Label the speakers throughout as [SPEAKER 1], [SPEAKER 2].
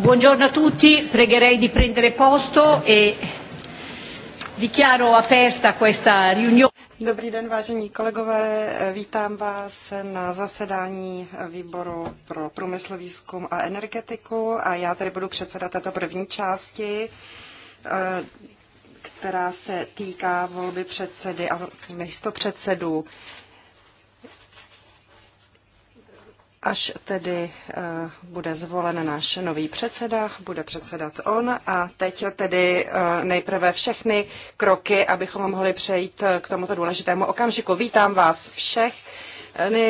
[SPEAKER 1] Buongiorno a tutti, pregherei di prendere posto e dichiaro aperta questa riunione.
[SPEAKER 2] Dobrý den, vážení kolegové, vítám vás na zasedání výboru pro průmysl, výzkum a energetiku a já tady budu předsedat této první části, eh, která se týká volby předsedy a místopředsedů. předsedů. Až tedy eh, bude zvolen náš nový předseda, bude předsedat on a teď tedy eh, nejprve všechny kroky, abychom mohli přejít eh, k tomuto důležitému okamžiku. Vítám vás všech.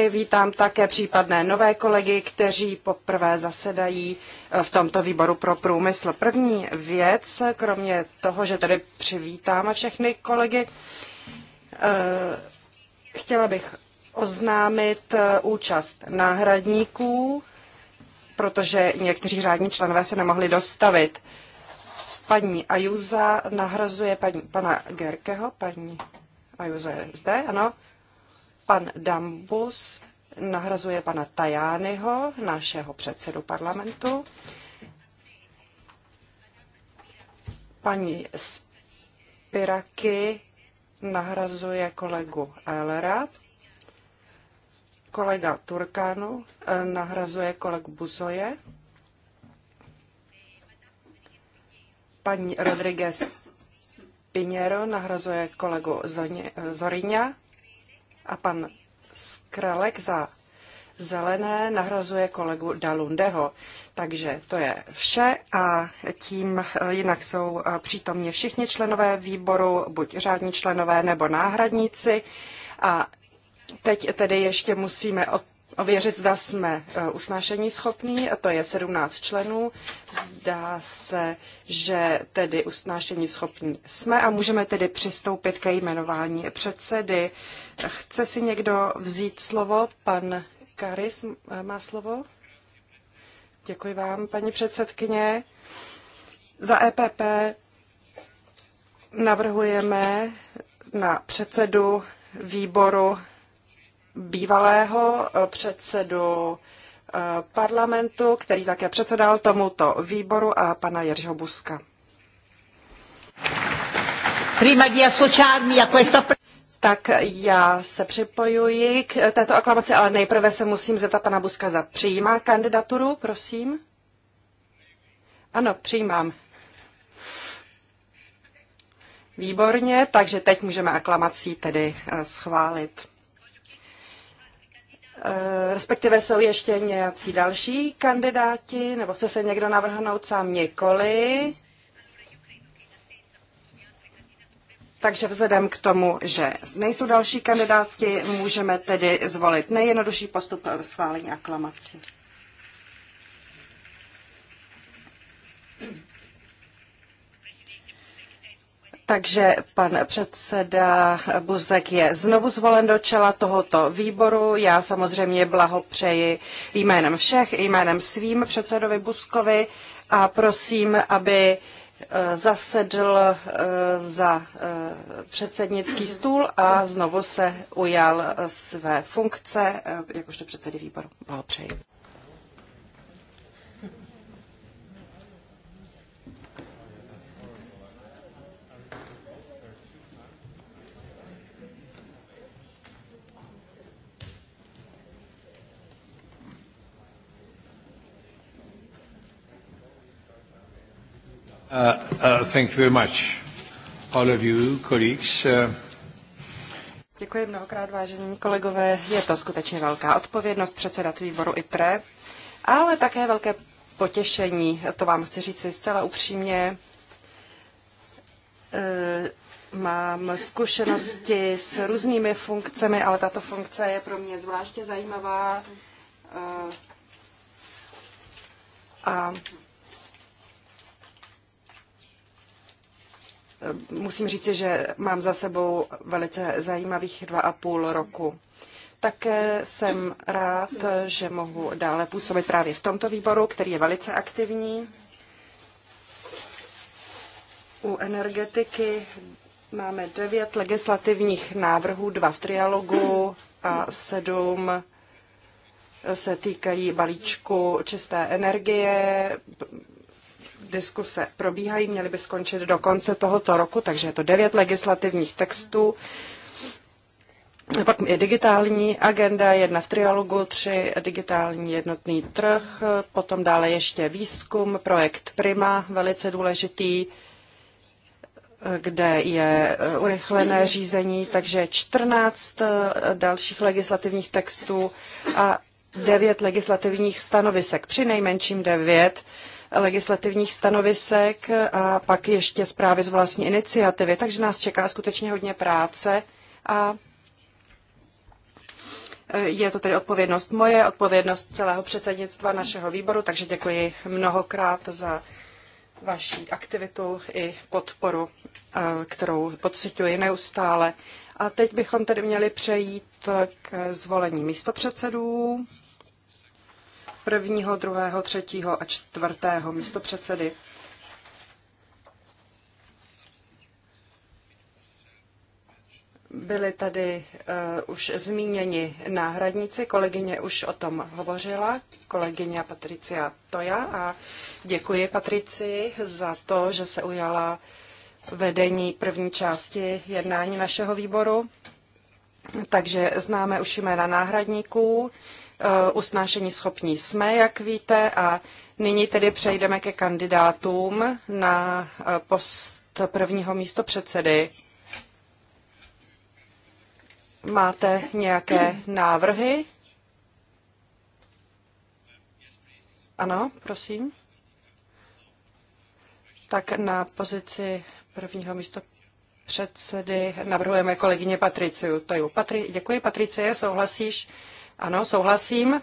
[SPEAKER 2] Vítám také případné nové kolegy, kteří poprvé zasedají v tomto výboru pro průmysl. První věc, kromě toho, že tady přivítáme všechny kolegy, chtěla bych oznámit eh, účast náhradníků, protože někteří řádní členové se nemohli dostavit. Paní Ajuza nahrazuje paní, pana Gerkeho, paní Ajuza je zde, ano. Pan Dambus nahrazuje pana Tajányho, našeho předsedu parlamentu. Paní Spiraky nahrazuje kolegu Ehlera, Kolega Turkánu eh, nahrazuje kolegu Buzoje. Paní Rodriguez Pinheiro nahrazuje kolegu eh, Zoriňa a pan Skralek za zelené nahrazuje kolegu Dalundeho. Takže to je vše a tím eh, jinak jsou přítomně všichni členové výboru, buď řádní členové nebo náhradníci. A Teď tedy ještě musíme ověřit, zda jsme e, usnášení schopní, a to je 17 členů. Zdá se, že tedy usnášení schopní jsme a můžeme tedy přistoupit ke jmenování předsedy. Chce si někdo vzít slovo? Pan Karis e, má slovo. Děkuji vám, paní předsedkyně. Za EPP navrhujeme na předsedu výboru bývalého eh, předsedu eh, parlamentu, který také předsedal tomuto výboru, a pana Jiřího Buska. Prima Tak já se připojuji k této aklamaci, ale nejprve se musím zeptat pana Buska za přijímá kandidaturu, prosím. Ano, přijímám. Výborně, takže teď můžeme aklamací tedy eh, schválit. Eh, respektive jsou ještě nějací další kandidáti, nebo chce se někdo navrhnout sám několik? Takže vzhledem k tomu, že nejsou další kandidáti, můžeme tedy zvolit nejjednodušší postup schválení aklamací. Takže pan předseda Buzek je znovu zvolen do čela tohoto výboru. Já samozřejmě blahopřeji jménem všech, jménem svým předsedovi Buzkovi a prosím, aby e, zasedl e, za e, předsednický stůl a znovu se ujal své funkce jakožto předsedy výboru. Blahopřeji.
[SPEAKER 3] Uh, uh, thank you very much, all of you, colleagues.
[SPEAKER 2] Uh, Děkuji mnohokrát, vážení kolegové. Je to skutečně velká odpovědnost předsedat výboru ITRE, ale také velké potěšení, to vám chci říct zcela upřímně. Eh, mám zkušenosti s různými funkcemi, ale tato funkce je pro mě zvláště zajímavá. Eh, a musím říci, že mám za sebou velice zajímavých dva a půl roku. Také jsem rád, že mohu dále působit právě v tomto výboru, který je velice aktivní. U energetiky máme devět legislativních návrhů, dva v trialogu a sedm se týkají balíčku čisté energie, Diskuse probíhají, měly by skončit do konce tohoto roku, takže je to devět legislativních textů. Pak je digitální agenda, jedna v trialogu, tři digitální jednotný trh, potom dále ještě výzkum, projekt Prima, velice důležitý, kde je urychlené řízení, takže 14 dalších legislativních textů a devět legislativních stanovisek, při nejmenším devět, legislativních stanovisek a pak ještě zprávy z vlastní iniciativy. Takže nás čeká skutečně hodně práce a e, je to tedy odpovědnost moje, odpovědnost celého předsednictva našeho výboru, takže děkuji mnohokrát za vaší aktivitu i podporu, e, kterou pocituji neustále. A teď bychom tedy měli přejít k zvolení místopředsedů prvního, druhého, třetího a čtvrtého místopředsedy. Byli tady uh, už zmíněni náhradníci, kolegyně už o tom hovořila, kolegyně Patricia Toja a děkuji Patricii za to, že se ujala vedení první části jednání našeho výboru. Takže známe už jména náhradníků. Eh, usnášení schopní jsme, jak víte, a nyní tedy přejdeme ke kandidátům na eh, post prvního místo předsedy. Máte nějaké návrhy? Ano, prosím. Tak na pozici prvního místo předsedy navrhujeme kolegyně Patriciu. Patri, děkuji, Patricie, souhlasíš ano, souhlasím.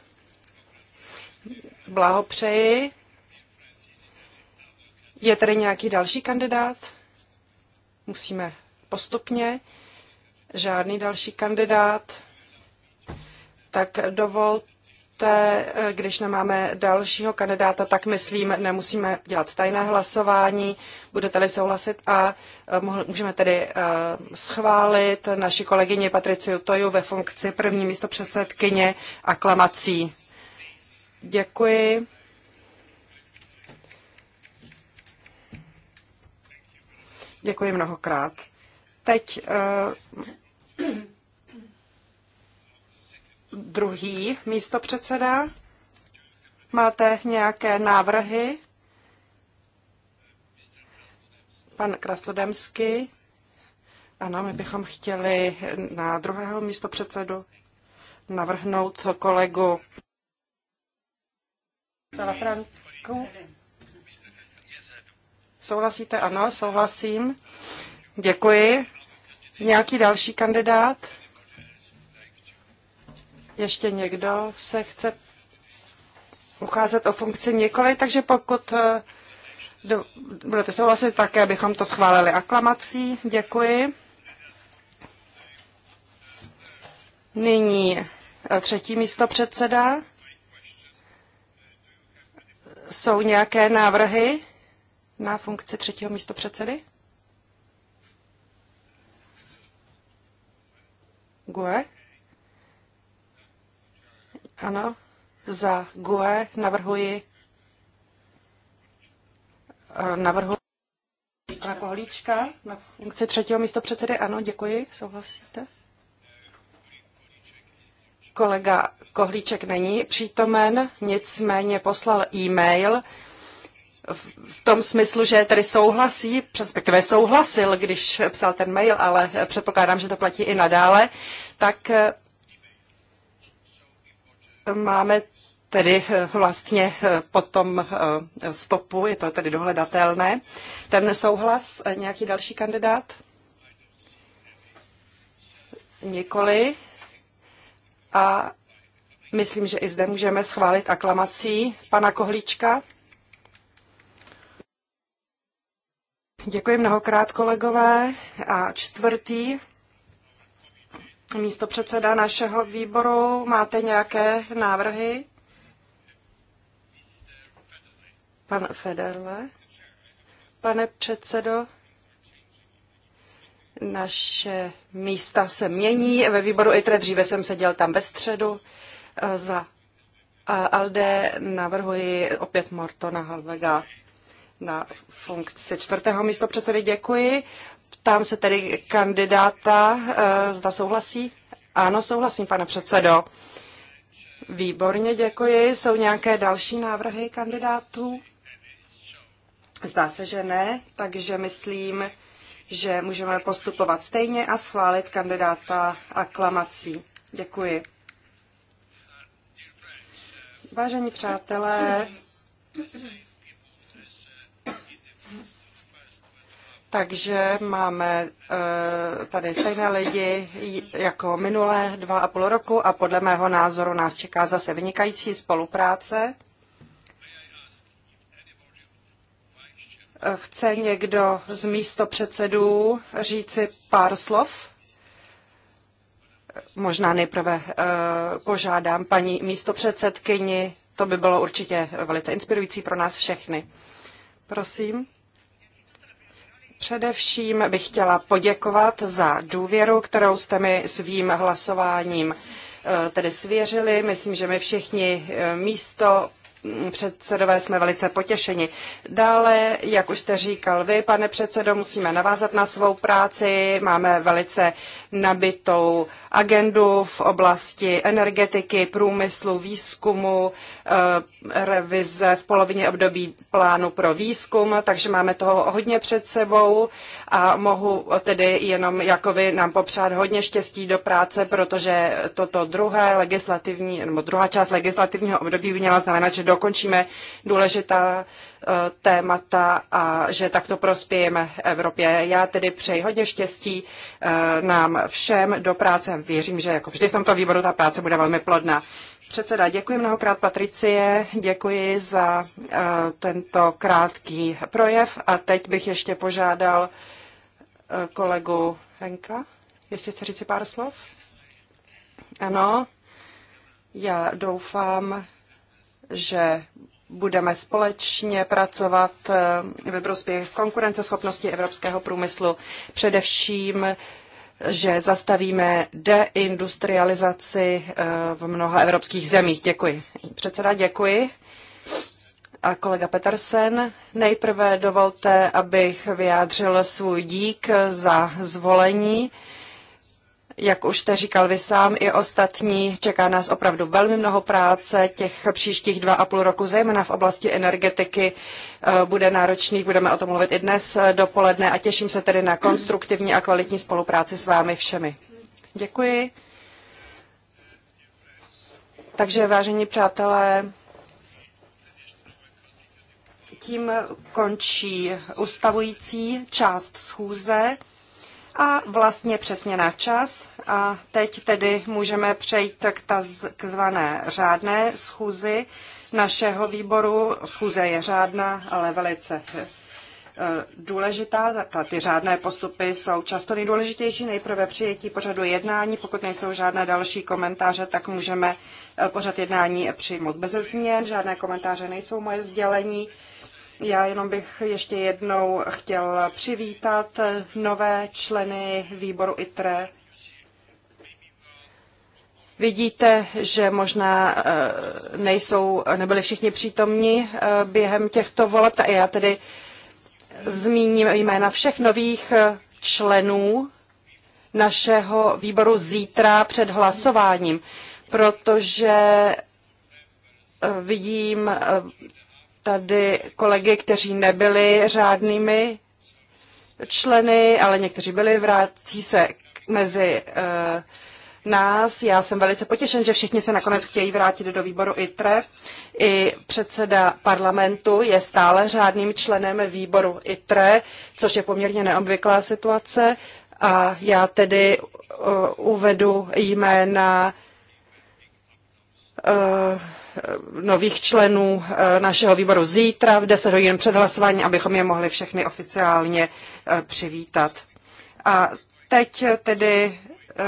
[SPEAKER 2] Blahopřeji. Je tady nějaký další kandidát? Musíme postupně. Žádný další kandidát. Tak dovolte poté, eh, když nemáme dalšího kandidáta, tak myslím, nemusíme dělat tajné hlasování, budete-li souhlasit a eh, můžeme tedy eh, schválit naši kolegyně Patriciu Toju ve funkci první místo předsedkyně aklamací. Děkuji. Děkuji mnohokrát. Teď uh, druhý místopředseda. Máte nějaké návrhy? Pan Kraslodemský. Ano, my bychom chtěli na druhého místopředsedu navrhnout kolegu Souhlasíte? Ano, souhlasím. Děkuji. Nějaký další kandidát? ještě někdo se chce ucházet o funkci nikoli, takže pokud eh, do, budete souhlasit také, abychom to schválili aklamací. Děkuji. Nyní eh, třetí místo předseda. Jsou nějaké návrhy na funkci třetího místo předsedy? Gue? Ano, za GUE navrhuji eh, navrhuji pana Kohlíčka na funkci třetího místo předsedy. Ano, děkuji, souhlasíte? Kolega Kohlíček není přítomen, nicméně poslal e-mail v tom smyslu, že tedy souhlasí, respektive souhlasil, když psal ten mail, ale předpokládám, že to platí i nadále, tak eh, Máme tedy eh, vlastně eh, potom eh, stopu, je to tedy dohledatelné. Ten souhlas, nějaký další kandidát? Nikoli. A myslím, že i zde můžeme schválit aklamací pana Kohlíčka. Děkuji mnohokrát, kolegové. A čtvrtý místo předseda našeho výboru. Máte nějaké návrhy? Pan Federle. Pane předsedo, naše místa se mění. Ve výboru ITRE dříve jsem seděl tam ve středu eh, za eh, ALDE. Navrhuji opět Mortona Halvega na funkci čtvrtého místo předsedy. Děkuji. Ptám se tedy kandidáta, eh, zda souhlasí. Ano, souhlasím, pane předsedo. Výborně, děkuji. Jsou nějaké další návrhy kandidátů? Zdá se, že ne, takže myslím, že můžeme postupovat stejně a schválit kandidáta aklamací. Děkuji. Vážení přátelé, Takže máme eh, tady stejné lidi jako minulé dva a půl roku a podle mého názoru nás čeká zase vynikající spolupráce. Eh, chce někdo z místo předsedů říci pár slov? Možná nejprve eh, požádám paní místo předsedkyni, to by bylo určitě velice inspirující pro nás všechny. Prosím. Především bych chtěla poděkovat za důvěru, kterou jste mi svým hlasováním eh, tedy svěřili. Myslím, že my všichni eh, místo mm, předsedové jsme velice potěšeni. Dále, jak už jste říkal vy, pane předsedo, musíme navázat na svou práci. Máme velice nabitou agendu v oblasti energetiky, průmyslu, výzkumu, eh, revize v polovině období plánu pro výzkum, takže máme toho hodně před sebou a mohu tedy jenom jako vy nám popřát hodně štěstí do práce, protože toto druhé legislativní, nebo druhá část legislativního období by měla znamenat, že dokončíme důležitá Eh, témata a že takto prospějeme Evropě. Já tedy přeji hodně štěstí eh, nám všem do práce. Věřím, že jako vždy v tomto výboru ta práce bude velmi plodná. Předseda, děkuji mnohokrát Patricie, děkuji za eh, tento krátký projev a teď bych ještě požádal kolegu Henka, jestli chce říct pár slov. Ano, já doufám, že budeme společně pracovat eh, ve prospěch konkurenceschopnosti evropského průmyslu, především že zastavíme deindustrializaci eh, v mnoha evropských zemích. Děkuji. Předseda, děkuji. A kolega Petersen, nejprve dovolte, abych vyjádřil svůj dík za zvolení jak už jste říkal vy sám i ostatní, čeká nás opravdu velmi mnoho práce. Těch příštích dva a půl roku, zejména v oblasti energetiky, eh, bude náročných. Budeme o tom mluvit i dnes eh, dopoledne a těším se tedy na konstruktivní a kvalitní spolupráci s vámi všemi. Děkuji. Takže, vážení přátelé, tím končí ustavující část schůze a vlastně přesně na čas. A teď tedy můžeme přejít k takzvané řádné schůzi našeho výboru. Schůze je řádná, ale velice eh, důležitá. Ta, ty řádné postupy jsou často nejdůležitější. Nejprve přijetí pořadu jednání. Pokud nejsou žádné další komentáře, tak můžeme eh, pořad jednání přijmout bez změn. Žádné komentáře nejsou moje sdělení. Já jenom bych ještě jednou chtěl přivítat nové členy výboru ITRE. Vidíte, že možná eh, nejsou, nebyli všichni přítomni eh, během těchto voleb. A já tedy zmíním jména všech nových eh, členů našeho výboru zítra před hlasováním, protože vidím tady kolegy, kteří nebyli řádnými členy, ale někteří byli, vrátí se mezi uh, nás. Já jsem velice potěšen, že všichni se nakonec chtějí vrátit do výboru ITRE. I předseda parlamentu je stále řádným členem výboru ITRE, což je poměrně neobvyklá situace. A já tedy uh, uvedu jména uh, Eh, nových členů eh, našeho výboru zítra v 10 hodin před hlasování, abychom je mohli všechny oficiálně eh, přivítat. A teď tedy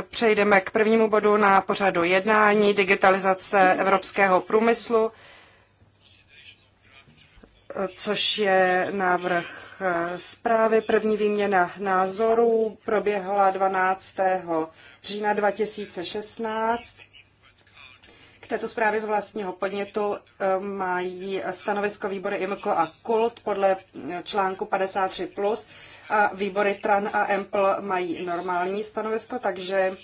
[SPEAKER 2] přejdeme k prvnímu bodu na pořadu jednání digitalizace evropského průmyslu, což je návrh zprávy. První výměna názorů proběhla 12. října 2016 této zprávě z vlastního podnětu eh, mají stanovisko výbory IMCO a KULT podle eh, článku 53+. A výbory TRAN a EMPL mají normální stanovisko, takže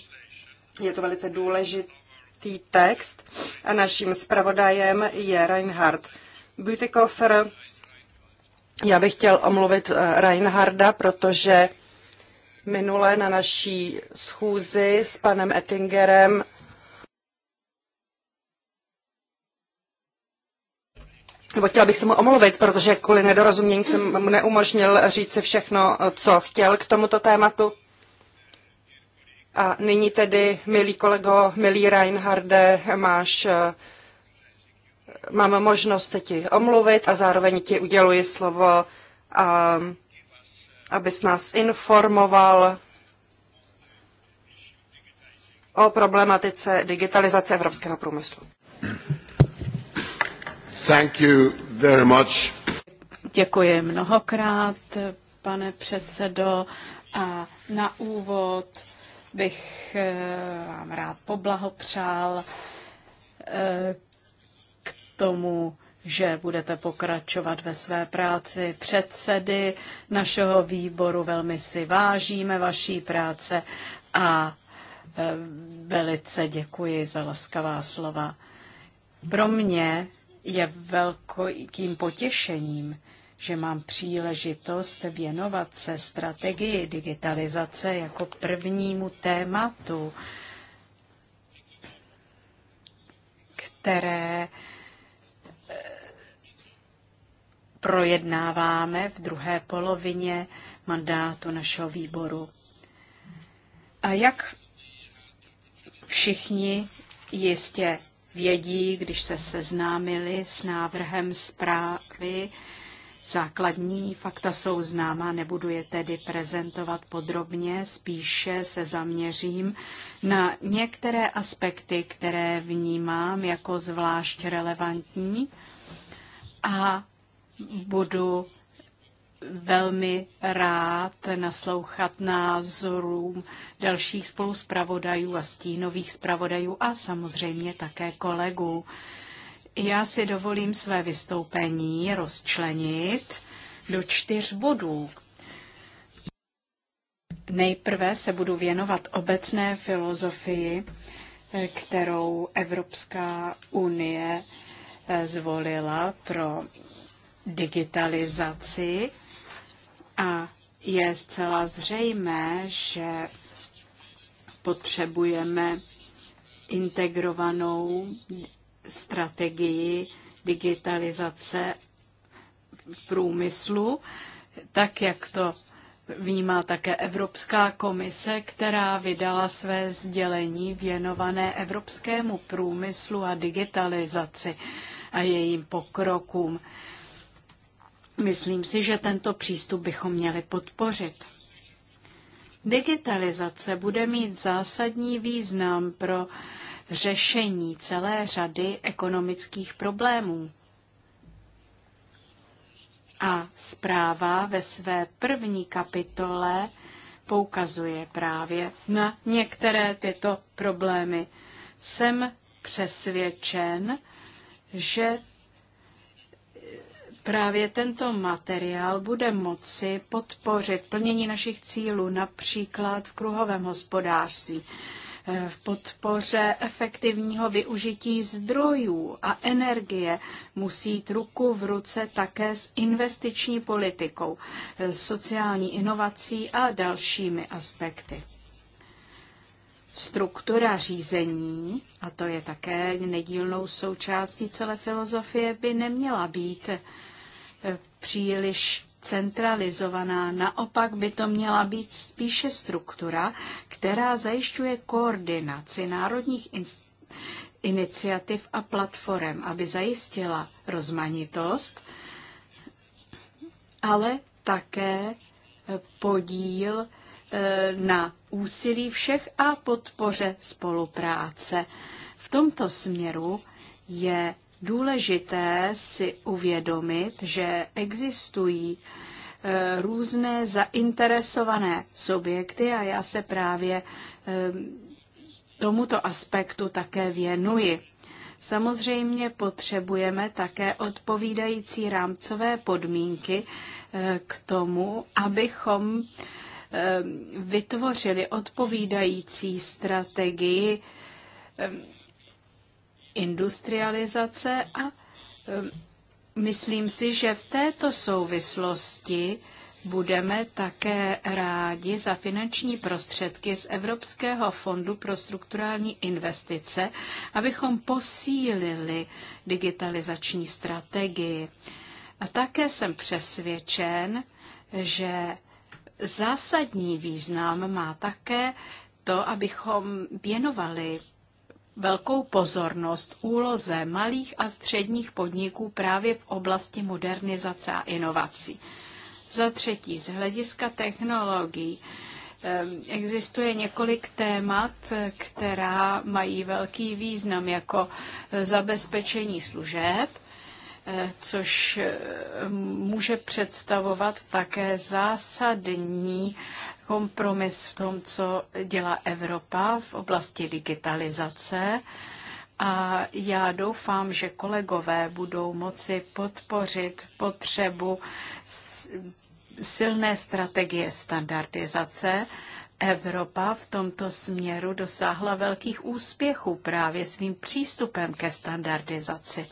[SPEAKER 2] je to velice důležitý text. A naším zpravodajem je Reinhard Bütikofer. Já bych chtěl omluvit eh, Reinharda, protože minule na naší schůzi s panem Ettingerem nebo chtěla bych se mu omluvit, protože kvůli nedorozumění jsem mu neumožnil říct si všechno, co chtěl k tomuto tématu. A nyní tedy, milý kolego, milý Reinharde, máš, eh, mám možnost se ti omluvit a zároveň ti uděluji slovo, a, ehm, abys nás informoval o problematice digitalizace evropského průmyslu. Děkuji
[SPEAKER 1] mnohokrát, pane předsedo. A na úvod bych eh, vám rád poblahopřál eh, k tomu, že budete pokračovat ve své práci předsedy našeho výboru. Velmi si vážíme vaší práce a eh, velice děkuji za laskavá slova. Pro mě je velkým potěšením, že mám příležitost věnovat se strategii digitalizace jako prvnímu tématu, které eh, projednáváme v druhé polovině mandátu našeho výboru. A jak všichni jistě vědí, když se seznámili s návrhem zprávy. Základní fakta jsou známa, nebudu je tedy prezentovat podrobně, spíše se zaměřím na některé aspekty, které vnímám jako zvlášť relevantní a budu velmi rád naslouchat názorům dalších spoluspravodajů, a stínových zpravodajů a samozřejmě také kolegů. Já si dovolím své vystoupení rozčlenit do čtyř bodů. Nejprve se budu věnovat obecné filozofii, kterou Evropská unie eh, zvolila pro digitalizaci a je zcela zřejmé, že potřebujeme integrovanou strategii digitalizace v průmyslu, tak jak to vnímá také Evropská komise, která vydala své sdělení věnované evropskému průmyslu a digitalizaci a jejím pokrokům. Myslím si, že tento přístup bychom měli podpořit. Digitalizace bude mít zásadní význam pro řešení celé řady ekonomických problémů. A zpráva ve své první kapitole poukazuje právě na některé tyto problémy. Jsem přesvědčen, že Právě tento materiál bude moci podpořit plnění našich cílů, například v kruhovém hospodářství, eh, v podpoře efektivního využití zdrojů a energie musí jít ruku v ruce také s investiční politikou, eh, sociální inovací a dalšími aspekty. Struktura řízení, a to je také nedílnou součástí celé filozofie, by neměla být příliš centralizovaná. Naopak by to měla být spíše struktura, která zajišťuje koordinaci národních iniciativ a platform, aby zajistila rozmanitost, ale také podíl eh, na úsilí všech a podpoře spolupráce. V tomto směru je důležité si uvědomit, že existují eh, různé zainteresované subjekty a já se právě eh, tomuto aspektu také věnuji. Samozřejmě potřebujeme také odpovídající rámcové podmínky eh, k tomu, abychom vytvořili odpovídající strategii industrializace a eh, myslím si, že v této souvislosti budeme také rádi za finanční prostředky z Evropského fondu pro strukturální investice, abychom posílili digitalizační strategii. A také jsem přesvědčen, že zásadní význam má také to, abychom věnovali velkou pozornost úloze malých a středních podniků právě v oblasti modernizace a inovací. Za třetí, z hlediska technologií ehm, existuje několik témat, která mají velký význam, jako eh, zabezpečení služeb, eh, což eh, může představovat také zásadní kompromis v tom, co dělá Evropa v oblasti digitalizace. A já doufám, že kolegové budou moci podpořit potřebu silné strategie standardizace. Evropa v tomto směru dosáhla velkých úspěchů právě svým přístupem ke standardizaci.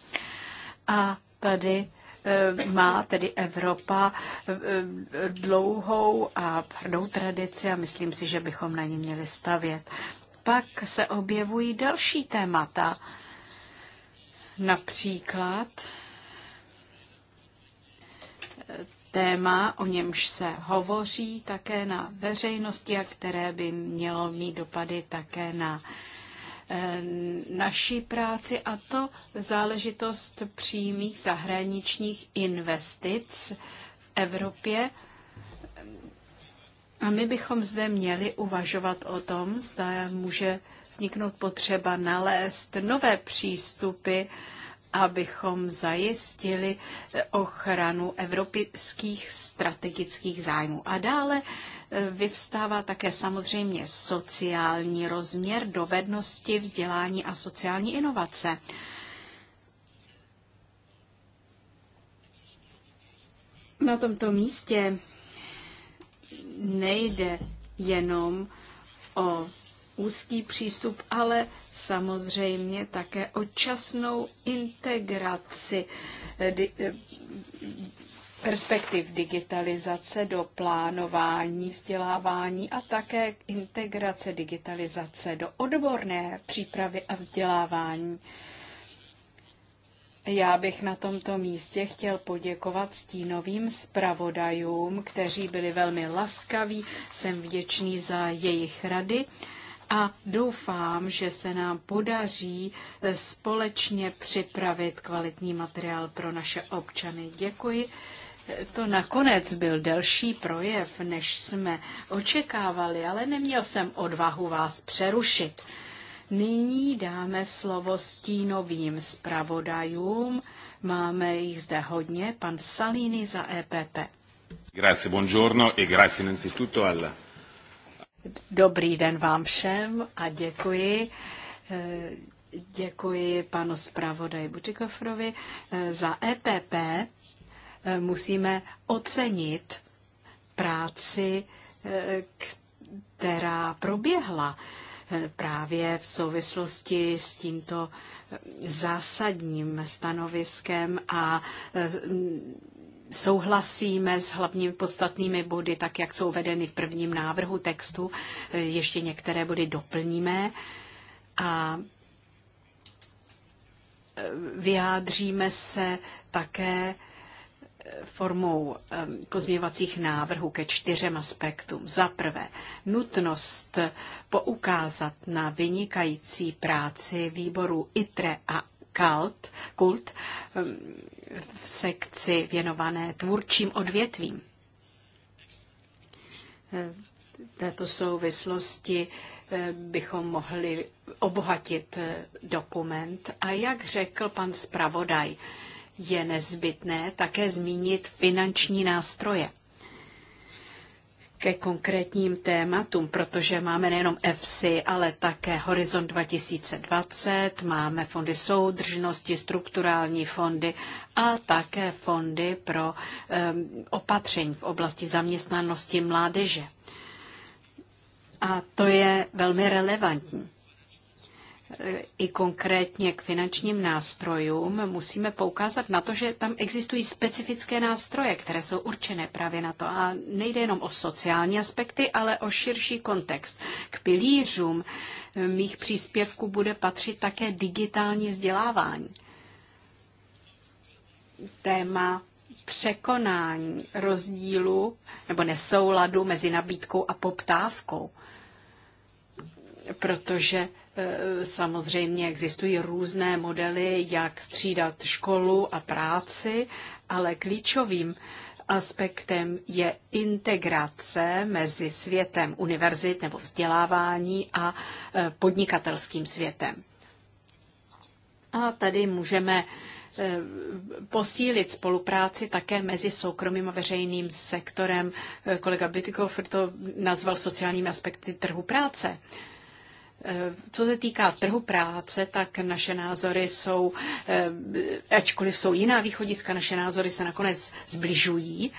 [SPEAKER 1] A tady Eh, má tedy Evropa eh, dlouhou a hrdou tradici a myslím si, že bychom na ní měli stavět. Pak se objevují další témata, například eh, téma, o němž se hovoří také na veřejnosti a které by mělo mít dopady také na Eh, naší práci a to záležitost přímých zahraničních investic v Evropě. A my bychom zde měli uvažovat o tom, zda může vzniknout potřeba nalézt nové přístupy, abychom zajistili ochranu evropských strategických zájmů. A dále vyvstává také samozřejmě sociální rozměr, dovednosti, vzdělání a sociální inovace. Na tomto místě nejde jenom o úzký přístup, ale samozřejmě také o časnou integraci eh, eh, perspektiv digitalizace do plánování vzdělávání a také integrace digitalizace do odborné přípravy a vzdělávání. Já bych na tomto místě chtěl poděkovat stínovým zpravodajům, kteří byli velmi laskaví. Jsem vděčný za jejich rady a doufám, že se nám podaří eh, společně připravit kvalitní materiál pro naše občany. Děkuji. To nakonec byl delší projev, než jsme očekávali, ale neměl jsem odvahu vás přerušit. Nyní dáme slovo stínovým zpravodajům. Máme jich zde hodně. Pan Salini za EPP.
[SPEAKER 4] Grazie, buongiorno e grazie innanzitutto al...
[SPEAKER 1] Dobrý den vám všem a děkuji. Eh, děkuji panu zpravodaji Butikofrovi eh, za EPP Eh, musíme ocenit práci, eh, která proběhla eh, právě v souvislosti s tímto zásadním stanoviskem a souhlasíme s hlavními podstatnými body, tak jak jsou vedeny v prvním návrhu textu. Ještě některé body doplníme a vyjádříme se také formou pozměvacích návrhů ke čtyřem aspektům. Za prvé, nutnost poukázat na vynikající práci výboru ITRE a KALT, KULT v sekci věnované tvůrčím odvětvím. E, v této souvislosti e, bychom mohli obohatit e, dokument. A jak řekl pan zpravodaj, je nezbytné také zmínit finanční nástroje ke konkrétním tématům, protože máme nejenom EFSI, ale také Horizont 2020, máme fondy soudržnosti, strukturální fondy a také fondy pro um, opatření v oblasti zaměstnanosti mládeže. A to je velmi relevantní. E, i konkrétně k finančním nástrojům, musíme poukázat na to, že tam existují specifické nástroje, které jsou určené právě na to. A nejde jenom o sociální aspekty, ale o širší kontext. K pilířům e, mých příspěvků bude patřit také digitální vzdělávání. Téma překonání rozdílu nebo nesouladu mezi nabídkou a poptávkou. Protože Eh, samozřejmě existují různé modely, jak střídat školu a práci, ale klíčovým aspektem je integrace mezi světem univerzit nebo vzdělávání a eh, podnikatelským světem. A tady můžeme eh, posílit spolupráci také mezi soukromým a veřejným sektorem. Kolega Bytikofer to nazval sociálními aspekty trhu práce. Eh, co se týká trhu práce, tak naše názory jsou, eh, ačkoliv jsou jiná východiska, naše názory se nakonec zbližují.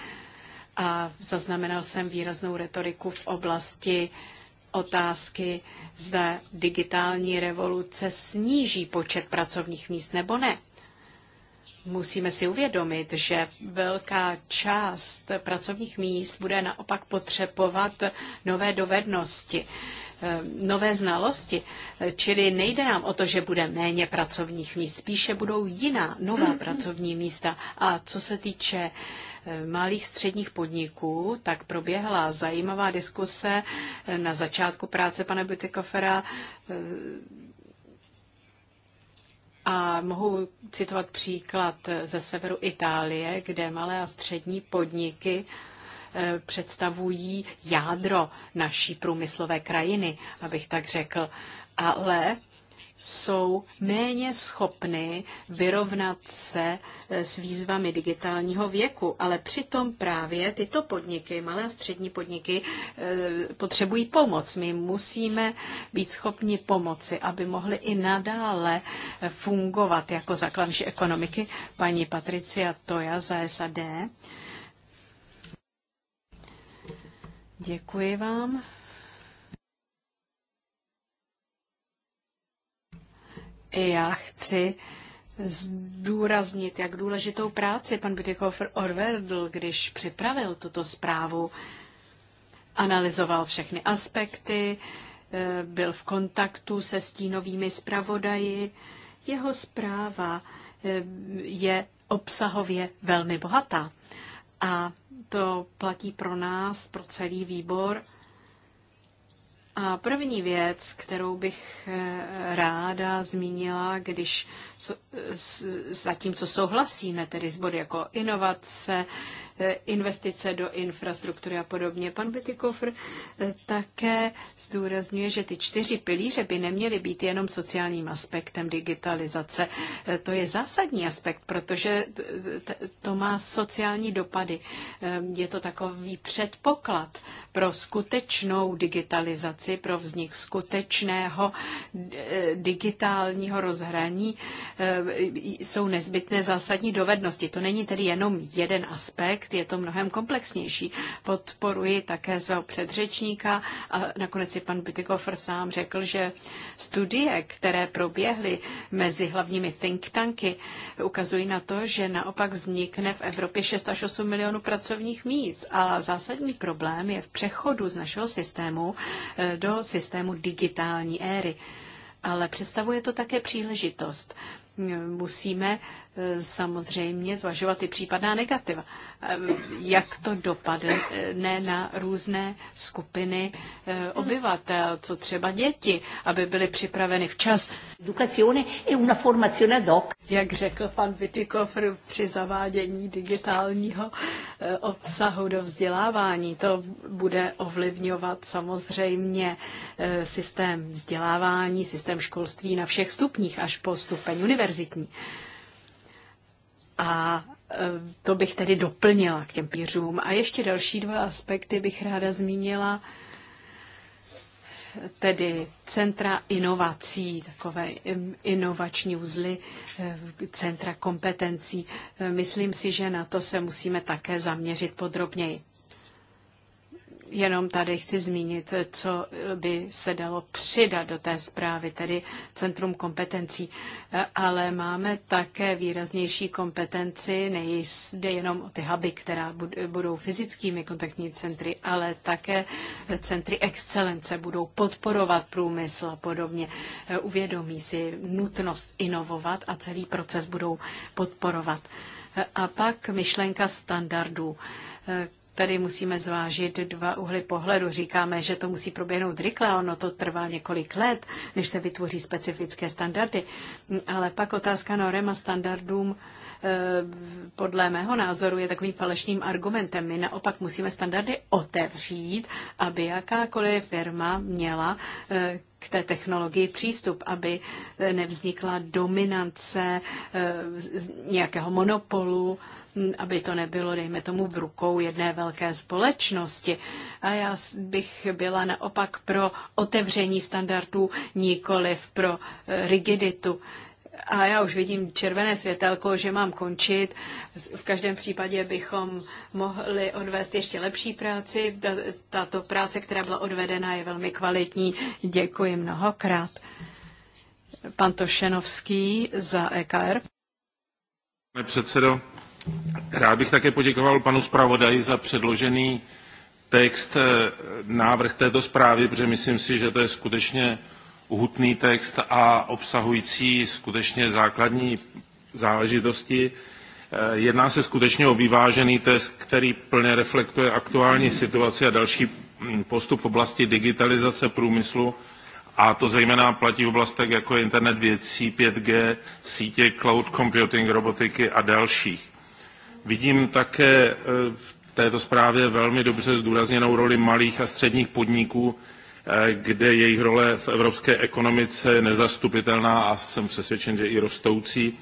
[SPEAKER 1] A zaznamenal jsem výraznou retoriku v oblasti otázky, zda digitální revoluce sníží počet pracovních míst nebo ne. Musíme si uvědomit, že velká část pracovních míst bude naopak potřebovat nové dovednosti Eh, nové znalosti. Eh, čili nejde nám o to, že bude méně pracovních míst, spíše budou jiná nová pracovní místa. A co se týče eh, malých středních podniků, tak proběhla zajímavá diskuse na začátku práce pana Butikofera a mohu citovat příklad ze severu Itálie, kde malé a střední podniky Eh, představují jádro naší průmyslové krajiny, abych tak řekl. Ale jsou méně schopny vyrovnat se eh, s výzvami digitálního věku, ale přitom právě tyto podniky, malé a střední podniky, eh, potřebují pomoc. My musíme být schopni pomoci, aby mohly i nadále fungovat jako základní ekonomiky. Paní Patricia Toja za SAD. Děkuji vám. Já chci zdůraznit, jak důležitou práci pan Bütikofer odvedl, když připravil tuto zprávu. Analyzoval všechny aspekty, eh, byl v kontaktu se stínovými zpravodaji. Jeho zpráva eh, je obsahově velmi bohatá. A to platí pro nás, pro celý výbor. A první věc, kterou bych eh, ráda zmínila, když zatímco souhlasíme tedy s body jako inovace, E, investice do infrastruktury a podobně. Pan Betikofr e, také zdůrazňuje, že ty čtyři pilíře by neměly být jenom sociálním aspektem digitalizace. E, to je zásadní aspekt, protože to má sociální dopady. Je to takový předpoklad pro skutečnou digitalizaci, pro vznik skutečného digitálního rozhraní jsou nezbytné zásadní dovednosti. To není tedy jenom jeden aspekt, projekt, je to mnohem komplexnější. Podporuji také svého předřečníka a nakonec i pan Bytikofer sám řekl, že studie, které proběhly mezi hlavními think tanky, ukazují na to, že naopak vznikne v Evropě 6 až 8 milionů pracovních míst a zásadní problém je v přechodu z našeho systému eh, do systému digitální éry. Ale představuje to také příležitost musíme samozřejmě zvažovat i případná negativa. Eh, jak to dopadne ne na různé skupiny eh, obyvatel, co třeba děti, aby byly připraveny včas. Jak řekl pan Vitikofr při zavádění digitálního eh, obsahu do vzdělávání, to bude ovlivňovat samozřejmě systém vzdělávání, systém školství na všech stupních až po stupeň univerzitní. A e, to bych tedy doplnila k těm pířům. A ještě další dva aspekty bych ráda zmínila, tedy centra inovací, takové inovační uzly, e, centra kompetencí. E, myslím si, že na to se musíme také zaměřit podrobněji. Jenom tady chci zmínit, co by se dalo přidat do té zprávy, tedy Centrum kompetencí. Ale máme také výraznější kompetenci, nejde jenom o ty huby, která budou fyzickými kontaktními centry, ale také centry excelence budou podporovat průmysl a podobně. Uvědomí si nutnost inovovat a celý proces budou podporovat. A pak myšlenka standardů Tady musíme zvážit dva uhly pohledu. Říkáme, že to musí proběhnout rychle, ono to trvá několik let, než se vytvoří specifické standardy. Ale pak otázka norem a standardům eh, podle mého názoru je takovým falešným argumentem. My naopak musíme standardy otevřít, aby jakákoliv firma měla eh, k té technologii přístup, aby eh, nevznikla dominance nějakého monopolu aby to nebylo, dejme tomu, v rukou jedné velké společnosti. A já bych byla naopak pro otevření standardů, nikoliv pro e, rigiditu. A já už vidím červené světelko, že mám končit. V každém případě bychom mohli odvést ještě lepší práci. Tato práce, která byla odvedena, je velmi kvalitní. Děkuji mnohokrát. Pan Tošenovský za EKR.
[SPEAKER 4] Pane předsedo, Rád bych také poděkoval panu zpravodaji za předložený text, eh, návrh této zprávy, protože myslím si, že to je skutečně hutný text a obsahující skutečně základní záležitosti. Eh, jedná se skutečně o vyvážený test, který plně reflektuje aktuální situaci a další mm, postup v oblasti digitalizace průmyslu, a to zejména platí v oblastech jako internet věcí, 5G, sítě, cloud computing, robotiky a dalších. Vidím také e, v této zprávě velmi dobře zdůrazněnou roli malých a středních podniků, e, kde jejich role v evropské ekonomice je nezastupitelná a jsem přesvědčen, že i rostoucí,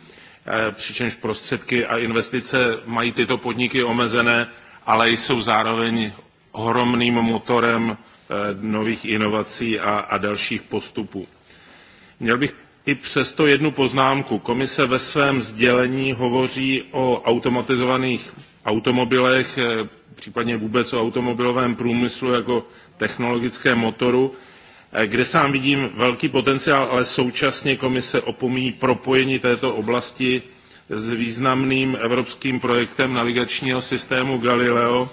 [SPEAKER 4] e, přičemž prostředky a investice mají tyto podniky omezené, ale jsou zároveň ohromným motorem nových inovací a, a dalších postupů. Měl bych i přesto jednu poznámku. Komise ve svém sdělení hovoří o automatizovaných automobilech, eh, případně vůbec o automobilovém průmyslu jako technologickém motoru, eh, kde sám vidím velký potenciál, ale současně komise opomíjí propojení této oblasti s významným evropským projektem navigačního systému Galileo,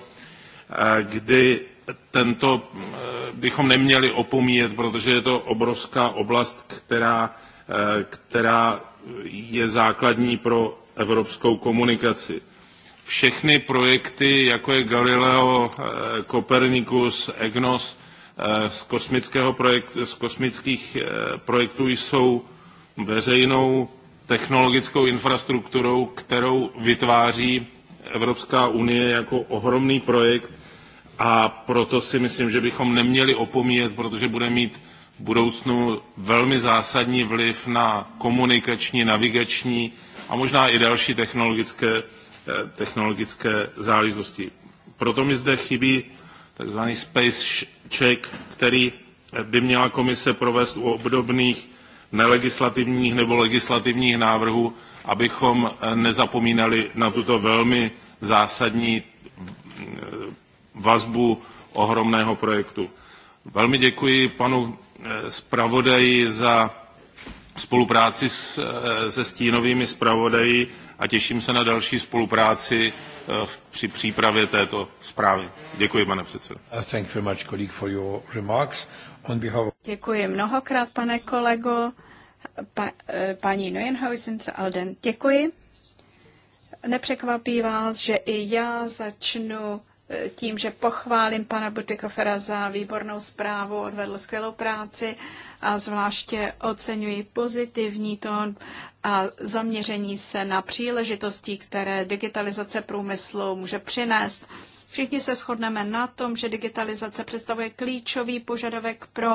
[SPEAKER 4] eh, kdy tento bychom neměli opomíjet, protože je to obrovská oblast, která která je základní pro evropskou komunikaci. Všechny projekty, jako je Galileo, eh, Copernicus, EGNOS, eh, z, kosmického projekt, z kosmických eh, projektů jsou veřejnou technologickou infrastrukturou, kterou vytváří Evropská unie jako ohromný projekt a proto si myslím, že bychom neměli opomíjet, protože bude mít budoucnu velmi zásadní vliv na komunikační, navigační a možná i další technologické, eh, technologické záležitosti. Proto mi zde chybí tzv. space check, který eh, by měla komise provést u obdobných nelegislativních nebo legislativních návrhů, abychom eh, nezapomínali na tuto velmi zásadní vazbu ohromného projektu. Velmi děkuji panu Eh, zpravodaji za spolupráci s, eh, se stínovými zpravodaji a těším se na další spolupráci eh, v, při přípravě této zprávy. Děkuji, pane předsedo. Děkuji mnohokrát,
[SPEAKER 1] pane kolego. Pa, paní Neuenhausen z Alden, děkuji. Nepřekvapí vás, že i já začnu tím, že pochválím pana Butikofera za výbornou zprávu, odvedl skvělou práci a zvláště oceňuji pozitivní tón a zaměření se na příležitosti, které digitalizace průmyslu může přinést. Všichni se shodneme na tom, že digitalizace představuje klíčový požadavek pro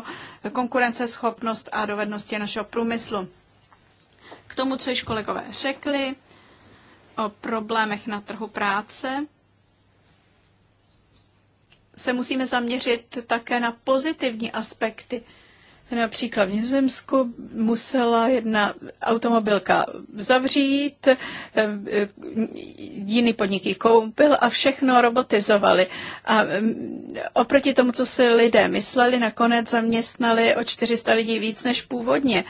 [SPEAKER 1] konkurenceschopnost a dovednosti našeho průmyslu. K tomu, co již kolegové řekli o problémech na trhu práce, se musíme zaměřit také na pozitivní aspekty. Například v Nizozemsku musela jedna automobilka zavřít, eh, eh, jiný podnik ji koupil a všechno robotizovali. A mm, oproti tomu, co si lidé mysleli, nakonec zaměstnali o 400 lidí víc než původně.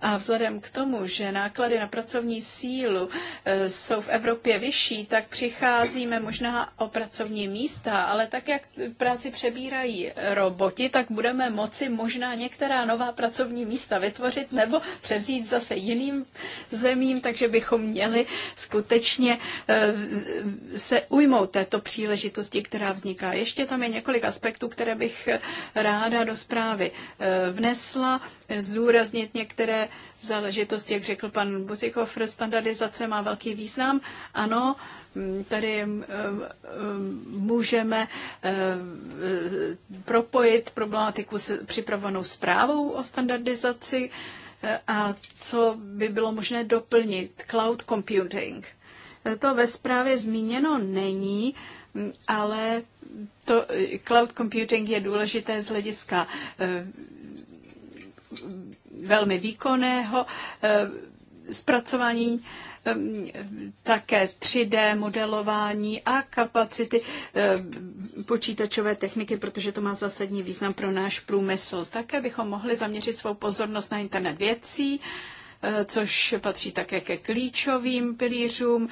[SPEAKER 1] A vzhledem k tomu, že náklady na pracovní sílu e, jsou v Evropě vyšší, tak přicházíme možná o pracovní místa, ale tak, jak práci přebírají roboti, tak budeme moci možná některá nová pracovní místa vytvořit nebo převzít zase jiným zemím, takže bychom měli skutečně e, se ujmout této příležitosti, která vzniká. Ještě tam je několik aspektů, které bych ráda do zprávy e, vnesla zdůraznit některé záležitosti, jak řekl pan Butikov, standardizace má velký význam. Ano, mm, tady mm, mm, můžeme eh, propojit problematiku s připravenou zprávou o standardizaci eh, a co by bylo možné doplnit, cloud computing. Eh, to ve zprávě zmíněno není, ale to cloud computing je důležité z hlediska velmi výkonného eh, zpracování eh, také 3D modelování a kapacity eh, počítačové techniky, protože to má zásadní význam pro náš průmysl. Také bychom mohli zaměřit svou pozornost na internet věcí, což patří také ke klíčovým pilířům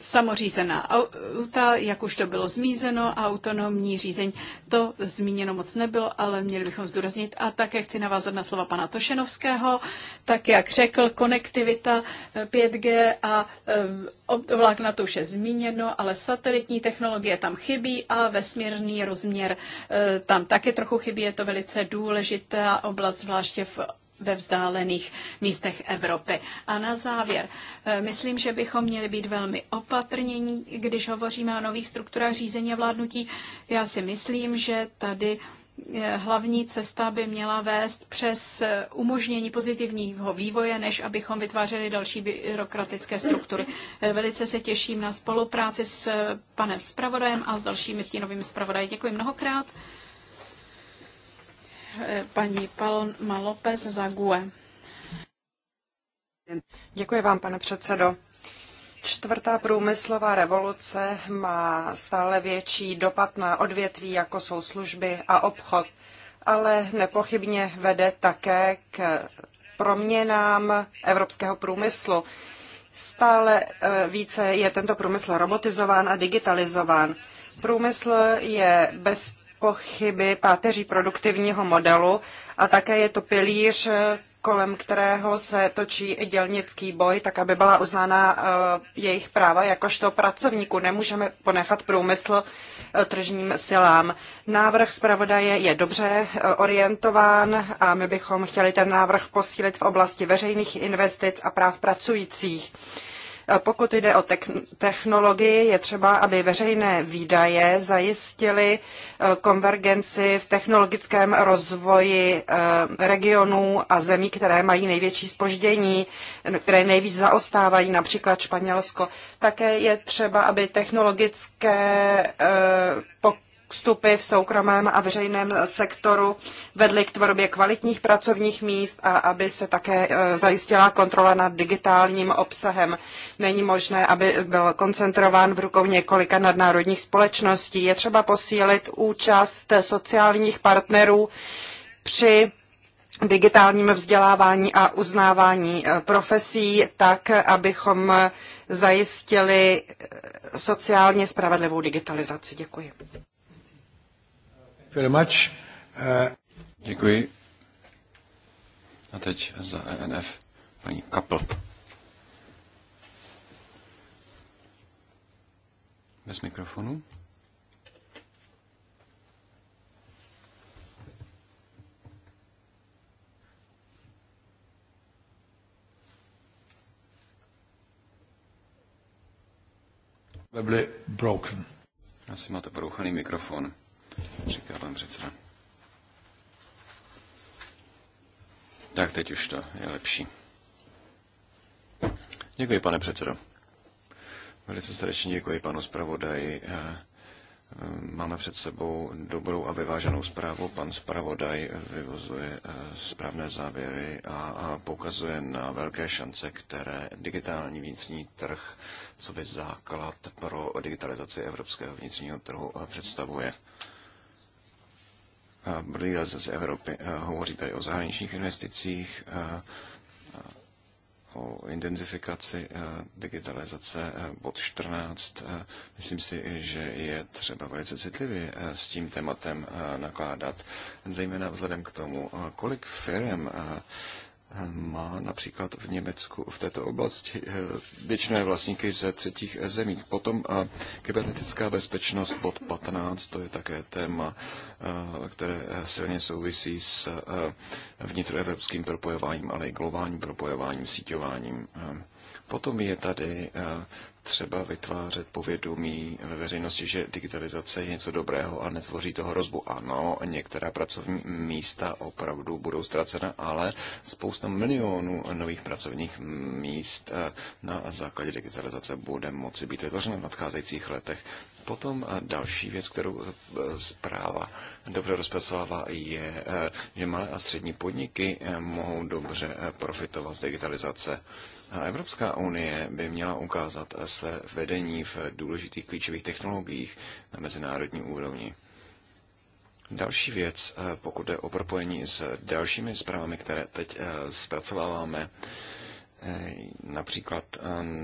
[SPEAKER 1] samořízená auta, jak už to bylo zmízeno, autonomní řízení, to zmíněno moc nebylo, ale měli bychom zdůraznit. A také chci navázat na slova pana Tošenovského, tak jak řekl, konektivita 5G eh, a eh, na to už je zmíněno, ale satelitní technologie tam chybí a vesmírný rozměr eh, tam také trochu chybí. Je to velice důležitá oblast, zvláště v ve vzdálených místech Evropy. A na závěr, eh, myslím, že bychom měli být velmi opatrnění, když hovoříme o nových strukturách řízení a vládnutí. Já si myslím, že tady eh, hlavní cesta by měla vést přes eh, umožnění pozitivního vývoje, než abychom vytvářeli další byrokratické struktury. Velice se těším na spolupráci s panem zpravodajem a s dalšími stínovými zpravodaji. Děkuji mnohokrát.
[SPEAKER 2] Eh, paní Palon Malopez Zague. Děkuji vám, pane předsedo. Čtvrtá průmyslová revoluce má stále větší dopad na odvětví, jako jsou služby a obchod, ale nepochybně vede také k proměnám evropského průmyslu. Stále eh, více je tento průmysl robotizován a digitalizován. Průmysl je bez pochyby páteří produktivního modelu a také je to pilíř, eh, kolem kterého se točí i dělnický boj, tak aby byla uznána eh, jejich práva jakožto pracovníků. Nemůžeme ponechat průmysl eh, tržním silám. Návrh zpravodaje je dobře orientován a my bychom chtěli ten návrh posílit v oblasti veřejných investic a práv pracujících. Pokud jde o technologii, je třeba, aby veřejné výdaje zajistily e, konvergenci v technologickém rozvoji e, regionů a zemí, které mají největší spoždění, které nejvíc zaostávají, například Španělsko. Také je třeba, aby technologické e, vstupy v soukromém a veřejném sektoru vedly k tvorbě kvalitních pracovních míst a aby se také e, zajistila kontrola nad digitálním obsahem. Není možné, aby byl koncentrován v rukou několika nadnárodních společností. Je třeba posílit účast sociálních partnerů při digitálním vzdělávání a uznávání e, profesí, tak abychom zajistili e, sociálně spravedlivou digitalizaci. Děkuji
[SPEAKER 5] very much. Uh... Děkuji. A teď za ENF paní Kapl. Bez mikrofonu.
[SPEAKER 3] Probably broken.
[SPEAKER 5] Asi máte porouchaný mikrofon říká pan předseda. Tak teď už to je lepší. Děkuji, pane předsedo. Velice srdečně děkuji panu zpravodaji. Eh, eh, máme před sebou dobrou a vyváženou zprávu. Pan zpravodaj vyvozuje eh, správné závěry a poukazuje na velké šance, které digitální vnitřní trh, co by základ pro digitalizaci evropského vnitřního trhu představuje modernizace z Evropy. Eh, hovoří tady o zahraničních investicích, eh, o intenzifikaci eh, digitalizace bod 14. Myslím si, že je třeba velice citlivě s tím tématem nakládat, zejména vzhledem k tomu, kolik firm má například v Německu v této oblasti eh, většinové vlastníky ze třetích eh, zemí. Potom eh, kybernetická bezpečnost pod 15, to je také téma, které silně souvisí s vnitroevropským propojováním, ale i globálním propojováním, síťováním. Potom je tady třeba vytvářet povědomí ve veřejnosti, že digitalizace je něco dobrého a netvoří to hrozbu. Ano, některá pracovní místa opravdu budou ztracena, ale spousta milionů nových pracovních míst eh, na základě digitalizace bude moci být vytvořena v nadcházejících letech. Potom eh, další věc, kterou eh, zpráva dobře rozpracovává, je, že malé a střední podniky mohou dobře profitovat z digitalizace. A Evropská unie by měla ukázat své vedení v důležitých klíčových technologiích na mezinárodní úrovni. Další věc, eh, pokud jde o propojení s dalšími zprávami, které teď eh, zpracováváme, eh, například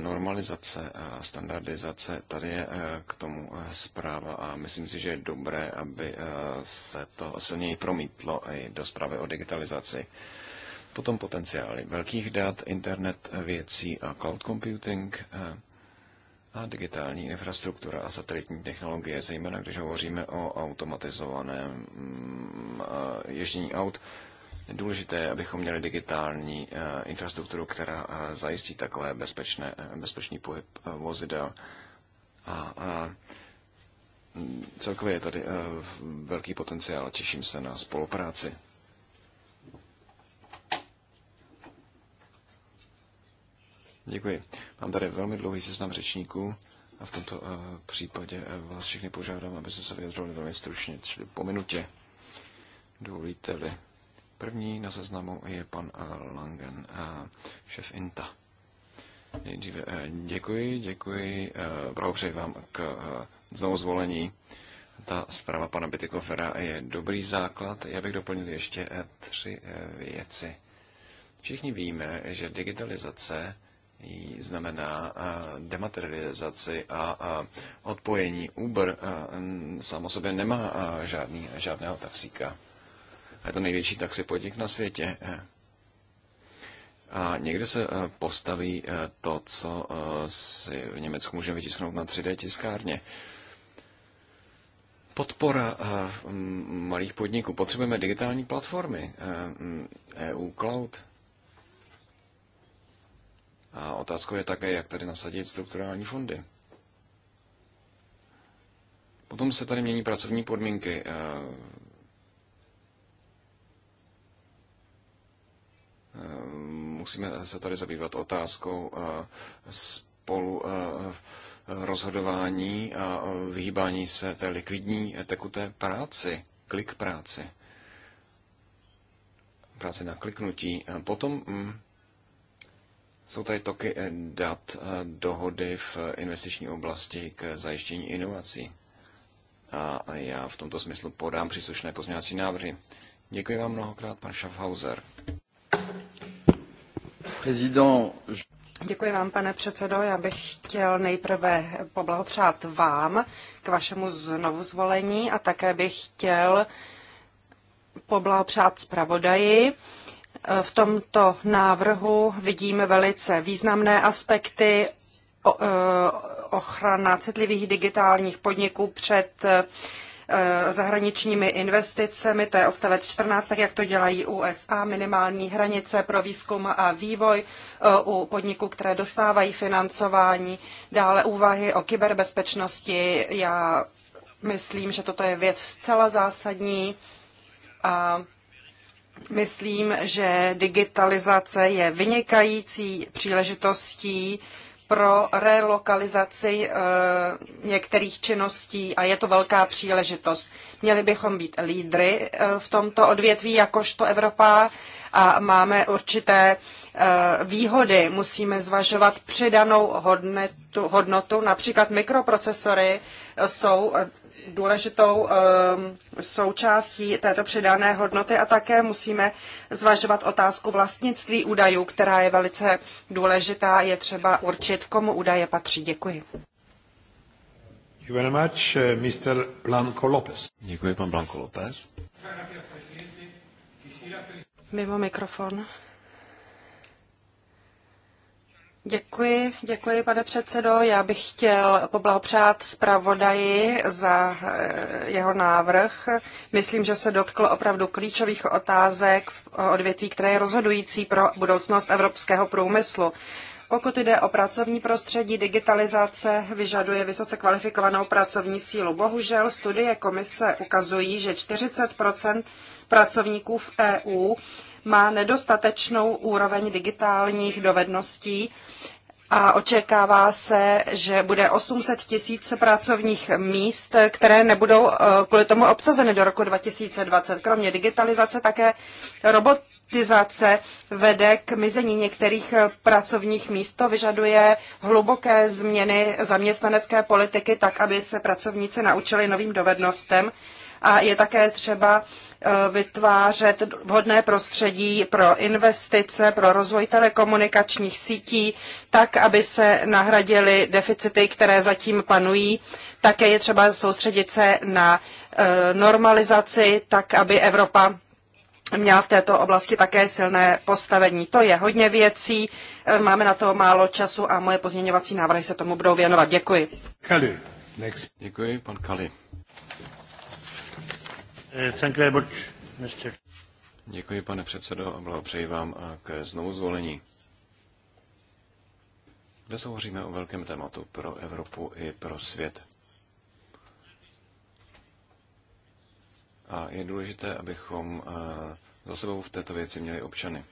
[SPEAKER 5] normalizace a standardizace, tady je k tomu zpráva a myslím si, že je dobré, aby se to silněji promítlo i do zprávy o digitalizaci. Potom potenciály velkých dat, internet věcí a cloud computing eh, a digitální infrastruktura a satelitní technologie, zejména když hovoříme o automatizovaném mm, ježdění aut. Důležité je, abychom měli digitální eh, infrastrukturu, která eh, zajistí takové bezpečné, bezpečný pohyb vozidel. A, a celkově je tady velký potenciál, těším se na spolupráci. Děkuji. Mám tady velmi dlouhý seznam řečníků a v tomto uh, případě eh, vás všechny požádám, abyste se vyjadřovali velmi stručně, čili po minutě. Dovolíte-li. První na seznamu je pan eh, Langen, šef INTA. Nejdříve děkuji, děkuji, blahopřeji vám k znovu zvolení. Ta zpráva pana Bitykofera je dobrý základ. Já bych doplnil ještě tři věci. Všichni víme, že digitalizace znamená eh, dematerializaci a odpojení. Uber eh, sám o sobě nemá eh, žádný, žádného taxíka. Je to největší taxi podnik na světě. A někde se postaví to, co si v Německu můžeme vytisknout na 3D tiskárně. Podpora malých podniků. Potřebujeme digitální platformy. EU e Cloud a otázkou je také, jak tady nasadit strukturální fondy. Potom se tady mění pracovní podmínky. Eh, eh, musíme se tady zabývat otázkou eh, spolu rozhodování a vyhýbání se té likvidní tekuté práci, klik práci, práci na kliknutí. Potom mm, jsou tady toky dat, eh, dohody v investiční oblasti k zajištění inovací. A já v tomto smyslu podám příslušné pozměňovací návrhy. Děkuji vám mnohokrát, pan Schaffhauser. Prezident,
[SPEAKER 2] Děkuji vám, pane předsedo. Já bych chtěl nejprve poblahopřát vám k vašemu zvolení a také bych chtěl poblahopřát zpravodaji. V tomto návrhu vidíme velice významné aspekty e, ochrana citlivých digitálních podniků před e, zahraničními investicemi, to je odstavec 14, tak jak to dělají USA, minimální hranice pro výzkum a vývoj e, u podniků, které dostávají financování, dále úvahy o kyberbezpečnosti. Já myslím, že toto je věc zcela zásadní a Myslím, že digitalizace je vynikající příležitostí pro relokalizaci eh, některých činností a je to velká příležitost. Měli bychom být lídry eh, v tomto odvětví, jakožto Evropa, a máme určité eh, výhody. Musíme zvažovat přidanou hodnotu. Například mikroprocesory jsou důležitou eh, součástí této přidané hodnoty a také musíme zvažovat otázku vlastnictví údajů, která je velice důležitá. Je třeba určit, komu údaje patří. Děkuji. Eh,
[SPEAKER 5] Děkuji, pan Blanco López.
[SPEAKER 2] Mimo mikrofon. Děkuji, děkuji, pane předsedo. Já bych chtěl poblahopřát zpravodaji za eh, jeho návrh. Myslím, že se dotkl opravdu klíčových otázek v odvětví, které je rozhodující pro budoucnost evropského průmyslu. Pokud jde o pracovní prostředí, digitalizace vyžaduje vysoce kvalifikovanou pracovní sílu. Bohužel studie komise ukazují, že 40 pracovníků v EU má nedostatečnou úroveň digitálních dovedností a očekává se, že bude 800 tisíc pracovních míst, které nebudou eh, kvůli tomu obsazeny do roku 2020. Kromě digitalizace také robot robotizace vede k mizení některých pracovních míst. To vyžaduje hluboké změny zaměstnanecké politiky tak, aby se pracovníci naučili novým dovednostem a je také třeba eh, vytvářet vhodné prostředí pro investice, pro rozvoj telekomunikačních sítí, tak, aby se nahradily deficity, které zatím panují. Také je třeba soustředit se na eh, normalizaci, tak, aby Evropa měla v této oblasti také silné postavení. To je hodně věcí, eh, máme na to málo času a moje pozměňovací návrhy se tomu budou věnovat. Děkuji.
[SPEAKER 5] Kali. Next. Děkuji, pan Kali. Děkuji, pane předsedo, a blahopřeji vám k znovu zvolení. Dnes hovoříme o velkém tématu pro Evropu i pro svět. A je důležité, abychom za sebou v této věci měli občany.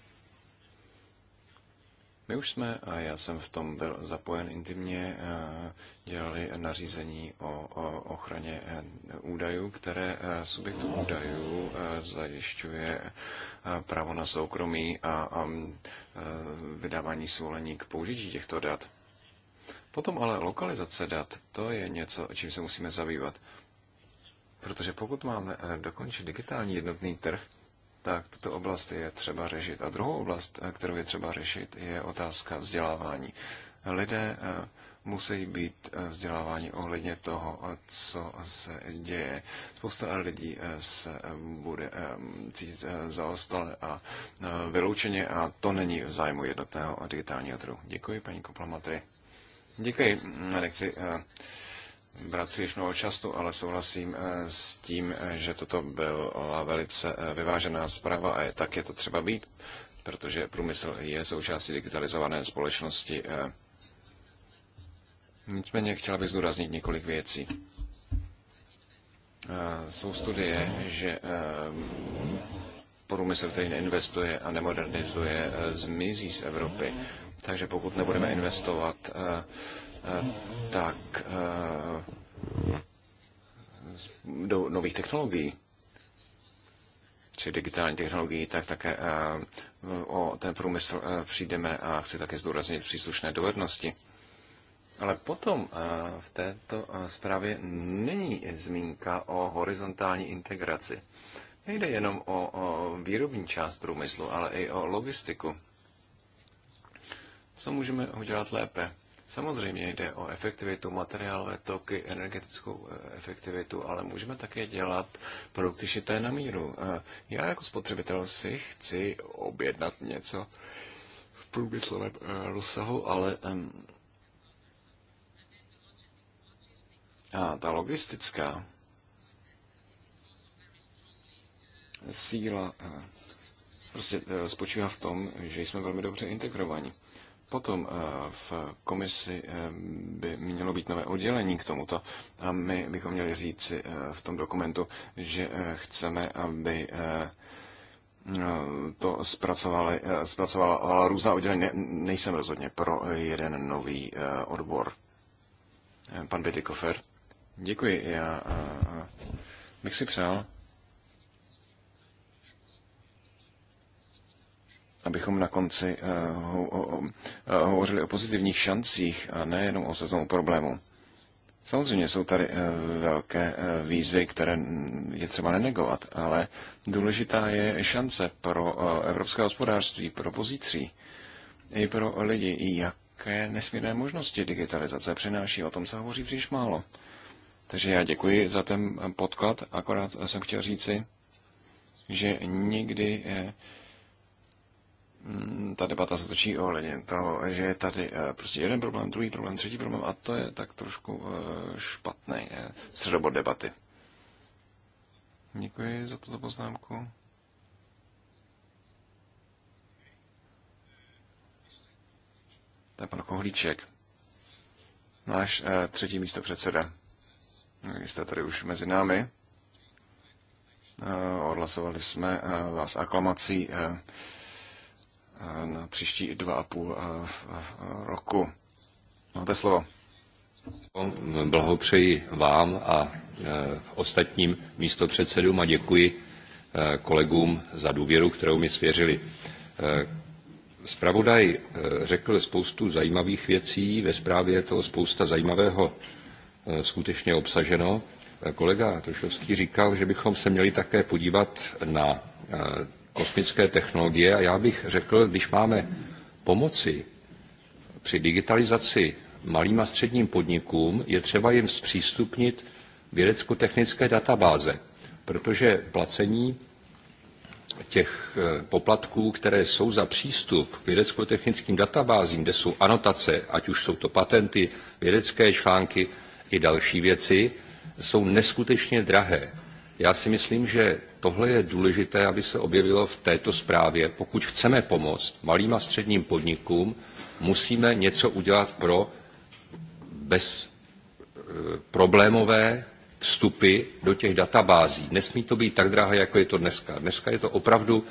[SPEAKER 5] My už jsme, a já jsem v tom byl zapojen intimně, eh, dělali nařízení o, ochraně eh, údajů, které eh, subjektu údajů zajišťuje právo na soukromí a, a mm, vydávání svolení k použití těchto dat. Potom ale lokalizace dat, to je něco, čím se musíme zabývat. Protože pokud máme dokončit digitální jednotný trh, tak tuto oblast je třeba řešit. A druhou oblast, eh, kterou je třeba řešit, je otázka vzdělávání. Lidé eh, musí být eh, vzděláváni ohledně toho, co se děje. Spousta lidí se bude cítit zaostale a vyloučeně a to není v zájmu jednotného digitálního trhu. Děkuji, paní Koplamatry. Děkuji. Nechci brát příliš mnoho času, ale souhlasím eh, s tím, eh, že toto byla velice eh, vyvážená zpráva a je, tak je to třeba být, protože průmysl je součástí digitalizované společnosti. Nicméně chtěla bych zdůraznit několik věcí. Jsou studie, že průmysl, který neinvestuje a nemodernizuje, zmizí z Evropy. Takže pokud nebudeme investovat Eh, tak eh, do nových technologií, či digitální technologií, tak také eh, o ten průmysl přijdeme a chci také zdůraznit příslušné dovednosti. Ale potom v této zprávě není zmínka o horizontální integraci. Nejde jenom o, o výrobní část průmyslu, ale i o logistiku. Co můžeme udělat lépe? Samozřejmě jde o efektivitu, materiálové toky, energetickou eh, efektivitu, ale můžeme také dělat produkty šité na míru. Eh, já jako spotřebitel si chci objednat něco v průmyslovém eh, rozsahu, ale a ta logistická síla prostě spočívá v tom, že jsme velmi dobře integrovaní. Potom eh, v komisi eh, by mělo být nové oddělení k tomuto a my bychom měli říci eh, v tom dokumentu, že chceme, aby to zpracovala různá oddělení. Ne, nejsem rozhodně pro jeden nový odbor. Pan Bedikofer. Děkuji. Já bych si přál, abychom na konci eh, ho, ho, eh, hovořili o pozitivních šancích a nejenom o sezónu problému. Samozřejmě jsou tady eh, velké výzvy, které je třeba nenegovat, ale důležitá je šance pro evropské hospodářství, pro pozítří, i pro lidi, jaké nesmírné možnosti digitalizace přináší. O tom se hovoří příliš málo. Takže já děkuji za ten podklad, akorát jsem chtěl říci, že nikdy Mm, ta debata se točí ohledně toho, že je tady eh, prostě jeden problém, druhý problém, třetí problém a to je tak trošku eh, špatný eh, středobod debaty. Děkuji za tuto poznámku. To je pan Kohlíček, náš třetí místo předseda. Vy jste tady už mezi námi. Odhlasovali jsme vás aklamací na příští dva a půl eh, roku. Máte slovo.
[SPEAKER 3] Blahopřeji vám a eh, ostatním místopředsedům a děkuji eh, kolegům za důvěru, kterou mi svěřili. Spravodaj řekl spoustu zajímavých věcí, ve zprávě je toho spousta zajímavého skutečně obsaženo. Kolega Trošovský říkal, že bychom se měli také podívat na kosmické technologie. A já bych řekl, když máme pomoci při digitalizaci malým a středním podnikům, je třeba jim zpřístupnit vědecko-technické databáze, protože placení těch eh, poplatků, které jsou za přístup k vědecko-technickým databázím, kde jsou anotace, ať už jsou to patenty, vědecké články i další věci, jsou neskutečně drahé. Já si myslím, že tohle je důležité, aby se objevilo v této zprávě. Pokud chceme pomoct malým a středním podnikům, musíme něco udělat pro bezproblémové eh, vstupy do těch databází. Nesmí to být tak drahé, jako je to dneska. Dneska je to opravdu eh,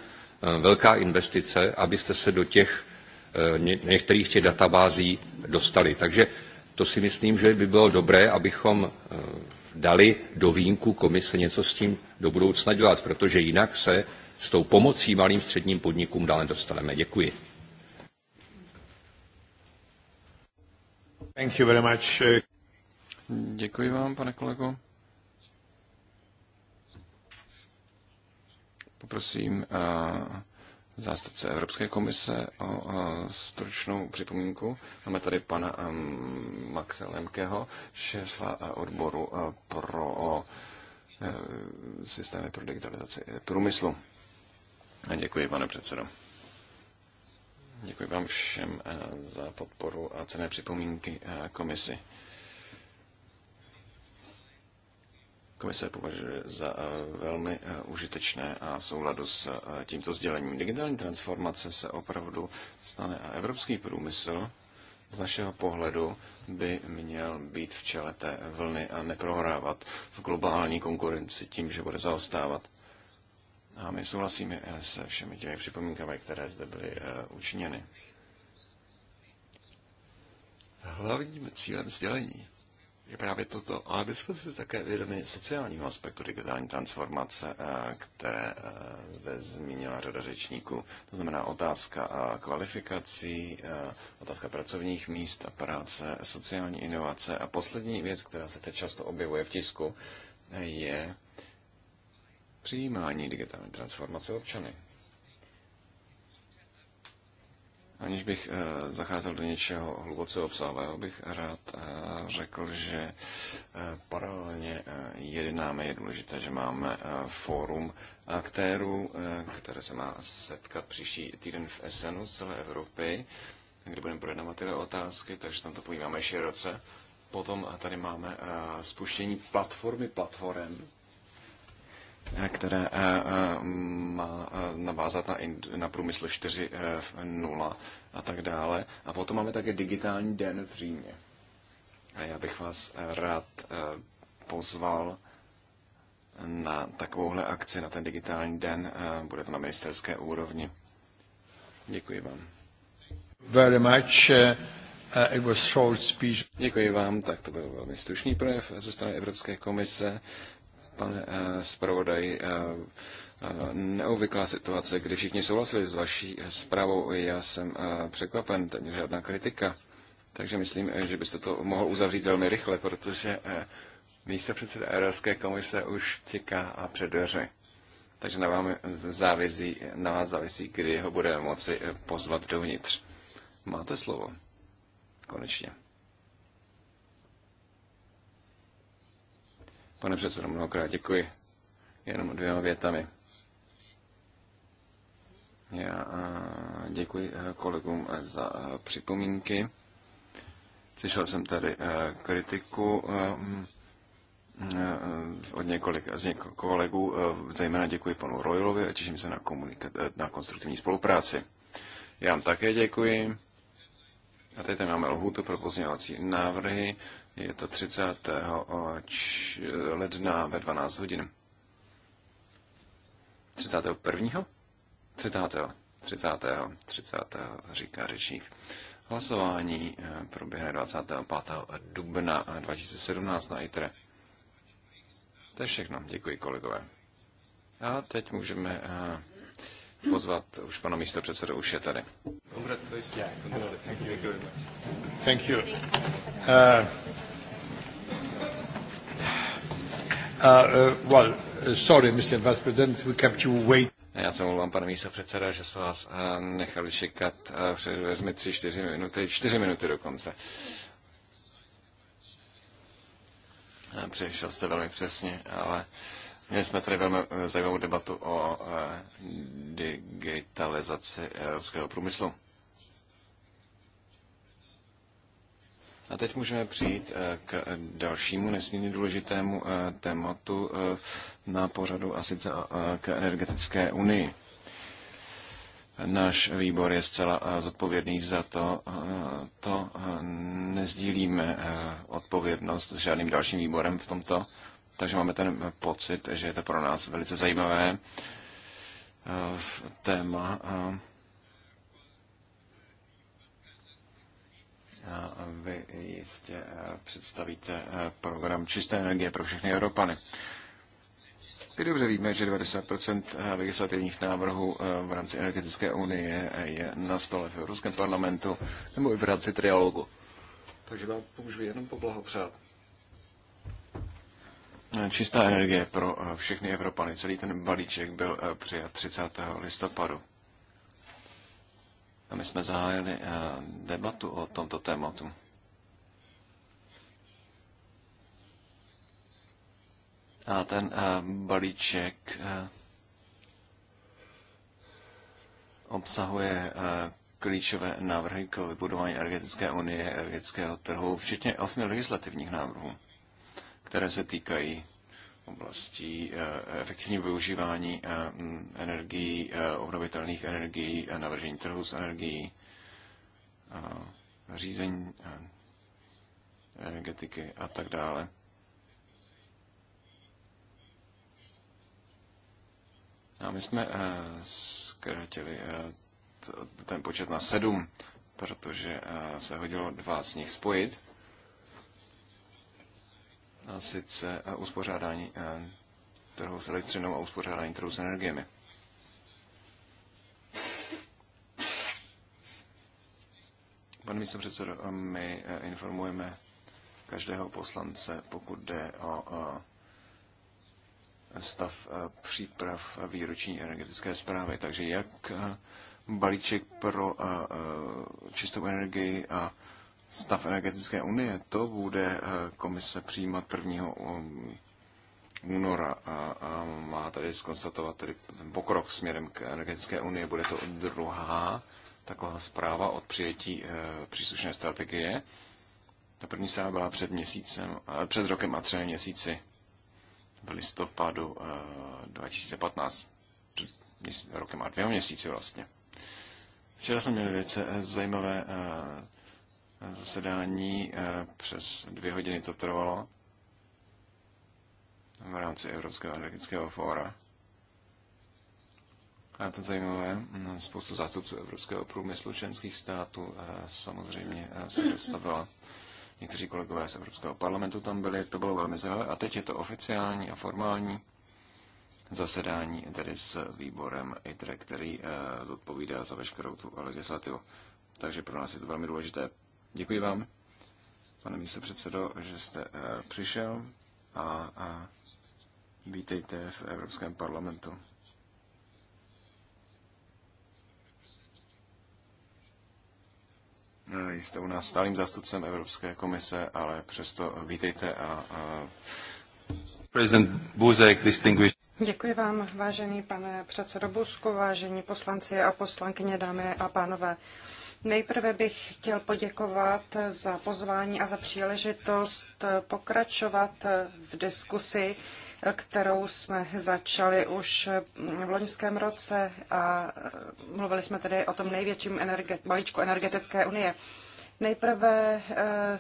[SPEAKER 3] velká investice, abyste se do těch eh, některých těch databází dostali. Takže to si myslím, že by bylo dobré, abychom dali do výjimku komise něco s tím do budoucna dělat, protože jinak se s tou pomocí malým středním podnikům dále dostaneme. Děkuji. Thank you very much.
[SPEAKER 5] Děkuji vám, pane kolego. Poprosím uh, zástupce Evropské komise o stručnou připomínku. Máme tady pana Maxe Lemkeho, šéfa e, odboru e, pro e, systémy pro digitalizaci průmyslu. A děkuji, pane předsedo. Děkuji vám všem za podporu a cené připomínky komisi. komise považuje za eh, velmi eh, užitečné a v souladu s eh, tímto sdělením. Digitální transformace se opravdu stane a evropský průmysl z našeho pohledu by měl být v čele té vlny a neprohrávat v globální konkurenci tím, že bude zaostávat. A my souhlasíme se všemi těmi připomínkami, které zde byly učiněny. Hlavním cílem sdělení je právě toto. Ale my jsme si také vědomi sociálního aspektu digitální transformace, eh, které eh, zde zmínila řada řečníků. To znamená otázka eh, kvalifikací, otázka pracovních míst a práce, sociální inovace. A poslední věc, která se teď často objevuje v tisku, je přijímání digitální transformace občany. Aniž bych eh, zacházel do něčeho hluboce obsahového, bych rád eh, řekl, že eh, paralelně jednáme, je důležité, že máme fórum aktérů, které se má setkat příští týden v Esenu z celé Evropy, kde budeme projednávat tyhle otázky, takže tam to pojímáme široce. Potom tady máme spuštění platformy platform, které eh, eh, má eh, navázat na, na průmysl 4.0 a tak dále. A potom máme také digitální den v Římě. A já bych vás rád pozval na takovouhle akci, na ten digitální den. Bude to na ministerské úrovni. Děkuji vám.
[SPEAKER 3] Very much.
[SPEAKER 5] It was short speech. Děkuji vám, tak to byl velmi stručný projev ze strany Evropské komise pane eh, zpravodaj. Eh, eh, neobvyklá situace, kdy všichni souhlasili s vaší zprávou. Já jsem překvapen, tam žádná kritika. Takže myslím, že byste to mohl uzavřít velmi rychle, protože místo předseda Evropské komise už těká a před dveře. Takže na, vám závisí, na vás závisí, kdy ho budeme moci pozvat dovnitř. Máte slovo. Konečně. Pane předsedo, mnohokrát děkuji. Jenom dvěma větami. Já eh, děkuji eh, kolegům eh, za připomínky. Slyšel jsem tady kritiku mm, od několik z několik kolegů, zejména děkuji panu Royalovi a těším se na, komunika- na konstruktivní spolupráci. Já vám také děkuji. A teď máme lhůtu pro pozměňovací návrhy je to 30. Eh, ledna ve 12 hodin. 31. 30. 30. 30. říká řečník. Hlasování eh, proběhne 25. dubna 2017 na ITRE. To je všechno. Děkuji, kolegové. A teď můžeme eh, pozvat už pana místo předsedu, už je tady. Thank you. Uh,
[SPEAKER 3] uh, well, uh, sorry, Mr. Vice President, we kept you wait.
[SPEAKER 5] Já se omlouvám, pane místo předseda, že jsme vás uh, nechali čekat. Uh, vezmi tři, čtyři minuty, čtyři minuty dokonce. Přešel jste velmi přesně, ale uh, Měli jsme tady velmi eh, zajímavou debatu o eh, digitalizaci evropského průmyslu. A teď můžeme přijít eh, k dalšímu nesmírně důležitému tématu na pořadu a sice k energetické unii. Náš výbor je zcela zodpovědný za to, to nezdílíme odpovědnost s žádným dalším výborem v tomto takže máme ten pocit, že je to pro nás velice zajímavé eh, téma. Eh, a vy jistě eh, představíte program čisté energie pro všechny Evropany. My dobře víme, že 90% legislativních návrhů v rámci energetické unie je na stole v Evropském parlamentu nebo i v rámci trialogu. Takže vám můžu jenom poblahopřát Eh, čistá energie pro eh, všechny Evropany. Celý ten balíček byl eh, přijat 30. listopadu. A my jsme zahájili debatu o tomto tématu. A ten balíček obsahuje klíčové návrhy k vybudování energetické unie, energetického trhu, včetně osmi legislativních návrhů které se týkají oblastí eh, efektivního využívání eh, energií, eh, obnovitelných energií, navržení trhu s energií, řízení energetiky a tak dále. A my jsme zkrátili ten počet na sedm, protože se hodilo dva z nich spojit a sice uspořádání eh, trhu s elektřinou a uspořádání trhu s energiemi. Pane místopředsedo, my eh, informujeme každého poslance, pokud jde o eh, stav příprav výroční energetické zprávy. Takže jak balíček pro čistou energii a stav energetické unie, to bude eh, komise přijímat 1. Um, února a, a má tady skonstatovat tedy pokrok směrem k energetické unie. Bude to druhá taková zpráva od přijetí eh, příslušné strategie. Ta první zpráva byla před měsícem, eh, před rokem a třemi měsíci v listopadu 2015, rokem a dvěma měsíci vlastně. Včera jsme měli velice zajímavé zasedání. Eh, přes dvě hodiny to trvalo v rámci Evropského energetického fóra. A to zajímavé, hm, spoustu zástupců evropského průmyslu členských států eh, samozřejmě eh, se dostavila. Někteří kolegové z Evropského parlamentu tam byli, to bylo velmi zajímavé. A teď je to oficiální a formální zasedání tedy s výborem ITRE, který zodpovídá za veškerou tu legislativu. Takže pro nás je to velmi důležité Děkuji vám, pane místopředsedo, že jste eh, přišel a, a vítejte v Evropském parlamentu. Eh, jste u nás stálým zástupcem Evropské komise, ale přesto vítejte a, a... President
[SPEAKER 4] Buzek, distinguished.
[SPEAKER 2] Děkuji vám, vážený pane předsedo Busku, vážení poslanci a poslankyně, dámy a pánové. Nejprve bych chtěl poděkovat za pozvání a za příležitost pokračovat v diskusi, kterou jsme začali už v loňském roce a mluvili jsme tedy o tom největším balíčku energetické unie. Nejprve eh,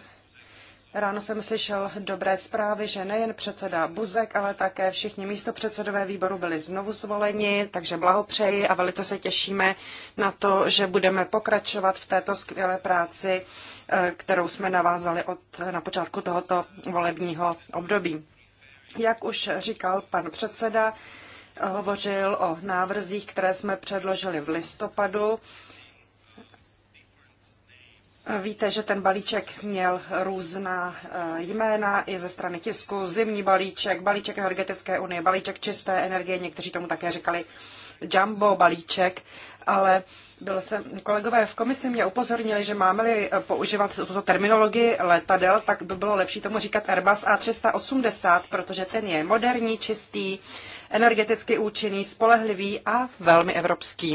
[SPEAKER 2] Ráno jsem slyšel dobré zprávy, že nejen předseda Buzek, ale také všichni místopředsedové výboru byli znovu zvoleni, takže blahopřeji a velice se těšíme na to, že budeme pokračovat v této skvělé práci, eh, kterou jsme navázali od, na počátku tohoto volebního období. Jak už říkal pan předseda, hovořil o návrzích, které jsme předložili v listopadu. Víte, že ten balíček měl různá eh, jména i ze strany tisku, zimní balíček, balíček energetické unie, balíček čisté energie, někteří tomu také říkali jumbo balíček, ale byl se kolegové v komisi mě upozornili, že máme-li eh, používat tuto terminologii letadel, tak by bylo lepší tomu říkat Airbus A380, protože ten je moderní, čistý, energeticky účinný, spolehlivý a velmi evropský.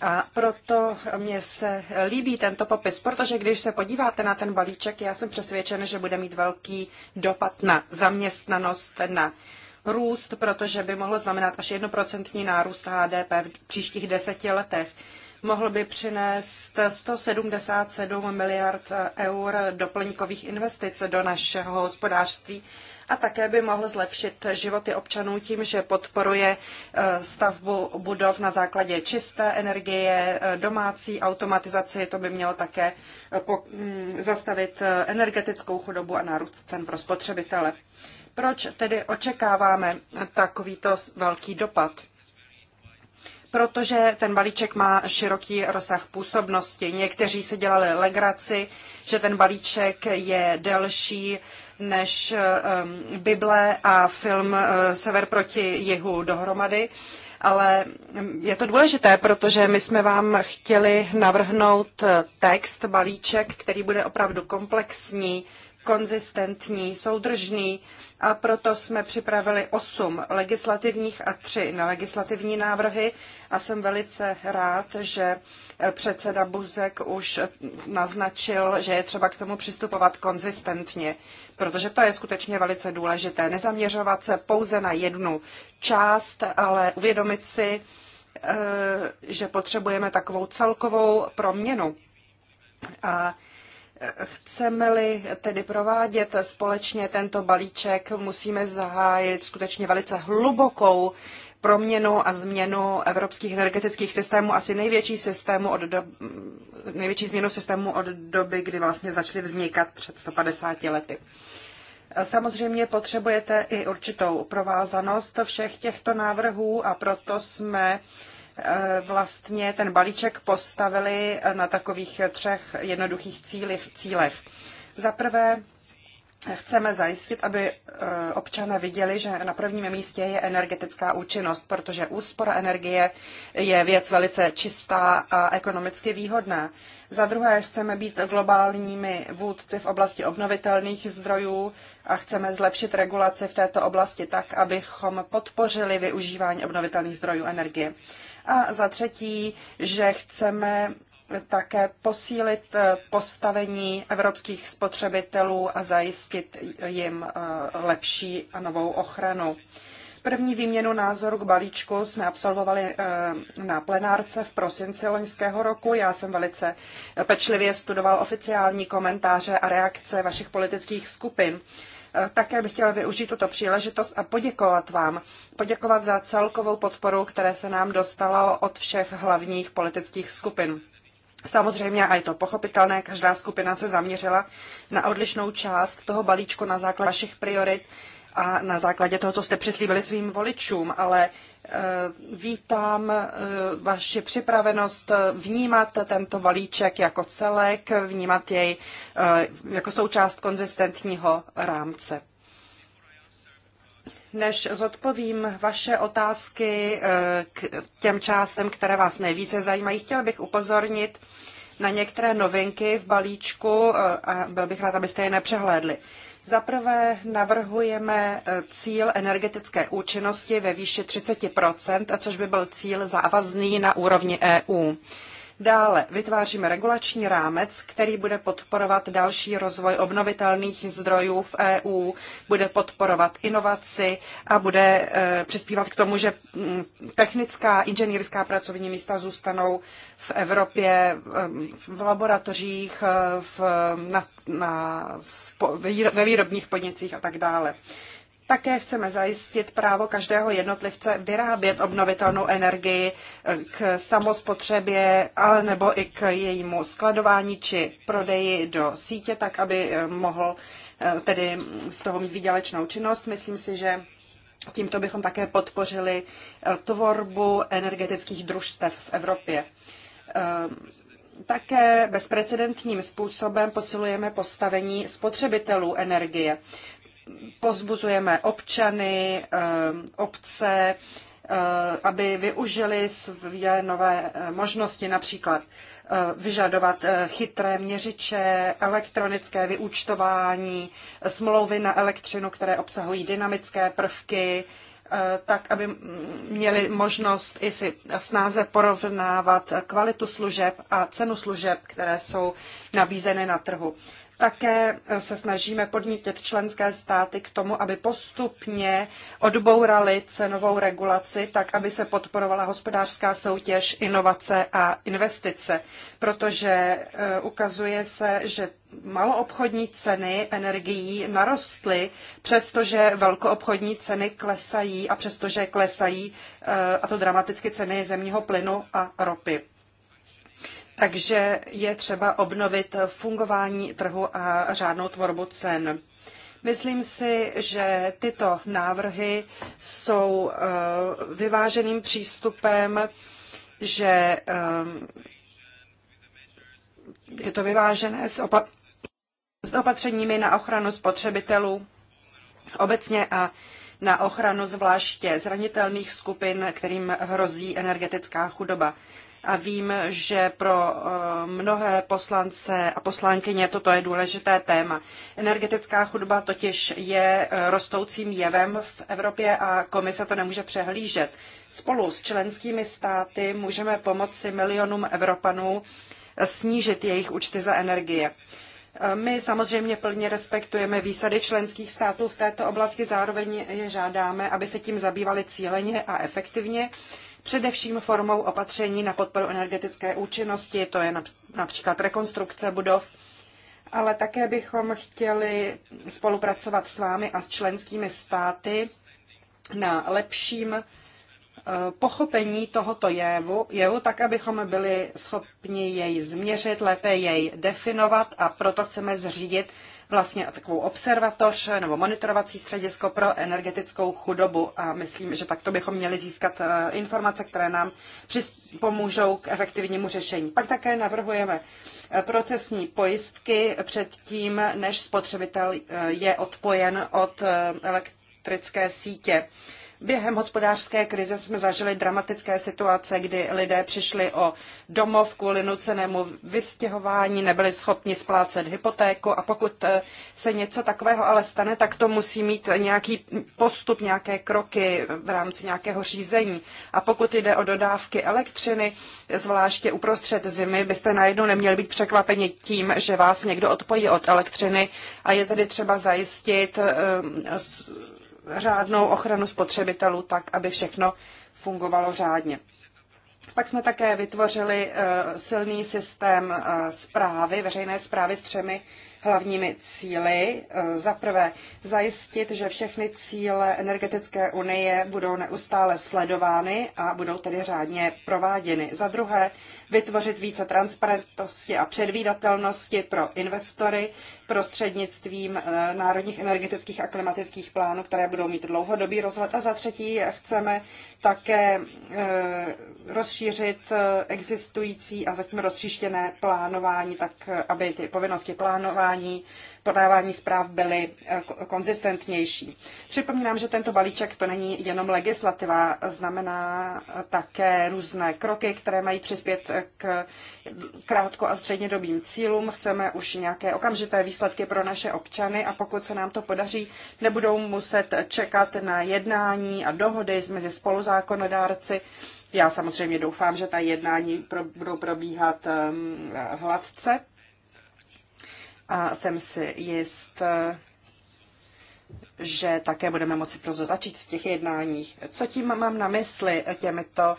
[SPEAKER 2] A proto mě se líbí tento popis, protože když se podíváte na ten balíček, já jsem přesvědčen, že bude mít velký dopad na zaměstnanost, na růst, protože by mohlo znamenat až jednoprocentní nárůst HDP v příštích deseti letech. Mohl by přinést 177 miliard eur doplňkových investic do našeho hospodářství a také by mohl zlepšit životy občanů tím, že podporuje e, stavbu budov na základě čisté energie, e, domácí automatizaci. To by mělo také e, mm, zastavit energetickou chudobu a nárůst cen pro spotřebitele. Proč tedy očekáváme takovýto velký dopad? protože ten balíček má široký rozsah působnosti. Někteří se dělali legraci, že ten balíček je delší než ehm, Bible a film eh, Sever proti jihu dohromady ale ehm, je to důležité, protože my jsme vám chtěli navrhnout eh, text, balíček, který bude opravdu komplexní, konzistentní, soudržný a proto jsme připravili osm legislativních a tři nelegislativní návrhy a jsem velice rád, že předseda Buzek už naznačil, že je třeba k tomu přistupovat konzistentně, protože to je skutečně velice důležité. Nezaměřovat se pouze na jednu část, ale uvědomit si, eh, že potřebujeme takovou celkovou proměnu. A Chceme-li tedy provádět společně tento balíček, musíme zahájit skutečně velice hlubokou proměnu a změnu evropských energetických systémů, asi největší, systému od do, největší změnu systému od doby, kdy vlastně začaly vznikat před 150 lety. Samozřejmě potřebujete i určitou provázanost všech těchto návrhů a proto jsme uh, Eh, vlastně ten balíček postavili eh, na takových třech jednoduchých cílech. cílech. Za prvé, chceme zajistit, aby eh, občané viděli, že na prvním místě je energetická účinnost, protože úspora energie je věc velice čistá a ekonomicky výhodná. Za druhé chceme být globálními vůdci v oblasti obnovitelných zdrojů a chceme zlepšit regulaci v této oblasti tak, abychom podpořili využívání obnovitelných zdrojů energie. A za třetí, že chceme také posílit eh, postavení evropských spotřebitelů a zajistit jim eh, lepší a novou ochranu. První výměnu názoru k balíčku jsme absolvovali eh, na plenárce v prosinci loňského roku. Já jsem velice pečlivě studoval oficiální komentáře a reakce vašich politických skupin. Eh, také bych chtěla využít tuto příležitost a poděkovat vám. Poděkovat za celkovou podporu, které se nám dostalo od všech hlavních politických skupin. Samozřejmě, a je to pochopitelné, každá skupina se zaměřila na odlišnou část toho balíčku na základě vašich priorit a na základě toho, co jste přislíbili svým voličům, ale eh, vítám eh, vaši připravenost eh, vnímat tento balíček jako celek, vnímat jej jako součást konzistentního rámce. Než zodpovím vaše otázky k těm částem, které vás nejvíce zajímají, chtěl bych upozornit na některé novinky v balíčku a byl bych rád, abyste je nepřehlédli. Za prvé navrhujeme eh, cíl energetické účinnosti ve výši 30 což by byl cíl závazný na úrovni EU. Dále vytváříme regulační rámec, který bude podporovat další rozvoj obnovitelných zdrojů v EU, bude podporovat inovaci a bude eh, přispívat k tomu, že mm, technická, inženýrská pracovní místa zůstanou v Evropě, eh, v laboratořích, eh, v, na, na, v, ve výrobních podnicích a tak dále. Také chceme zajistit právo každého jednotlivce vyrábět obnovitelnou energii k samospotřebě, ale nebo i k jejímu skladování či prodeji do sítě, tak aby eh, mohl eh, tedy z toho mít výdělečnou činnost. Myslím si, že tímto bychom také podpořili eh, tvorbu energetických družstev v Evropě. Také bezprecedentním způsobem posilujeme postavení spotřebitelů energie pozbuzujeme občany, eh, obce, eh, aby využili své nové eh, možnosti, například vyžadovat chytré měřiče, elektronické vyúčtování, smlouvy na elektřinu, které obsahují dynamické prvky, tak, aby měli možnost i si snáze porovnávat kvalitu služeb a cenu služeb, které jsou nabízeny na trhu. Také se snažíme podnítit členské státy k tomu, aby postupně odbourali cenovou regulaci, tak aby se podporovala hospodářská soutěž, inovace a investice, protože e, ukazuje se, že maloobchodní ceny energií narostly, přestože velkoobchodní ceny klesají a přestože klesají, e, a to dramaticky, ceny zemního plynu a ropy takže je třeba obnovit fungování trhu a řádnou tvorbu cen. Myslím si, že tyto návrhy jsou eh, vyváženým přístupem, že eh, je to vyvážené s, opa- s opatřeními na ochranu spotřebitelů obecně a na ochranu zvláště zranitelných skupin, kterým hrozí energetická chudoba a vím, že pro eh, mnohé poslance a poslankyně toto je důležité téma. Energetická chudoba totiž je eh, rostoucím jevem v Evropě a komise to nemůže přehlížet. Spolu s členskými státy můžeme pomoci milionům Evropanů snížit jejich účty za energie. Eh, my samozřejmě plně respektujeme výsady členských států v této oblasti, zároveň je žádáme, aby se tím zabývali cíleně a efektivně především formou opatření na podporu energetické účinnosti, to je například rekonstrukce budov, ale také bychom chtěli spolupracovat s vámi a s členskými státy na lepším eh, pochopení tohoto jevu, jevu, tak abychom byli schopni jej změřit, lépe jej definovat a proto chceme zřídit vlastně takovou observatoř nebo monitorovací středisko pro energetickou chudobu a myslím, že takto bychom měli získat eh, informace, které nám pomůžou k efektivnímu řešení. Pak také navrhujeme eh, procesní pojistky před tím, než spotřebitel eh, je odpojen od elektrické sítě. Během hospodářské krize jsme zažili dramatické situace, kdy lidé přišli o domov kvůli nucenému vystěhování, nebyli schopni splácet hypotéku a pokud eh, se něco takového ale stane, tak to musí mít nějaký postup, nějaké kroky v rámci nějakého řízení. A pokud jde o dodávky elektřiny, zvláště uprostřed zimy, byste najednou neměli být překvapeni tím, že vás někdo odpojí od elektřiny a je tedy třeba zajistit eh, řádnou ochranu spotřebitelů tak, aby všechno fungovalo řádně. Pak jsme také vytvořili eh, silný systém zprávy, eh, veřejné zprávy s třemi hlavními cíly. Eh, za prvé zajistit, že všechny cíle energetické unie budou neustále sledovány a budou tedy řádně prováděny. Za druhé vytvořit více transparentnosti a předvídatelnosti pro investory, prostřednictvím eh, národních energetických a klimatických plánů, které budou mít dlouhodobý rozhled. A za třetí chceme také eh, rozšířit eh, existující a zatím roztříštěné plánování, tak aby ty povinnosti plánování podávání zpráv byly eh, konzistentnější. Připomínám, že tento balíček to není jenom legislativa, znamená také různé kroky, které mají přispět eh, k krátko a střednědobým cílům. Chceme už nějaké okamžité výsledky pro naše občany a pokud se nám to podaří, nebudou muset čekat na jednání a dohody mezi spoluzákonodárci, já samozřejmě doufám, že ta jednání pro, budou probíhat um, hladce a jsem si jist, že také budeme moci brzo začít v těch jednáních. Co tím mám na mysli těmito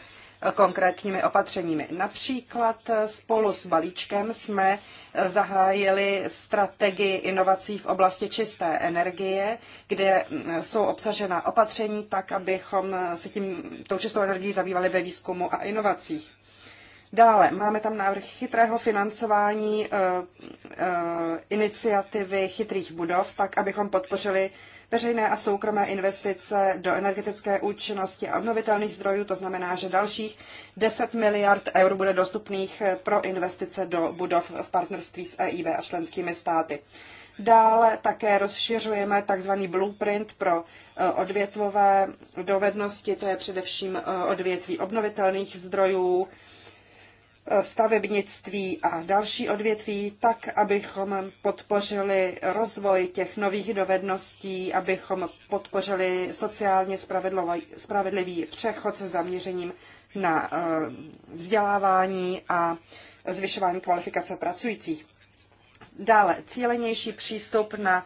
[SPEAKER 2] konkrétními opatřeními? Například spolu s balíčkem jsme zahájili strategii inovací v oblasti čisté energie, kde jsou obsažena opatření tak, abychom se tím tou čistou energií zabývali ve výzkumu a inovacích. Dále máme tam návrh chytrého financování eh, eh, iniciativy chytrých budov, tak abychom podpořili veřejné a soukromé investice do energetické účinnosti a obnovitelných zdrojů. To znamená, že dalších 10 miliard eur bude dostupných eh, pro investice do budov v partnerství s EIB a členskými státy. Dále také rozšiřujeme tzv. blueprint pro odvětvové dovednosti, to je především odvětví obnovitelných zdrojů, Eh, stavebnictví a další odvětví, tak abychom podpořili rozvoj těch nových dovedností, abychom podpořili sociálně spravedlivý přechod se zaměřením na eh, vzdělávání a zvyšování kvalifikace pracujících. Dále cílenější přístup na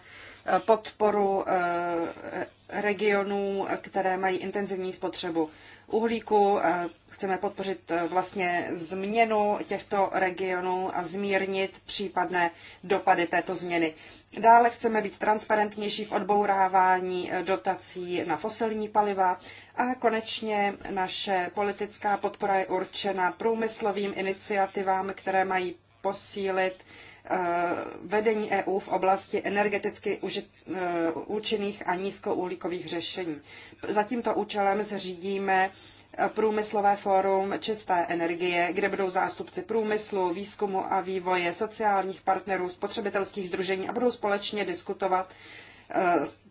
[SPEAKER 2] podporu eh, regionů, které mají intenzivní spotřebu uhlíku. Eh, chceme podpořit eh, vlastně změnu těchto regionů a zmírnit případné dopady této změny. Dále chceme být transparentnější v odbourávání dotací na fosilní paliva a konečně naše politická podpora je určena průmyslovým iniciativám, které mají posílit Eh, vedení EU v oblasti energeticky eh, účinných a nízkouhlíkových řešení. Za tímto účelem zřídíme eh, průmyslové fórum čisté energie, kde budou zástupci průmyslu, výzkumu a vývoje, sociálních partnerů, spotřebitelských združení a budou společně diskutovat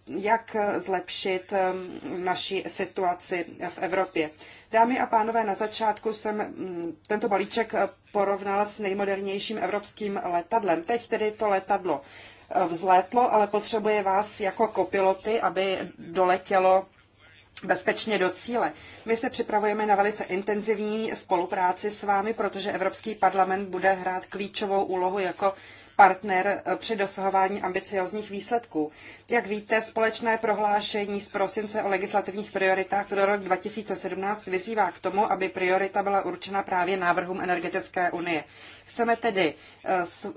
[SPEAKER 2] jak zlepšit um, naši situaci v Evropě. Dámy a pánové, na začátku jsem mm, tento balíček eh, porovnala s nejmodernějším evropským letadlem. Teď tedy to letadlo eh, vzlétlo, ale potřebuje vás jako kopiloty, aby doletělo bezpečně do cíle. My se připravujeme na velice intenzivní spolupráci s vámi, protože Evropský parlament bude hrát klíčovou úlohu jako partner eh, při dosahování ambiciozních výsledků. Jak víte, společné prohlášení z prosince o legislativních prioritách pro rok 2017 vyzývá k tomu, aby priorita byla určena právě návrhům energetické unie. Chceme tedy eh,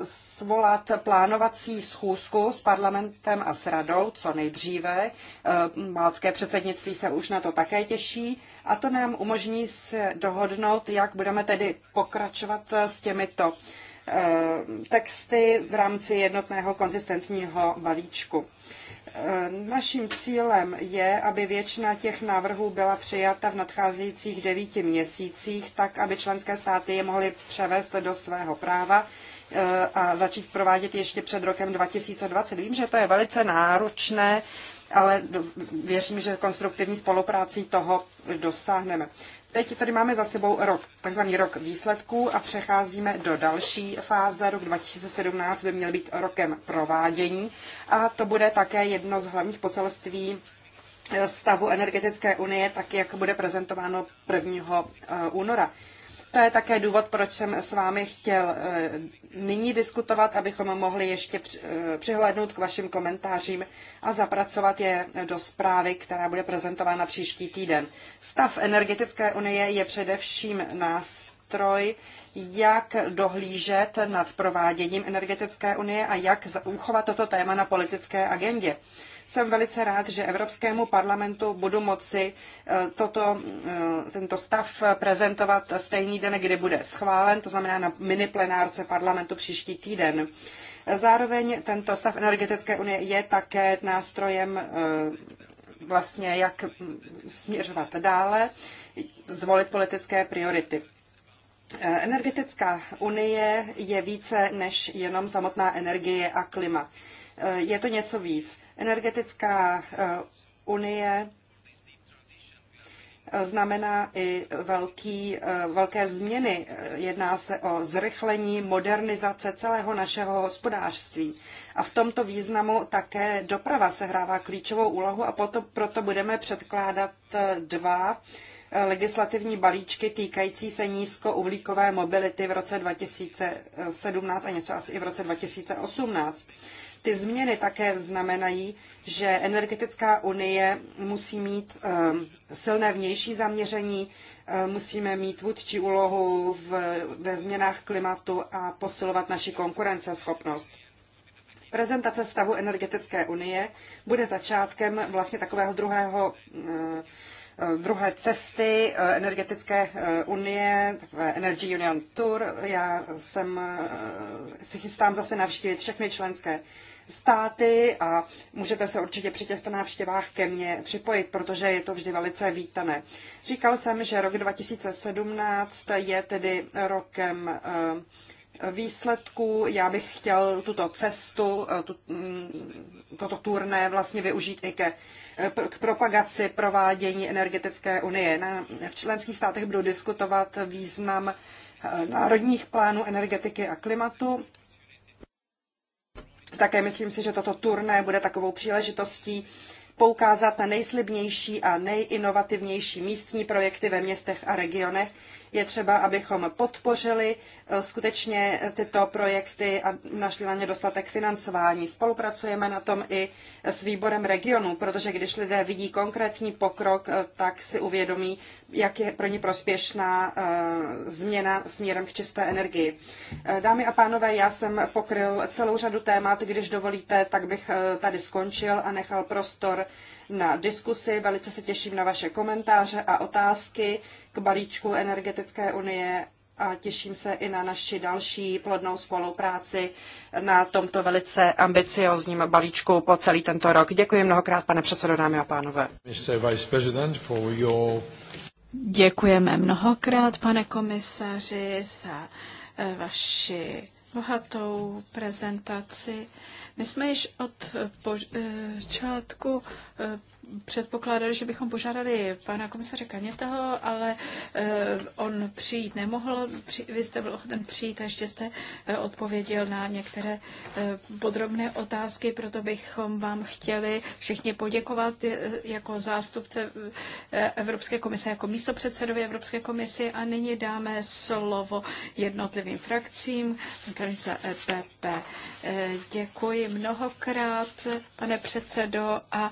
[SPEAKER 2] svolat plánovací schůzku s parlamentem a s radou co nejdříve. Eh, Malcké předsednictví se už na to také těší a to nám umožní se dohodnout, jak budeme tedy pokračovat s těmito Eh, texty v rámci jednotného konzistentního balíčku. Eh, naším cílem je, aby většina těch návrhů byla přijata v nadcházejících devíti měsících, tak aby členské státy je mohly převést do svého práva eh, a začít provádět ještě před rokem 2020. Vím, že to je velice náročné, ale věřím, že konstruktivní spolupráci toho dosáhneme. Teď tady máme za sebou rok, takzvaný rok výsledků a přecházíme do další fáze. Rok 2017 by měl být rokem provádění a to bude také jedno z hlavních poselství eh, stavu energetické unie, tak jak bude prezentováno 1. Eh, února. To je také důvod, proč jsem s vámi chtěl eh, nyní diskutovat, abychom mohli ještě eh, přihlédnout k vašim komentářím a zapracovat je do zprávy, která bude prezentována příští týden. Stav energetické unie je především nástroj, jak dohlížet nad prováděním energetické unie a jak uchovat toto téma na politické agendě. Jsem velice rád, že Evropskému parlamentu budu moci e, toto, e, tento stav prezentovat stejný den, kdy bude schválen, to znamená na mini plenárce parlamentu příští týden. Zároveň tento stav energetické unie je také nástrojem e, vlastně, jak směřovat dále, zvolit politické priority. Energetická unie je více než jenom samotná energie a klima. Eh, je to něco víc. Energetická eh, unie eh, znamená i velký, velké změny. Jedná se o zrychlení modernizace celého našeho hospodářství. A v tomto významu také doprava sehrává klíčovou úlohu a proto, proto budeme předkládat dva legislativní balíčky týkající se nízkouhlíkové mobility v roce 2017 a něco asi i v roce 2018. Ty změny také znamenají, že energetická unie musí mít ehm, silné vnější zaměření, ehm, musíme mít vůdčí úlohu v, ve změnách klimatu a posilovat naši konkurenceschopnost. Prezentace stavu energetické unie bude začátkem vlastně takového druhého ehm, Eh, druhé cesty eh, energetické eh, unie, takové Energy Union Tour. Já jsem, si chystám zase navštívit všechny členské státy a můžete se určitě při těchto návštěvách ke mně připojit, protože je to vždy velice vítané. Říkal jsem, že rok 2017 je tedy rokem výsledků. Já bych chtěl tuto cestu, eh, tu, mm, toto turné vlastně využít i ke, eh, k propagaci provádění energetické unie. Na, v členských státech budu diskutovat význam eh, národních plánů energetiky a klimatu. Také myslím si, že toto turné bude takovou příležitostí poukázat na nejslibnější a nejinovativnější místní projekty ve městech a regionech, je třeba, abychom podpořili eh, skutečně tyto projekty a našli na ně dostatek financování. Spolupracujeme na tom i s výborem regionu, protože když lidé vidí konkrétní pokrok, eh, tak si uvědomí, jak je pro ně prospěšná eh, změna směrem k čisté energii. Dámy a pánové, já jsem pokryl celou řadu témat. Když dovolíte, tak bych tady skončil a nechal prostor na diskusi. Velice se těším na vaše komentáře a otázky k balíčku energetické unie a těším se i na naši další plodnou spolupráci na tomto velice ambiciozním balíčku po celý tento rok. Děkuji mnohokrát, pane předsedo, dámy a pánové.
[SPEAKER 1] Děkujeme mnohokrát, pane komisaři, za eh, vaši bohatou prezentaci. My jsme již od eh, počátku eh, eh, předpokládali, že bychom požádali pana komisaře Kanětaho, ale eh, on přijít nemohl. Vy jste byl ochoten přijít a ještě jste eh, odpověděl na některé eh, podrobné otázky, proto bychom vám chtěli všichni poděkovat jako zástupce Evropské komise, jako místopředsedovi Evropské komisi a nyní dáme slovo jednotlivým frakcím, za EPP. Děkuji mnohokrát, pane předsedo, a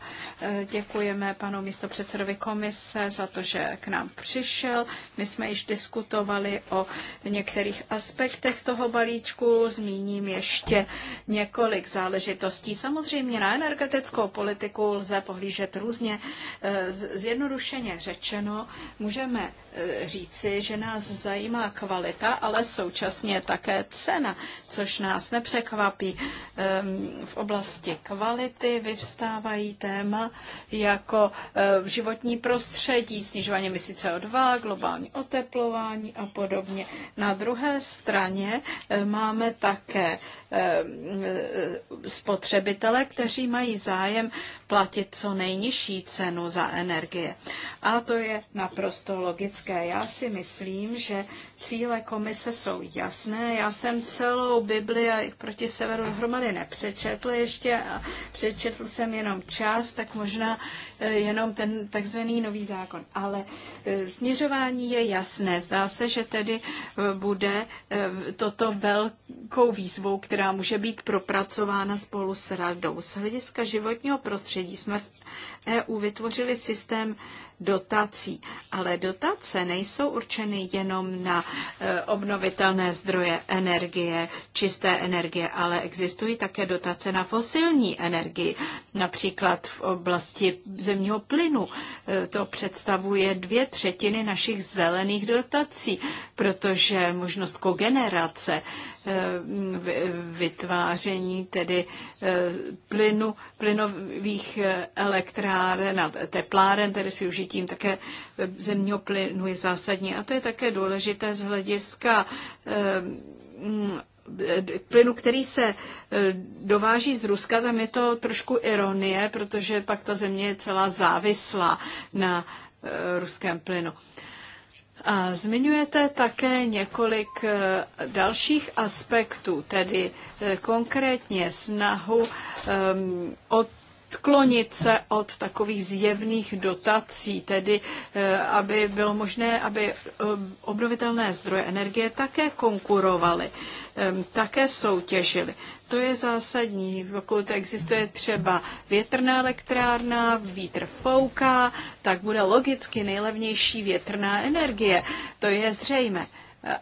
[SPEAKER 1] děkuji Děkujeme panu místopředsedovi komise za to, že k nám přišel. My jsme již diskutovali o některých aspektech toho balíčku. Zmíním ještě několik záležitostí. Samozřejmě na energetickou politiku lze pohlížet různě. E, zjednodušeně řečeno, můžeme e, říci, že nás zajímá kvalita, ale současně také cena, což nás nepřekvapí. Ehm, v oblasti kvality vyvstávají téma, jako e, životní prostředí, snižování emisí CO2, globální oteplování a podobně. Na druhé straně e, máme také e, spotřebitele, kteří mají zájem platit co nejnižší cenu za energie. A to je naprosto logické. Já si myslím, že cíle komise jsou jasné. Já jsem celou Bibli a proti severu hromady nepřečetl ještě a přečetl jsem jenom část, tak možná Eh, jenom ten takzvaný nový zákon. Ale eh, směřování je jasné. Zdá se, že tedy eh, bude toto velkou výzvou, která může být propracována spolu s radou. Z hlediska životního prostředí jsme EU vytvořili systém dotací. Ale dotace nejsou určeny jenom na e, obnovitelné zdroje energie, čisté energie, ale existují také dotace na fosilní energii, například v oblasti zemního plynu. E, to představuje dvě třetiny našich zelených dotací, protože možnost kogenerace Eh, vytváření tedy eh, plynu, plynových eh, elektráren a tepláren, tedy s využitím také zemního plynu je zásadní. A to je také důležité z hlediska mm, plynu, který se dováží z Ruska, tam je to trošku ironie, protože pak ta země je celá závislá na ruském plynu. A zmiňujete také několik eh, dalších aspektů, tedy eh, konkrétně snahu um, odklonit se od takových zjevných dotací, tedy eh, aby bylo možné, aby obnovitelné zdroje energie také konkurovaly, ehm, také soutěžily. To je zásadní. Pokud existuje třeba větrná elektrárna, vítr fouká, tak bude logicky nejlevnější větrná energie. To je zřejmé.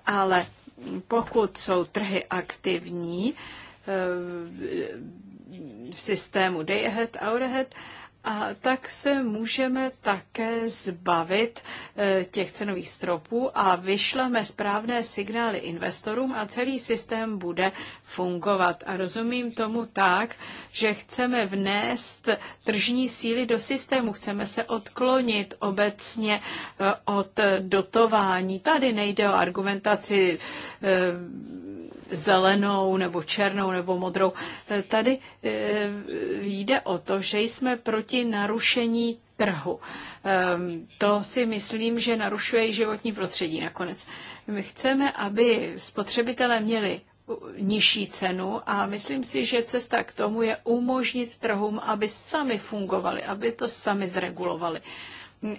[SPEAKER 1] Ale pokud jsou trhy aktivní eh, v systému day ahead, out ahead, a tak se můžeme také zbavit eh, těch cenových stropů a vyšleme správné signály investorům a celý systém bude fungovat. A rozumím tomu tak, že chceme vnést tržní síly do systému, chceme se odklonit obecně eh, od dotování. Tady nejde o argumentaci eh, zelenou nebo černou nebo modrou. Eh, Tady eh, jde o to, že jsme proti narušení trhu. Ehm, to si myslím, že narušuje i životní prostředí nakonec. My chceme, aby spotřebitelé měli nižší cenu a myslím si, že cesta k tomu je umožnit trhům, aby sami fungovali, aby to sami zregulovali.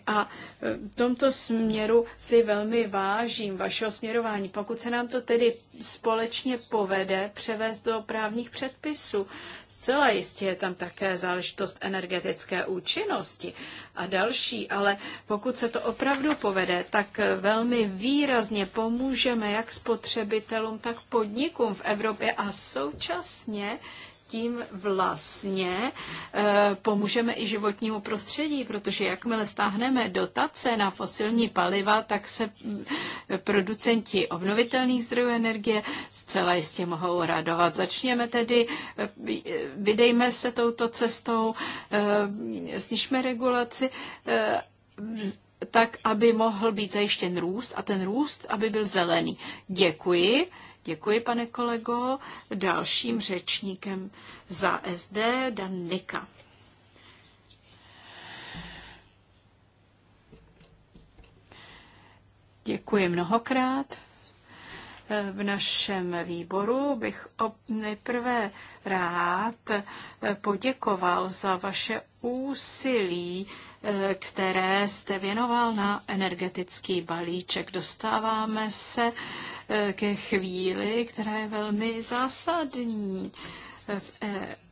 [SPEAKER 1] A e, v tomto směru si velmi vážím vašeho směrování. Pokud se nám to tedy společně povede převést do právních předpisů, Zcela jistě je tam také záležitost energetické účinnosti a další, ale pokud se to opravdu povede, tak velmi výrazně pomůžeme jak spotřebitelům, tak podnikům v Evropě a současně tím vlastně eh, pomůžeme i životnímu prostředí, protože jakmile stáhneme dotace na fosilní paliva, tak se mm, producenti obnovitelných zdrojů energie zcela jistě mohou radovat. Začněme tedy, eh, vydejme se touto cestou, eh, snižme regulaci tak, aby mohl být zajištěn růst a ten růst, aby byl zelený. Děkuji. Děkuji, pane kolego. Dalším řečníkem za SD Dan Nika. Děkuji mnohokrát. V našem výboru bych nejprve rád poděkoval za vaše úsilí, které jste věnoval na energetický balíček. Dostáváme se Eh, ke chvíli, která je velmi zásadní. V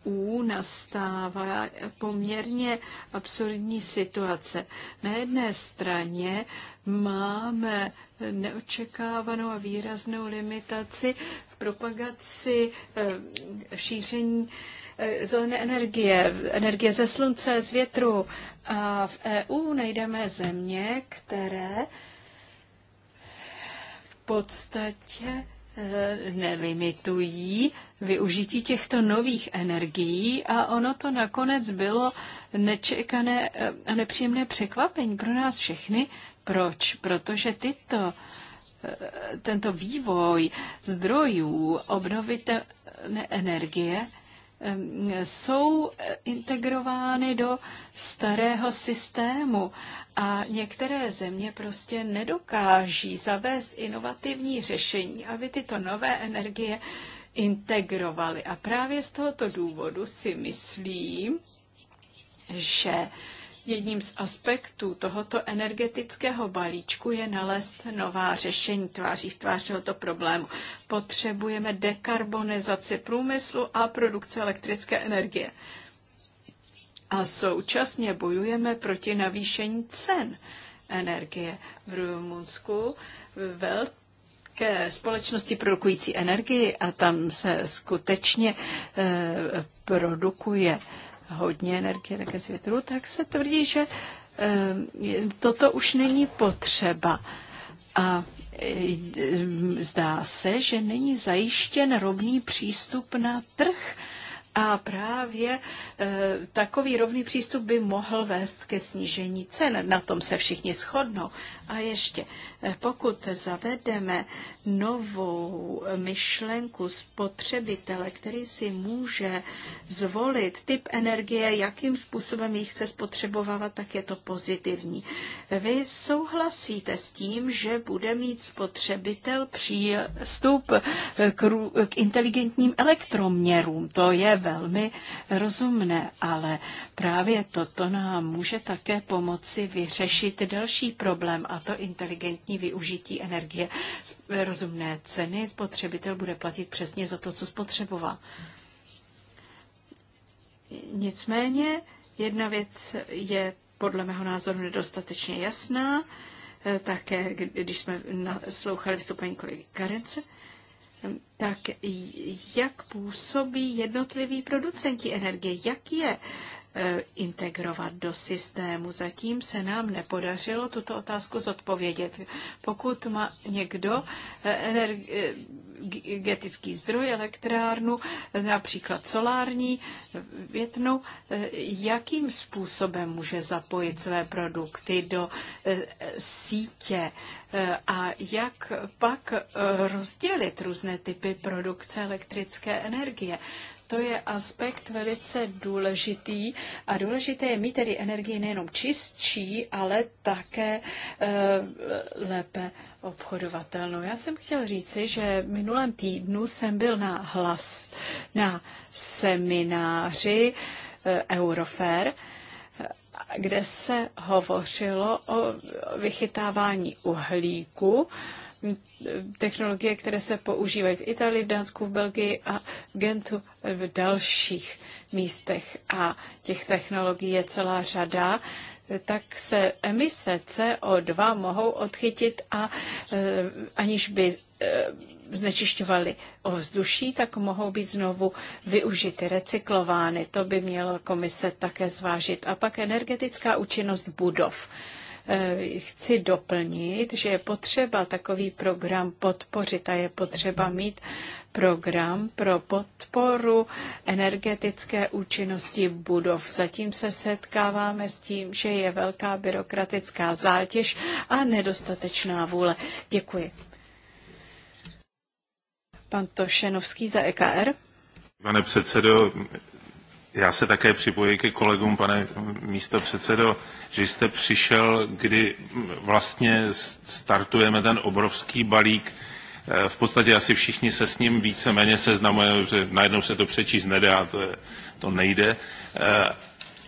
[SPEAKER 1] EU nastává poměrně absurdní situace. Na jedné straně máme neočekávanou a výraznou limitaci v propagaci eh, šíření eh, zelené energie, energie ze slunce, z větru. A v EU najdeme země, které podstatě eh, nelimitují využití těchto nových energií a ono to nakonec bylo nečekané eh, a nepříjemné překvapení pro nás všechny. Proč? Protože tyto eh, tento vývoj zdrojů obnovitelné energie jsou integrovány do starého systému a některé země prostě nedokáží zavést inovativní řešení, aby tyto nové energie integrovaly. A právě z tohoto důvodu si myslím, že jedním z aspektů tohoto energetického balíčku je nalézt nová řešení tváří v tvář tohoto problému. Potřebujeme dekarbonizaci průmyslu a produkce elektrické energie. A současně bojujeme proti navýšení cen energie v Rumunsku. velké společnosti produkující energii a tam se skutečně e, produkuje hodně energie také z větru, tak se tvrdí, že e, toto už není potřeba. A e, zdá se, že není zajištěn rovný přístup na trh a právě e, takový rovný přístup by mohl vést ke snížení cen. Na tom se všichni shodnou. A ještě Eh, pokud zavedeme novou myšlenku spotřebitele, který si může zvolit typ energie, jakým způsobem ji chce spotřebovávat, tak je to pozitivní. Vy souhlasíte s tím, že bude mít spotřebitel přístup eh, k, k inteligentním elektroměrům. To je velmi rozumné, ale právě toto nám může také pomoci vyřešit další problém, a to inteligentní kvalitní využití energie, rozumné ceny, spotřebitel bude platit přesně za to, co spotřeboval. Nicméně jedna věc je podle mého názoru nedostatečně jasná, eh, také když jsme naslouchali vstupení kolegy Karence, eh, tak jak působí jednotliví producenti energie, jak je Eh, integrovat do systému. Zatím se nám nepodařilo tuto otázku zodpovědět. Pokud má někdo eh, eh, energetický zdroj, elektrárnu, například solární větnu, jakým způsobem může zapojit své produkty do sítě a jak pak rozdělit různé typy produkce elektrické energie. To je aspekt velice důležitý a důležité je mít tedy energii nejenom čistší, ale také e, lépe obchodovatelnou. Já jsem chtěl říci, že minulém týdnu jsem byl na hlas na semináři eh, Eurofair, kde se hovořilo o vychytávání uhlíku technologie, které se používají v Itálii, v Dánsku, v Belgii a v Gentu v dalších místech. A těch technologií je celá řada tak se emise CO2 mohou odchytit a eh, aniž by eh, znečišťovaly ovzduší, tak mohou být znovu využity, recyklovány. To by měla komise také zvážit. A pak energetická účinnost budov. Eh, chci doplnit, že je potřeba takový program podpořit a je potřeba mít program pro podporu energetické účinnosti budov. Zatím se setkáváme s tím, že je velká byrokratická zátěž a nedostatečná vůle. Děkuji. Pan Tošenovský za EKR.
[SPEAKER 4] Pane předsedo, já se také připojuji ke kolegům, pane místo předsedo, že jste přišel, kdy vlastně startujeme ten obrovský balík. Eh, v podstatě asi všichni se s ním víceméně seznamujeme, že najednou se to přečíst nedá, to, je, to nejde. Eh,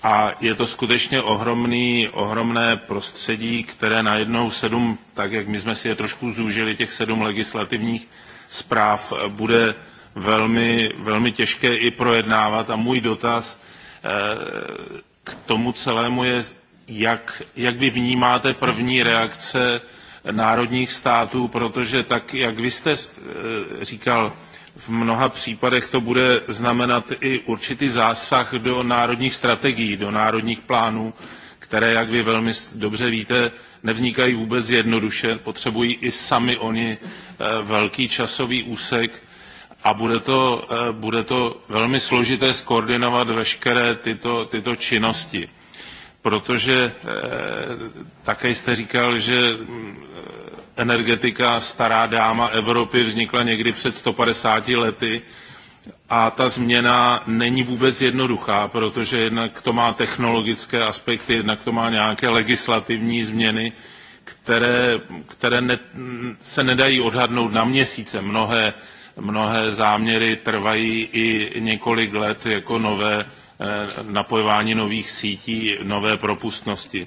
[SPEAKER 4] a je to skutečně ohromný, ohromné prostředí, které najednou sedm, tak jak my jsme si je trošku zúžili, těch sedm legislativních zpráv eh, bude velmi, velmi těžké i projednávat. A můj dotaz eh, k tomu celému je, jak, jak vy vnímáte první reakce národních států, protože tak, jak vy jste eh, říkal, v mnoha případech to bude znamenat i určitý zásah do národních strategií, do národních plánů, které, jak vy velmi dobře víte, nevznikají vůbec jednoduše, potřebují i sami oni eh, velký časový úsek a bude to, eh, bude to velmi složité skoordinovat veškeré tyto, tyto činnosti. Protože eh, také jste říkal, že mm, energetika stará dáma Evropy vznikla někdy před 150 lety a ta změna není vůbec jednoduchá, protože jednak to má technologické aspekty, jednak to má nějaké legislativní změny, které, které ne, se nedají odhadnout na měsíce. Mnohé mnohé záměry trvají i několik let jako nové eh, napojování nových sítí, nové propustnosti.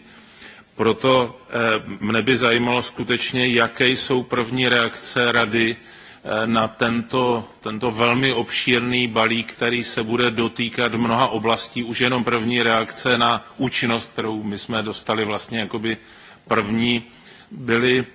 [SPEAKER 4] Proto eh, mne by zajímalo skutečně, jaké jsou první reakce rady eh, na tento, tento velmi obšírný balík, který se bude dotýkat mnoha oblastí, už jenom první reakce na účinnost, kterou my jsme dostali vlastně jakoby první, byly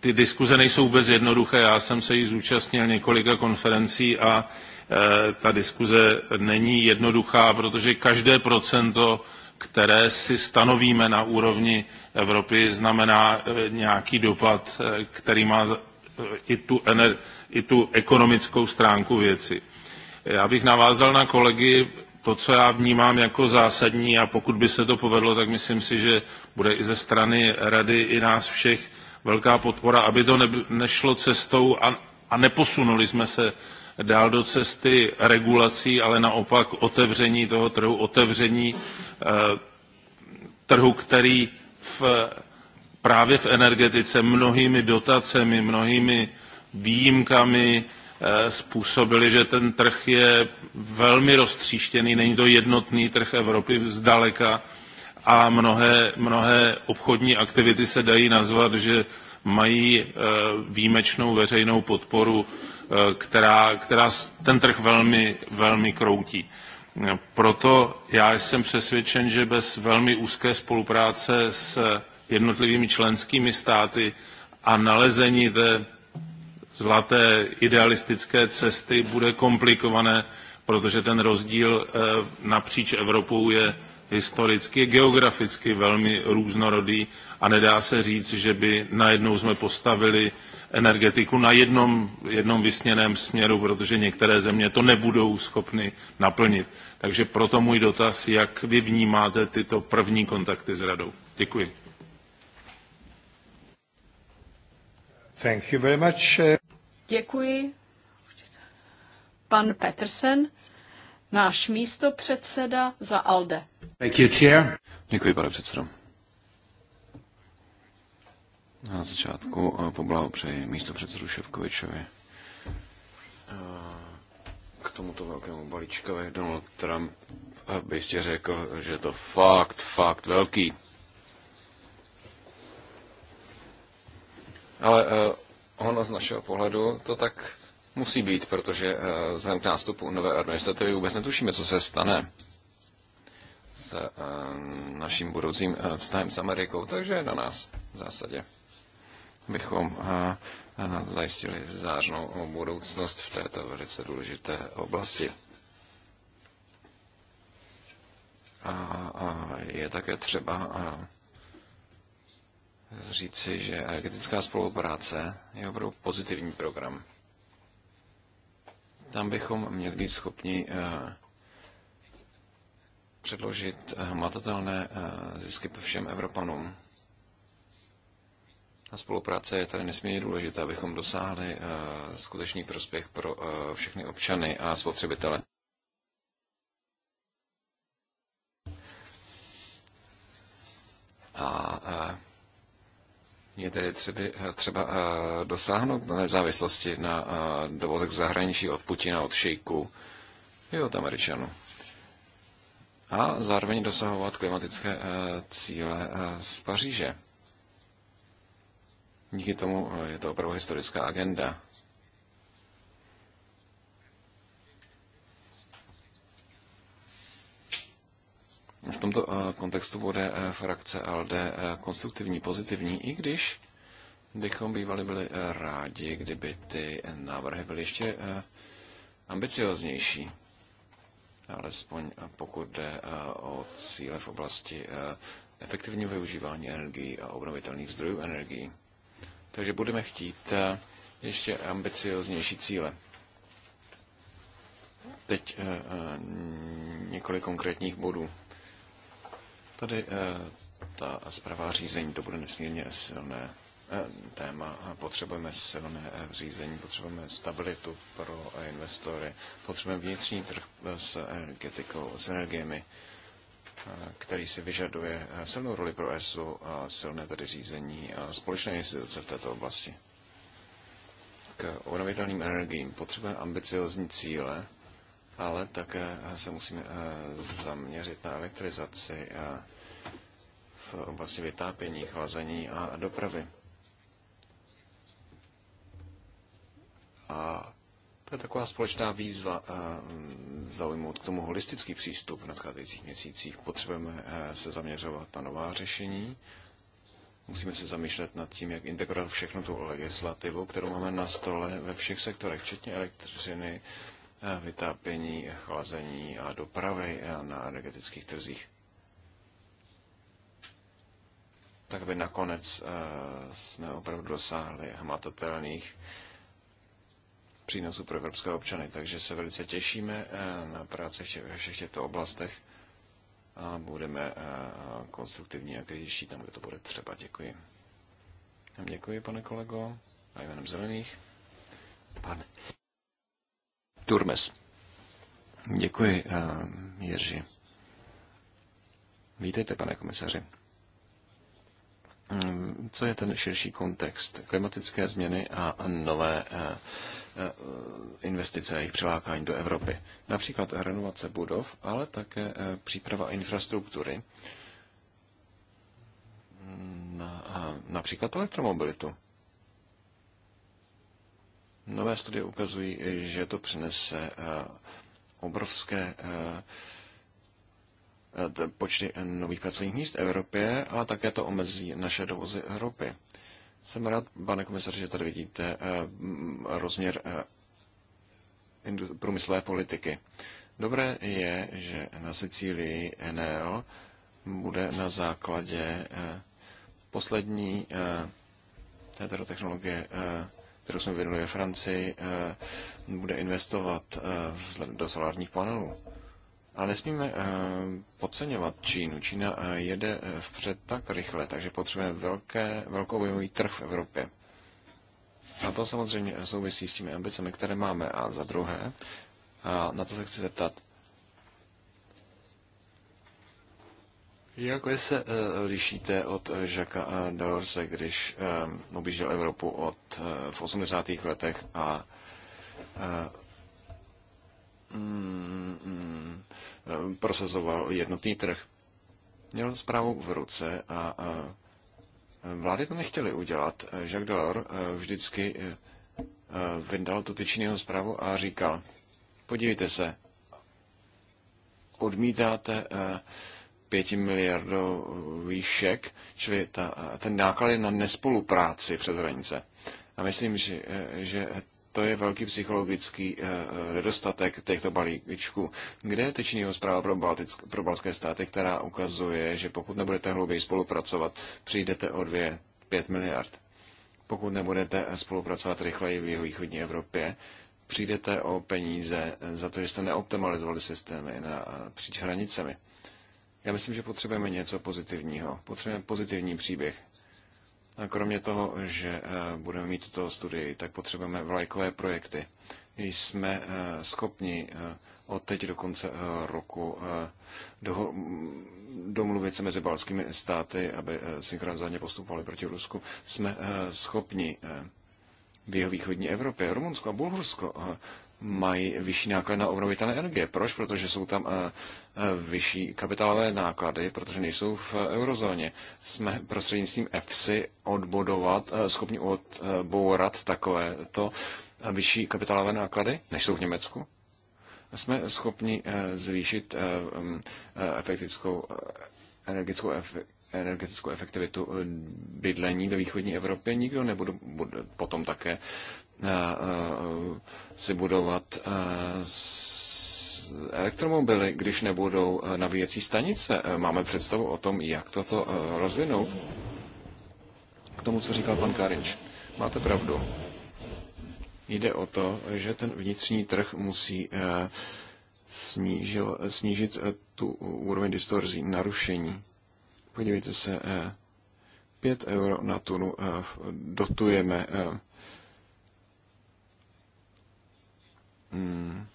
[SPEAKER 4] ty diskuze nejsou vůbec jednoduché. Já jsem se jí zúčastnil několika konferencí a e, ta diskuze není jednoduchá, protože každé procento, které si stanovíme na úrovni Evropy, znamená e, nějaký dopad, e, který má e, i tu, ener, i tu ekonomickou stránku věci. Já bych navázal na kolegy to, co já vnímám jako zásadní a pokud by se to povedlo, tak myslím si, že bude i ze strany Rady i nás všech velká podpora, aby to ne, nešlo cestou a, a neposunuli jsme se dál do cesty regulací, ale naopak otevření toho trhu, otevření eh, trhu, který v, právě v energetice mnohými dotacemi, mnohými výjimkami eh, způsobili, že ten trh je velmi roztříštěný, není to jednotný trh Evropy zdaleka a mnohé, mnohé obchodní aktivity se dají nazvat, že mají eh, výjimečnou veřejnou podporu, eh, která, která ten trh velmi, velmi kroutí. Proto já jsem přesvědčen, že bez velmi úzké spolupráce s jednotlivými členskými státy a nalezení té zlaté idealistické cesty bude komplikované, protože ten rozdíl eh, napříč Evropou je historicky, je geograficky velmi různorodý a nedá se říct, že by najednou jsme postavili energetiku na jednom, jednom vysněném směru, protože některé země to nebudou schopny naplnit. Takže proto můj dotaz, jak vy vnímáte tyto první kontakty s radou. Děkuji. Thank you very much. Eh.
[SPEAKER 1] Děkuji. Pan Petersen, náš místo předseda za ALDE.
[SPEAKER 3] Thank you, chair. Děkuji, pane
[SPEAKER 5] předsedo. Na začátku eh, poblahopřeji místo předsedu Ševkovičovi eh, k tomuto velkému balíčkovi. Donald Trump eh, by jistě řekl, že je to fakt, fakt velký. Ale uh, ono z našeho pohledu to tak musí být, protože uh, vzhledem k nástupu nové administrativy vůbec netušíme, co se stane s eh, naším budoucím eh, vztahem s Amerikou, takže na nás v zásadě bychom eh, zajistili zářnou budoucnost v této velice důležité oblasti. A je také třeba říci, že energetická spolupráce je opravdu pozitivní program. Tam bychom měli být schopni předložit eh, hmatatelné eh, zisky všem Evropanům. A spolupráce je tady nesmírně důležitá, abychom dosáhli eh, skutečný prospěch pro všechny občany a spotřebitele. A je tedy třeba, třeba dosáhnout nezávislosti na dovozech zahraničí od Putina, od šejků i od Američanů a zároveň dosahovat klimatické eh, cíle eh, z Paříže. Díky tomu eh, je to opravdu historická agenda. V tomto kontextu bude frakce ALDE konstruktivní, pozitivní, i když bychom bývali byli rádi, kdyby ty návrhy byly ještě ambicioznější alespoň eh, pokud jde eh, o cíle v oblasti eh, efektivního využívání energií a obnovitelných zdrojů energií. Takže budeme chtít ještě ambicioznější cíle. Teď několik konkrétních bodů. Tady ta zpráva řízení, to bude nesmírně silné téma. Potřebujeme silné řízení, potřebujeme stabilitu pro investory, potřebujeme vnitřní trh s energetikou, s energiemi, který si vyžaduje silnou roli pro ESU a silné tedy řízení a společné instituce v této oblasti. K obnovitelným energiím potřebujeme ambiciozní cíle, ale také se musíme zaměřit na elektrizaci v oblasti vytápění, chlazení a dopravy. A to je taková společná výzva eh, zaujmout k tomu holistický přístup v nadcházejících měsících. Potřebujeme eh, se zaměřovat na nová řešení. Musíme se zamýšlet nad tím, jak integrovat všechno tu legislativu, kterou máme na stole ve všech sektorech, včetně elektřiny, eh, vytápění, chlazení a dopravy na energetických trzích. Tak by nakonec jsme opravdu dosáhli hmatatelných přínosu pro evropské občany. Takže se velice těšíme eh, na práci ve všech těchto oblastech a budeme eh, konstruktivní a kritičtí tam, kde to bude třeba. Děkuji. Děkuji, pane kolego. A jménem zelených. Pan Turmes. Děkuji, eh, Jiří. Vítejte, pane komisaři. Mm, co je ten širší kontext? Klimatické změny a nové eh, eh, investice a jejich přilákání do Evropy. Například renovace budov, ale také eh, příprava infrastruktury na například elektromobilitu. Nové studie ukazují, že to přinese obrovské počty nových pracovních míst v Evropě a také to omezí naše dovozy ropy. Jsem rád, pane komisaři, že tady vidíte eh, rozměr eh, průmyslové politiky. Dobré je, že na Sicílii NL bude na základě eh, poslední této technologie, kterou jsme vyvinuli ve Francii, bude investovat do solárních panelů. Ale nesmíme eh, podceňovat Čínu. Čína eh, jede eh, vpřed tak rychle, takže potřebujeme velké, velkou bojový trh v Evropě. A to samozřejmě souvisí s těmi ambicemi, které máme. A za druhé, a na to se chci zeptat,
[SPEAKER 3] Jak vy se uh,
[SPEAKER 5] lišíte od Žaka uh, Delorse, když um, objížděl Evropu od, uh, v 80. letech a uh, Mm, mm, prosazoval jednotný trh. Měl zprávu v ruce a, a vlády to nechtěly udělat. Jacques Delors eh, vždycky eh, eh, vyndal tu tyčinnou zprávu a říkal, podívejte se, odmítáte pětimiliardový šek, čili ta, ten náklad je na nespolupráci přes hranice. A myslím, že, že to je velký psychologický eh, eh, nedostatek těchto balíčků. Kde je teď zpráva pro, Baltick, pro balské státy, která ukazuje, že pokud nebudete hlouběji spolupracovat, přijdete o 2, 5 miliard. Pokud nebudete spolupracovat rychleji v východní Evropě, přijdete o peníze za to, že jste neoptimalizovali systémy na, eh, příč hranicemi. Já myslím, že potřebujeme něco pozitivního. Potřebujeme pozitivní příběh. Kromě toho, že eh, budeme mít tuto studii, tak potřebujeme vlajkové projekty. Jsme eh, schopni eh, od teď do konce roku do, mm, domluvit se mezi balskými státy, aby synchronizovaně postupovali proti Rusku. Jsme schopni v jeho východní Evropě, Rumunsko a Bulharsko mají vyšší náklady na obnovitelné energie. Proč? Protože jsou tam eh, eh, vyšší kapitálové náklady, protože nejsou v eurozóně. Jsme prostřednictvím EFSI odbodovat, eh, schopni odbourat takovéto vyšší kapitálové náklady, než jsou v Německu? Jsme schopni zvýšit efektickou energetickou energetickou efektivitu eh, bydlení ve východní Evropě, nikdo nebude potom také eh, eh, si budovat elektromobily, když nebudou nabíjecí stanice. Máme představu o tom, jak toto rozvinout. K tomu, co říkal pan Karinč. Máte pravdu. Jde o to, že ten vnitřní trh musí snížil, snížit tu úroveň distorzí, narušení. Podívejte se, 5 eh, euro na tunu eh, dotujeme eh, hmm,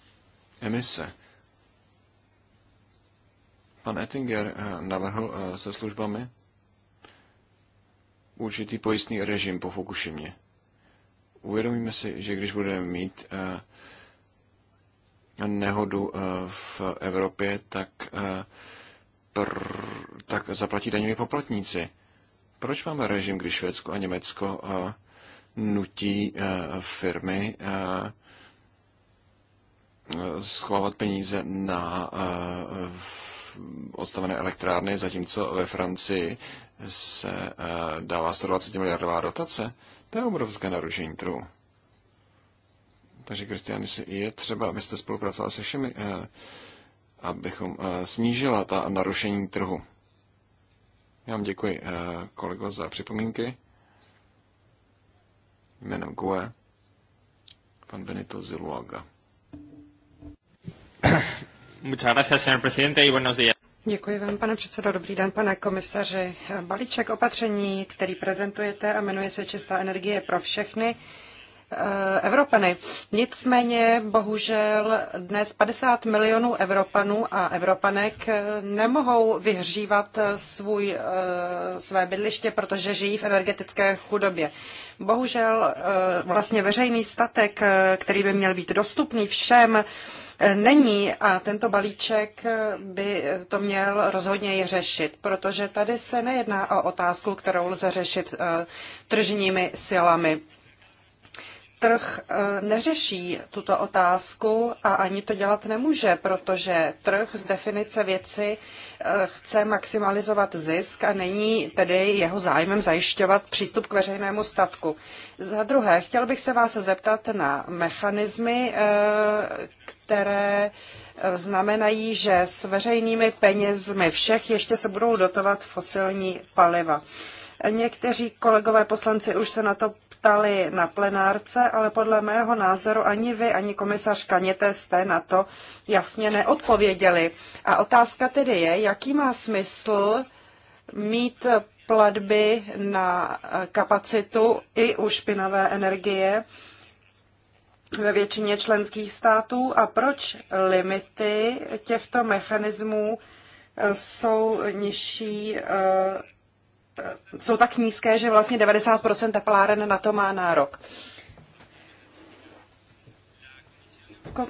[SPEAKER 5] emise. Pan Ettinger navrhl se službami určitý pojistný režim po Fukushimě. Uvědomíme si, že když budeme mít nehodu v Evropě, tak tak zaplatí daňoví poplatníci. Proč máme režim, když Švédsko a Německo eh, nutí eh, firmy eh, schovávat peníze na odstavené elektrárny, zatímco ve Francii se dává 120 miliardová dotace. To je obrovské narušení trhu. Takže, Kristiany, je třeba, abyste spolupracovali se všemi abychom eh, snížila ta narušení trhu. Já vám děkuji, eh, kolego, za připomínky. Jménem GUE, pan Benito Ziluaga.
[SPEAKER 2] Děkuji vám, pane předsedo. Dobrý den, pane komisaři. Balíček opatření, který prezentujete a jmenuje se Čistá energie pro všechny, Eh, Evropany. Nicméně, bohužel, dnes 50 milionů Evropanů a Evropanek eh, nemohou vyhřívat eh, svůj, své bydliště, protože žijí v energetické chudobě. Bohužel, vlastně veřejný statek, který by měl být dostupný všem, není a tento balíček by to měl rozhodně řešit, protože tady se nejedná o otázku, kterou lze řešit tržními silami trh eh, neřeší tuto otázku a ani to dělat nemůže, protože trh z definice věci eh, chce maximalizovat zisk a není tedy jeho zájmem zajišťovat přístup k veřejnému statku. Za druhé, chtěl bych se vás zeptat na mechanismy, eh, které znamenají, že s veřejnými penězmi všech ještě se budou dotovat fosilní paliva. Někteří kolegové poslanci už se na to ptali na plenárce, ale podle mého názoru ani vy, ani komisař Kaněte jste na to jasně neodpověděli. A otázka tedy je, jaký má smysl mít platby na kapacitu i u špinavé energie ve většině členských států a proč limity těchto mechanismů jsou nižší eh, jsou tak nízké, že vlastně 90% tepláren na to má nárok.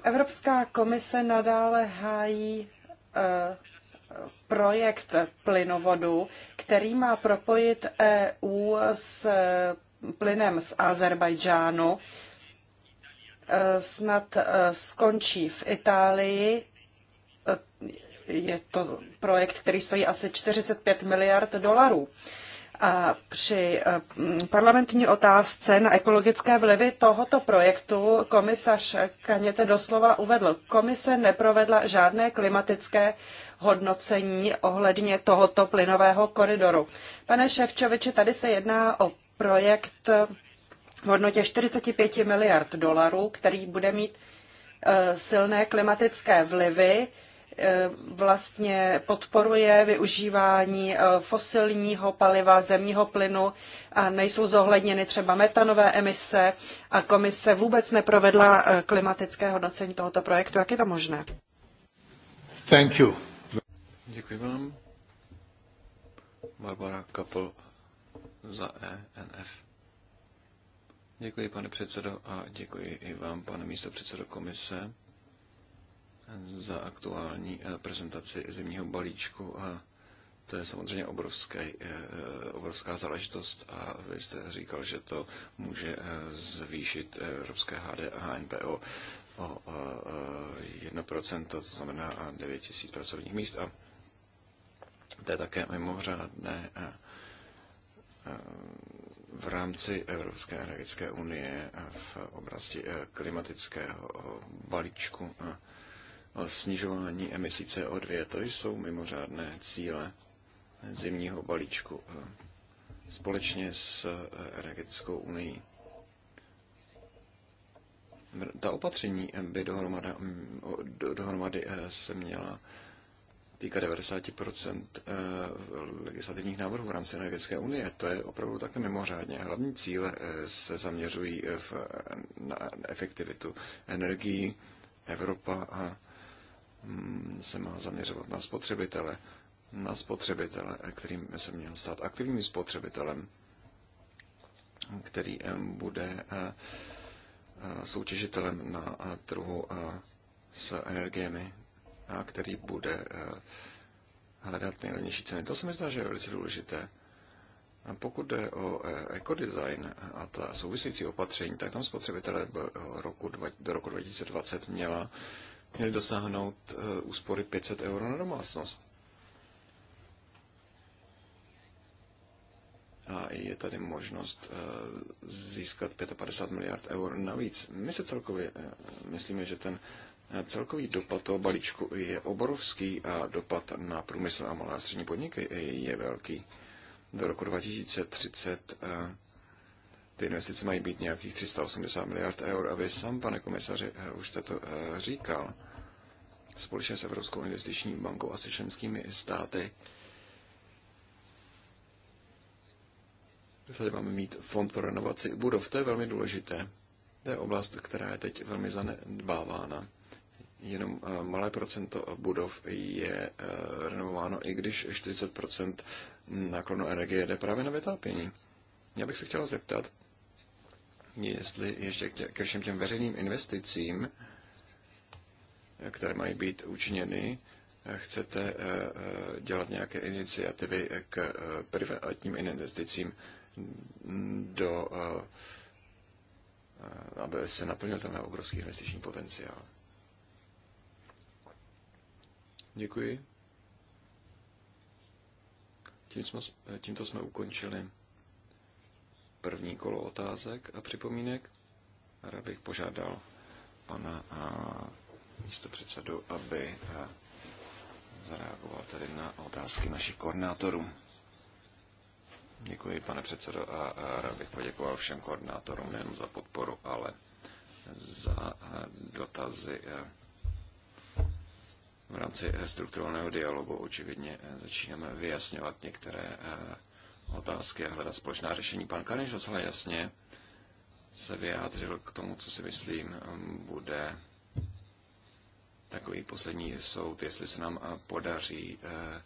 [SPEAKER 2] Evropská komise nadále hájí eh, projekt plynovodu, který má propojit EU s eh, plynem z Azerbajdžánu. Eh, snad skončí v Itálii je to projekt, který stojí asi 45 miliard dolarů. A při eh, parlamentní otázce na ekologické vlivy tohoto projektu komisař Kaněte doslova uvedl, komise neprovedla žádné klimatické hodnocení ohledně tohoto plynového koridoru. Pane Ševčoviči, tady se jedná o projekt v hodnotě 45 miliard dolarů, který bude mít eh, silné klimatické vlivy E, vlastně podporuje využívání e, fosilního paliva, zemního plynu a nejsou zohledněny třeba metanové emise a komise vůbec neprovedla e, klimatické hodnocení tohoto projektu. Jak je to možné?
[SPEAKER 3] Thank you. Děkuji vám. Barbara
[SPEAKER 5] Kapl za ENF. Děkuji, pane předsedo, a děkuji i vám, pane místo předsedo komise za aktuální eh, prezentaci zimního balíčku. A to je samozřejmě obrovský, eh, eh, obrovská záležitost a vy jste říkal, že to může zvýšit evropské HD a NPO o 1%, to znamená 9 tisíc pracovních míst. A to je také mimořádné v rámci Evropské energetické unie v oblasti klimatického balíčku. A snižování emisí CO2. To jsou mimořádné cíle zimního balíčku eh, společně s eh, energetickou unii. Ta opatření by dohromady, mm, dohromady eh, se měla týka 90% legislativních návrhů v rámci energetické unie. To je opravdu také mimořádně. Hlavní cíle se zaměřují v, na efektivitu energií. Evropa a Mm, se má zaměřovat na spotřebitele, na spotřebitele, kterým se měl stát aktivním spotřebitelem, který eh, bude eh, eh, soutěžitelem na trhu s energiemi a který bude hledat nejlevnější ceny. To se mi zdá, že je velice důležité. A pokud jde o ekodesign a ta související opatření, tak tam spotřebitelé do roku 2020 měla měli dosáhnout eh, úspory 500 euro na domácnost. a je tady možnost eh, získat 55 miliard eur navíc. My se celkově eh, myslíme, že ten celkový dopad toho balíčku je obrovský a dopad na průmysl a malé a střední podniky je velký. Do roku 2030 ty investice mají být nějakých 380 miliard eur a vy sám, pane komisaři, eh, už jste to eh, říkal, společně s Evropskou investiční bankou a se členskými státy, tady máme mít fond pro renovaci budov. To je velmi důležité. To je oblast, která je teď velmi zanedbávána. Jenom eh, malé procento budov je renovováno, i když 40 nákladu energie jde právě na vytápění. Já bych se chtěla zeptat, jestli ještě ke všem těm veřejným investicím, které mají být učiněny, chcete eh, eh, dělat nějaké iniciativy k eh, privátním investicím do aby se naplnil ten obrovský investiční potenciál. Děkuji. Tím jsme, tímto jsme ukončili první kolo otázek a připomínek. Rád bych požádal pana předsedu, aby zareagoval tady na otázky našich koordinátorů. Děkuji, pane předsedo, a rád bych poděkoval všem koordinátorům nejen za podporu, ale za dotazy v rámci strukturálního dialogu. Očividně e, začínáme vyjasňovat některé e, otázky a hledat společná řešení. Pan Karinš docela jasně se vyjádřil k tomu, co si myslím bude takový poslední soud, jestli se nám podaří eh,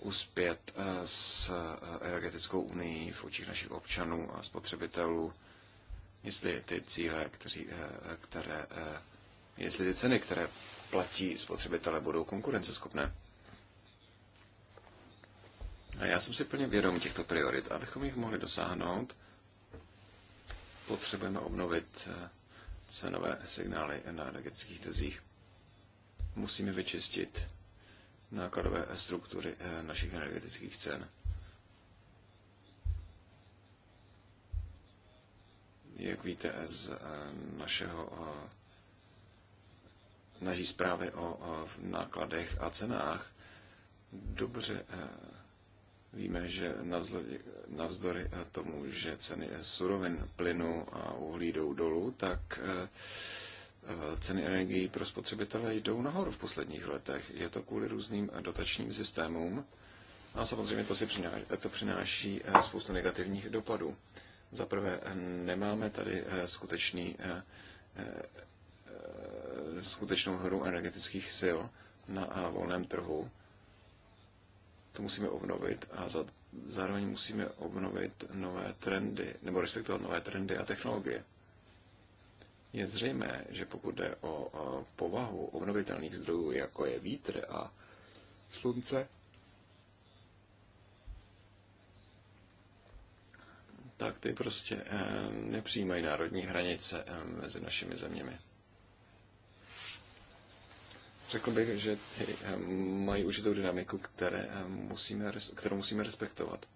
[SPEAKER 5] uspět eh, s eh, energetickou unii v očích našich občanů a spotřebitelů, jestli ty cíle, kteří, které, jestli ty ceny, které platí spotřebitele, budou konkurenceschopné. A já jsem si plně vědom těchto priorit. Abychom jich mohli dosáhnout, potřebujeme obnovit eh, cenové signály na energetických trzích. Musíme vyčistit nákladové struktury eh, našich energetických cen. Jak víte z eh, našeho naší zprávy o nákladech a cenách, dobře Víme, že navzdory eh, tomu, že ceny surovin, plynu a uhlí jdou dolů, tak eh, eh, ceny energií pro spotřebitele jdou nahoru v posledních letech. Je to kvůli různým dotačním systémům a samozřejmě to, si přináší, to přináší spoustu negativních dopadů. Za prvé, nemáme tady skutečný, skutečnou hru energetických sil na volném trhu to musíme obnovit a za, zároveň musíme obnovit nové trendy, nebo respektovat nové trendy a technologie. Je zřejmé, že pokud jde o, o povahu obnovitelných zdrojů, jako je vítr a slunce, tak ty prostě eh, nepřijímají národní hranice eh, mezi našimi zeměmi. Řekl bych, že ty eh, mají určitou dynamiku, které eh, musíme, kterou musíme respektovat.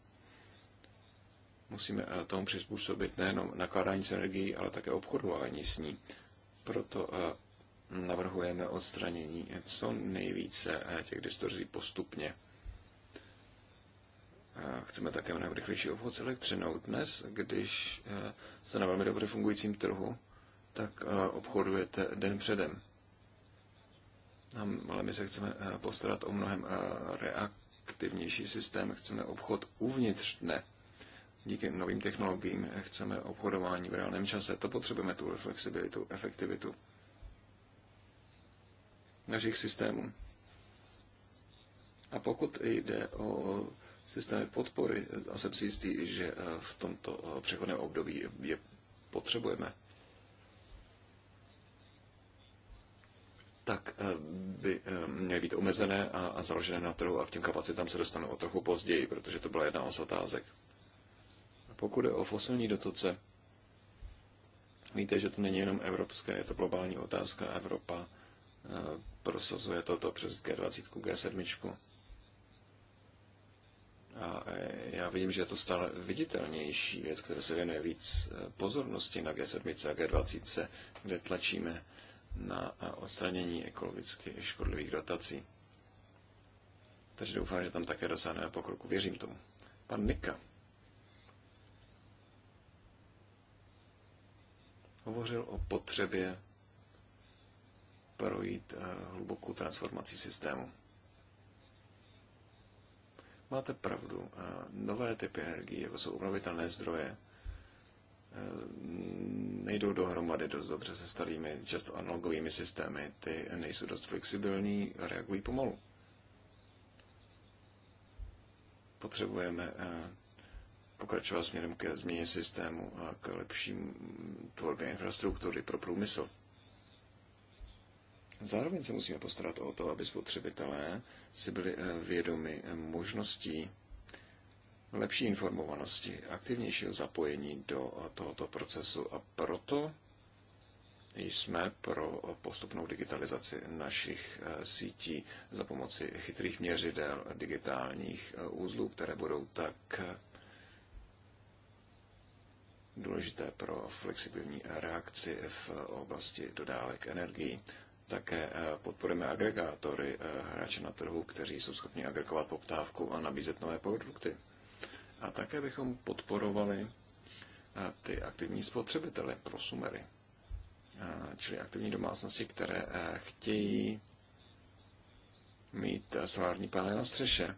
[SPEAKER 5] Musíme eh, tomu přizpůsobit nejenom nakládání s energií, ale také obchodování s ní. Proto navrhujeme odstranění co nejvíce těch distorzí postupně. Chceme také mnohem rychlejší obchod s elektřinou. Dnes, když se na velmi dobře fungujícím trhu, tak obchodujete den předem ale my se chceme eh, postarat o mnohem eh, reaktivnější systém, chceme obchod uvnitř dne. Díky novým technologiím chceme obchodování v reálném čase. To potřebujeme, tu flexibilitu, efektivitu našich systémů. A pokud jde o systémy podpory, a jsem si jistý, že eh, v tomto přechodném období je potřebujeme, tak eh, by eh, měly být omezené a založené na trhu a k těm kapacitám se dostanou o trochu později, protože to byla jedna z otázek. Pokud je o fosilní dotace, víte, že to není jenom evropské, je to globální otázka. Evropa eh, prosazuje toto přes G20, G7. A já vidím, že je to stále viditelnější věc, která se věnuje víc pozornosti na G7 a G20, kde tlačíme na eh, odstranění ekologicky škodlivých dotací. Takže doufám, že tam také dosáhneme pokroku. Věřím tomu. Pan Nika hovořil o potřebě projít eh, hlubokou transformací systému. Máte pravdu. Eh, nové typy energie, jako jsou obnovitelné zdroje, Eh, nejdou dohromady dost dobře se starými, často analogovými systémy. Ty nejsou dost flexibilní a reagují pomalu. Potřebujeme eh, pokračovat směrem ke změně systému a k lepším tvorbě infrastruktury pro průmysl. Zároveň se musíme postarat o to, aby spotřebitelé si byli eh, vědomi možností lepší informovanosti, aktivnějšího zapojení do tohoto procesu a proto jsme pro postupnou digitalizaci našich eh, sítí za pomoci chytrých měřidel digitálních eh, úzlů, které budou tak eh, důležité pro flexibilní reakci v oblasti dodávek energií. Také podporujeme agregátory hráče na trhu, kteří jsou schopni agregovat poptávku a nabízet nové produkty. A také bychom podporovali eh, ty aktivní spotřebitele, prosumery, eh, čili aktivní domácnosti, které eh, chtějí mít solární panely na střeše,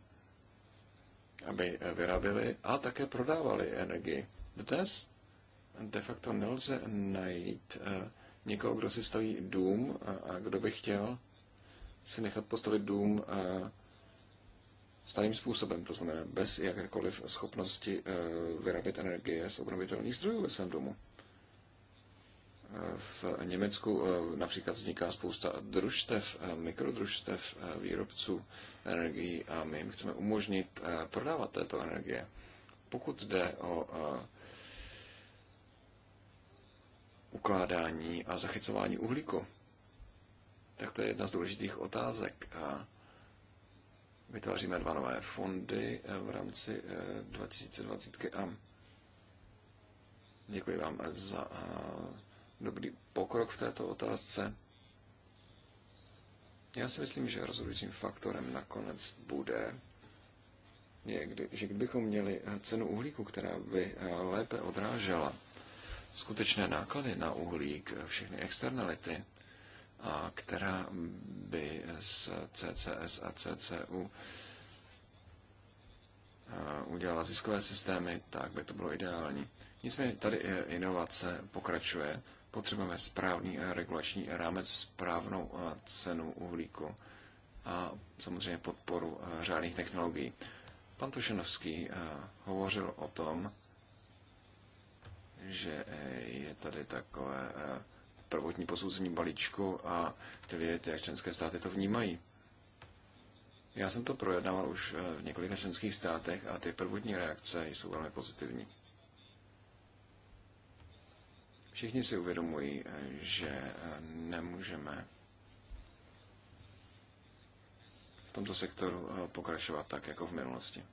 [SPEAKER 5] aby vyrábili a také prodávali energii. Dnes de facto nelze najít někoho, kdo si staví dům a kdo by chtěl si nechat postavit dům starým způsobem, to znamená bez jakékoliv schopnosti eh, vyrábět energie z obnovitelných zdrojů ve svém domu. V Německu eh, například vzniká spousta družstev, eh, mikrodružstev výrobců energií a my jim chceme umožnit prodávat této energie. Pokud jde o ukládání a zachycování uhlíku, tak to je jedna z důležitých otázek. A Vytváříme dva nové fondy eh, v rámci 2020 eh, a děkuji vám eh, za dobrý pokrok v této otázce. Já si myslím, že rozhodujícím faktorem nakonec bude, je, že kdybychom měli cenu uhlíku, která by lépe odrážela skutečné náklady na uhlík, všechny externality, která by z CCS a CCU eh, udělala ziskové systémy, tak by to bylo ideální. Nicméně tady inovace pokračuje. Potřebujeme správný eh, regulační rámec, správnou eh, cenu uhlíku a samozřejmě podporu řádných technologií. Pan Tušenovský hovořil o tom, že je tady takové prvotní posouzení balíčku a vidět, jak členské státy to vnímají. Já jsem to projednával už eh, v několika členských státech a ty prvotní reakce jsou velmi pozitivní. Všichni si uvědomují, eh, že eh, nemůžeme v tomto sektoru pokračovat tak, jako v minulosti.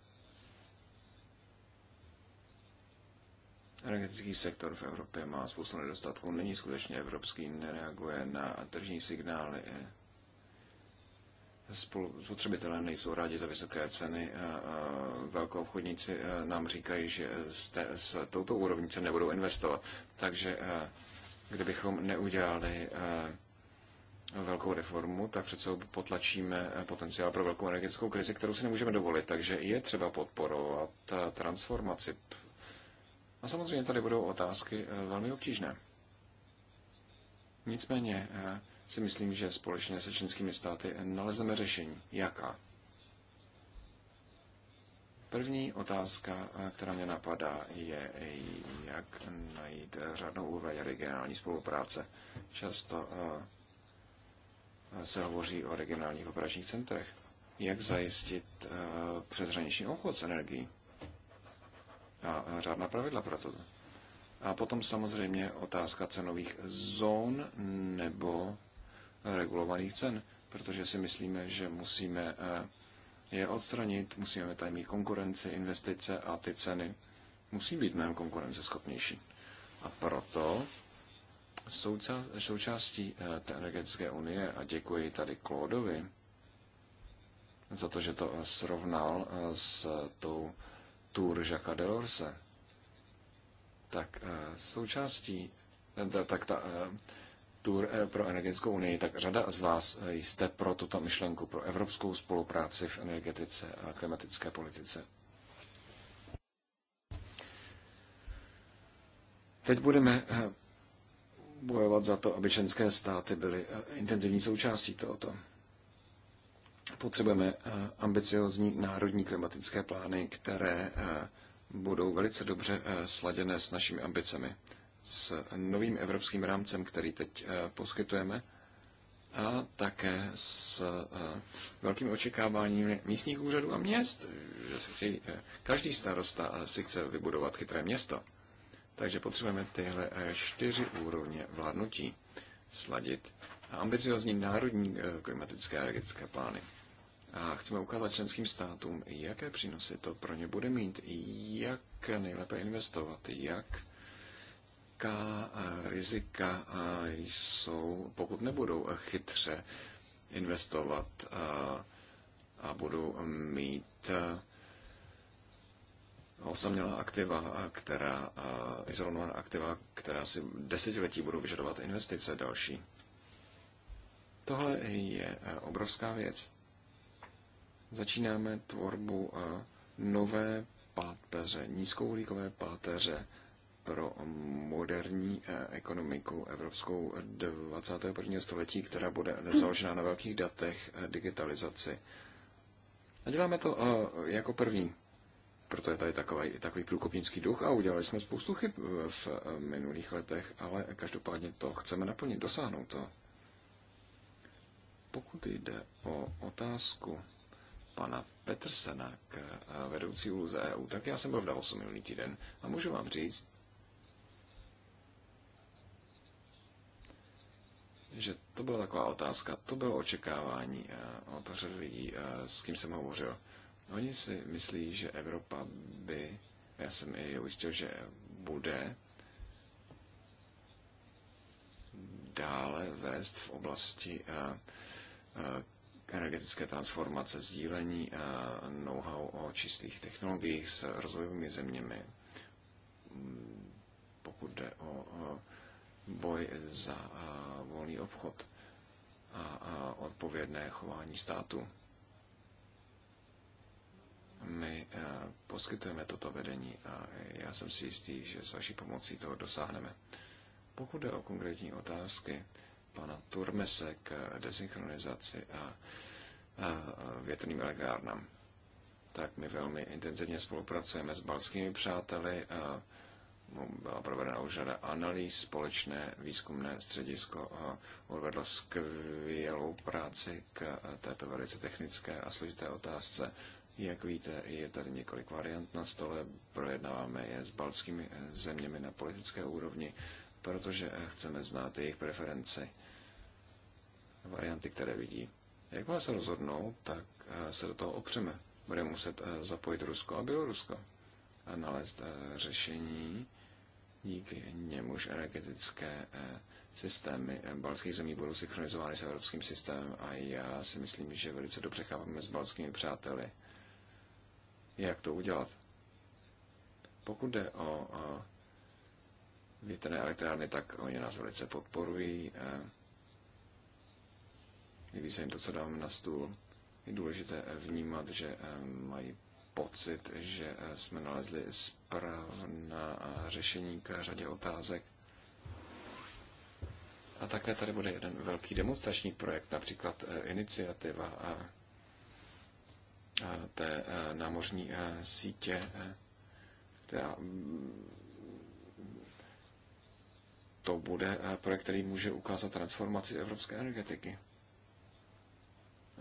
[SPEAKER 5] Energetický sektor v Evropě má spoustu nedostatků, není skutečně evropský, nereaguje na tržní signály. Spotřebitelé nejsou rádi za vysoké ceny. Velkou obchodníci nám říkají, že s touto úrovní cen nebudou investovat. Takže kdybychom neudělali velkou reformu, tak přece potlačíme potenciál pro velkou energetickou krizi, kterou si nemůžeme dovolit. Takže je třeba podporovat transformaci a no samozřejmě tady budou otázky eh, velmi obtížné. Nicméně eh, si myslím, že společně se členskými státy nalezeme řešení. Jaká? První otázka, eh, která mě napadá, je, jak najít řádnou úroveň regionální spolupráce. Často se hovoří o regionálních operačních centrech. Jak zajistit přeshraniční obchod s energií? a řádná pravidla pro to. A potom samozřejmě otázka cenových zón nebo regulovaných cen, protože si myslíme, že musíme eh, je odstranit, musíme tady mít konkurenci, investice a ty ceny musí být mnohem konkurenceschopnější. A proto součástí eh, té energetické unie, a děkuji tady Klódovi za to, že to eh, srovnal s tou tour Jacques Delorse, tak eh, součástí, eh, tak ta eh, tour pro energetickou unii, tak řada z vás jste pro tuto myšlenku, pro evropskou spolupráci v energetice a klimatické politice. Teď budeme bojovat za to, aby členské státy byly intenzivní součástí tohoto. Potřebujeme eh, ambiciozní národní klimatické plány, které eh, budou velice dobře eh, sladěné s našimi ambicemi, s novým evropským rámcem, který teď poskytujeme, a také s velkým očekáváním místních úřadů a měst, že si chtějí, každý starosta si chce vybudovat chytré město. Takže potřebujeme tyhle čtyři úrovně vládnutí sladit a ambiciozní národní klimatické a energetické plány. A chceme ukázat členským státům, jaké přínosy to pro ně bude mít, jak nejlépe investovat, jak jaká rizika jsou, pokud nebudou chytře investovat a budou mít osamělá aktiva, která, izolovaná aktiva, která si desetiletí budou vyžadovat investice další. Tohle je obrovská věc začínáme tvorbu eh, nové páteře, nízkouhlíkové páteře pro moderní eh, ekonomiku evropskou 21. století, která bude založena na velkých datech, eh, digitalizaci. A děláme to jako první. Proto je tady takový, takový průkopnický duch a udělali jsme spoustu chyb v minulých letech, ale každopádně to chceme naplnit, dosáhnout to. Pokud jde o otázku pana Petrsena k eh, vedoucí úloze EU, tak já jsem byl v Davosu minulý týden a můžu vám říct, že to byla taková otázka, to bylo očekávání eh, od řady lidí, eh, s kým jsem hovořil. Oni si myslí, že Evropa by, já jsem i ujistil, že bude dále vést v oblasti energetické transformace, sdílení eh, know-how o čistých technologiích s rozvojovými zeměmi, mm, pokud jde o boj za eh, volný obchod a odpovědné chování státu. My eh, poskytujeme toto vedení a já jsem si jistý, že s vaší pomocí toho dosáhneme. Pokud jde o konkrétní otázky, pana Turmese k desynchronizaci a, a větrným elektrárnám. Tak my velmi intenzivně spolupracujeme s balskými přáteli. A byla provedena už řada analýz, společné výzkumné středisko odvedlo skvělou práci k této velice technické a složité otázce. Jak víte, je tady několik variant na stole, projednáváme je s balskými zeměmi na politické úrovni protože eh, chceme znát jejich preferenci, varianty, které vidí. Jakmile se rozhodnou, tak eh, se do toho opřeme. Bude muset eh, zapojit Rusko a Bělorusko a nalézt řešení, díky němuž energetické systémy balských zemí budou synchronizovány s evropským systémem a já si myslím, že velice dobře chápeme s balskými přáteli, jak to udělat. Pokud jde o větrné elektrárny, tak oni nás velice podporují. Líbí se jim to, co dáme na stůl. Je důležité vnímat, že eh, mají pocit, že eh, jsme nalezli správná eh, řešení k řadě otázek. A také tady bude jeden velký demonstrační projekt, například iniciativa a té námořní sítě, která mm, to bude eh, projekt, který může ukázat transformaci evropské energetiky.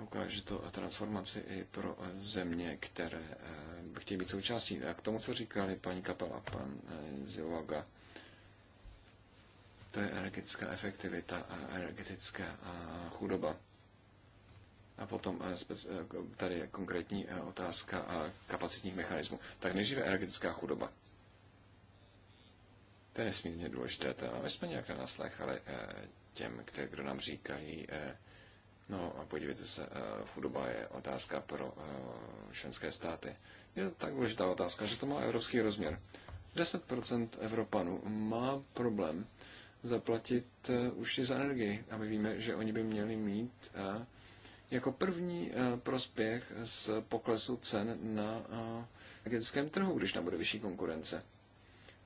[SPEAKER 5] Ukáže to eh, transformaci i pro eh, země, které chtějí být součástí. A k tomu, co říkali paní Kapela pan Ziloga, to je energetická efektivita a energetická chudoba. A potom tady je konkrétní otázka kapacitních mechanismů. Tak nejdříve energetická chudoba. To je nesmírně důležité To, My jsme nějak naslechali eh, těm, kteří kdo nám říkají, eh, no a podívejte se, eh, chudoba je otázka pro členské státy. Je to tak důležitá otázka, že to má evropský rozměr. 10% Evropanů má problém zaplatit účty za energii. A my víme, že oni by měli mít jako první prospěch z poklesu cen na energetickém trhu, když tam bude vyšší konkurence.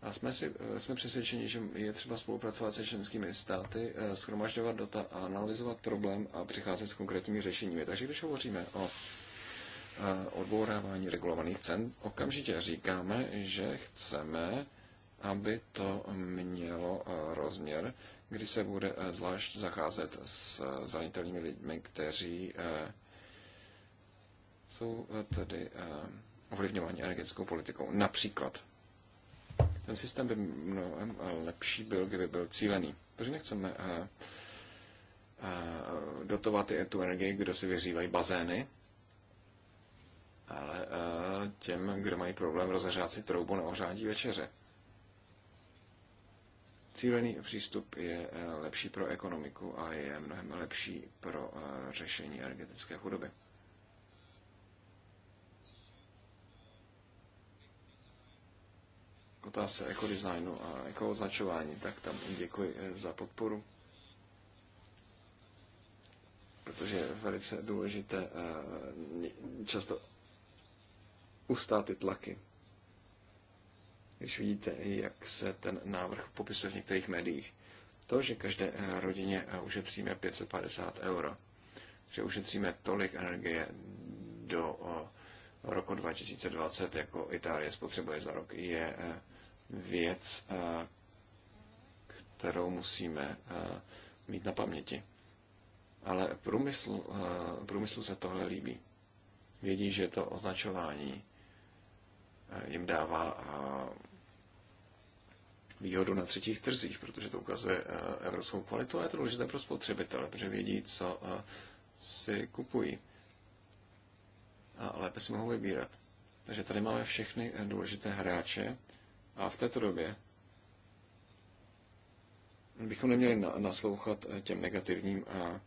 [SPEAKER 5] A jsme, si, eh, jsme přesvědčeni, že je třeba spolupracovat se členskými státy, eh, schromažďovat data a analyzovat problém a přicházet s konkrétními řešeními. Takže když hovoříme o eh, odbourávání regulovaných cen, okamžitě říkáme, že chceme, aby to mělo rozměr, kdy se bude zvlášť zacházet s zranitelnými lidmi, kteří jsou tedy ovlivňování energetickou politikou. Například ten systém by mnohem lepší byl, kdyby byl cílený. Protože nechceme eh, eh, dotovat i tu energii, kdo si vyřívají bazény, ale eh, těm, kdo mají problém rozeřát si troubu na ořádí večeře. Cílený přístup je lepší pro ekonomiku a je mnohem lepší pro řešení energetické chudoby. otázce ekodesignu a ekoznačování, tak tam děkuji eh, za podporu, protože je velice důležité eh, často ustát ty tlaky. Když vidíte, jak se ten návrh popisuje v některých médiích, to, že každé eh, rodině ušetříme 550 euro, že ušetříme tolik energie do roku 2020, jako Itálie spotřebuje za rok, je věc, eh, kterou musíme eh, mít na paměti. Ale průmysl, eh, průmyslu se tohle líbí. Vědí, že to označování jim dává výhodu na třetích trzích, protože to ukazuje evropskou kvalitu a je to důležité pro spotřebitele, protože vědí, co si kupují. A lépe si mohou vybírat. Takže tady máme všechny důležité hráče a v této době bychom neměli naslouchat eh, těm negativním eh,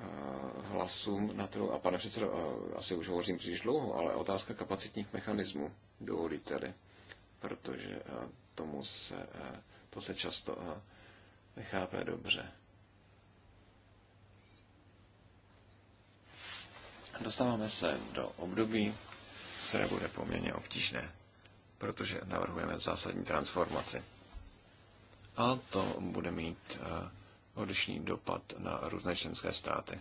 [SPEAKER 5] eh, hlasům na trhu. A pane předsedo, asi už hovořím příliš dlouho, ale otázka kapacitních mechanismů, dovolíte-li, protože tomu se, to se často nechápe dobře. Dostáváme se do období, které bude poměrně obtížné, protože navrhujeme zásadní transformaci. A to bude mít eh, odlišný dopad na různé členské státy.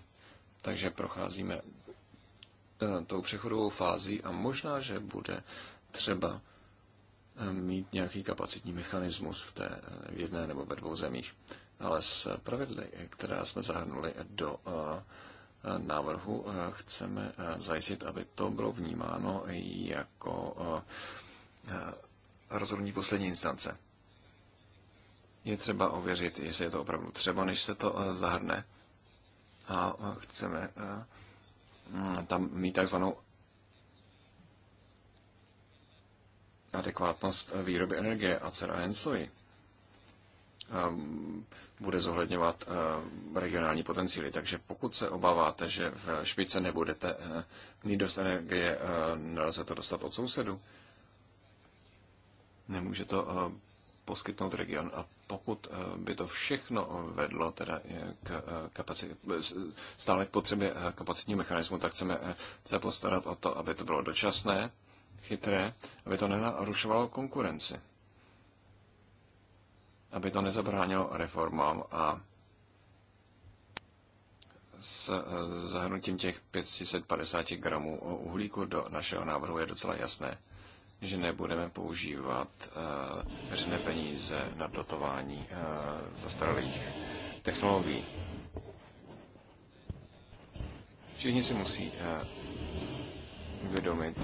[SPEAKER 5] Takže procházíme eh, tou přechodovou fází a možná, že bude třeba eh, mít nějaký kapacitní mechanismus v té v jedné nebo ve dvou zemích. Ale s pravidly, která jsme zahrnuli do návrhu eh, chceme eh, zajistit, aby to bylo vnímáno jako eh, rozhodnutí poslední instance. Je třeba ověřit, jestli je to opravdu třeba, než se to zahrne. A chceme mm, tam mít takzvanou adekvátnost výroby energie a cera a soji. Ehm, bude zohledňovat ehm, regionální potenciály. Takže pokud se obáváte, že v špice nebudete ehm, mít dost energie, nelze to dostat od sousedu, nemůže to poskytnout region. A pokud by to všechno vedlo teda eh, k eh, kapaci- stále k potřebě eh, kapacitního mechanismu, tak chceme se postarat o to, aby to bylo dočasné, chytré, aby to nenarušovalo konkurenci aby to nezabránilo reformám a s eh, zahrnutím těch 550 gramů uhlíku do našeho návrhu je docela jasné, že nebudeme používat eh, veřejné peníze na dotování eh, zastaralých technologií. Všichni si musí uvědomit,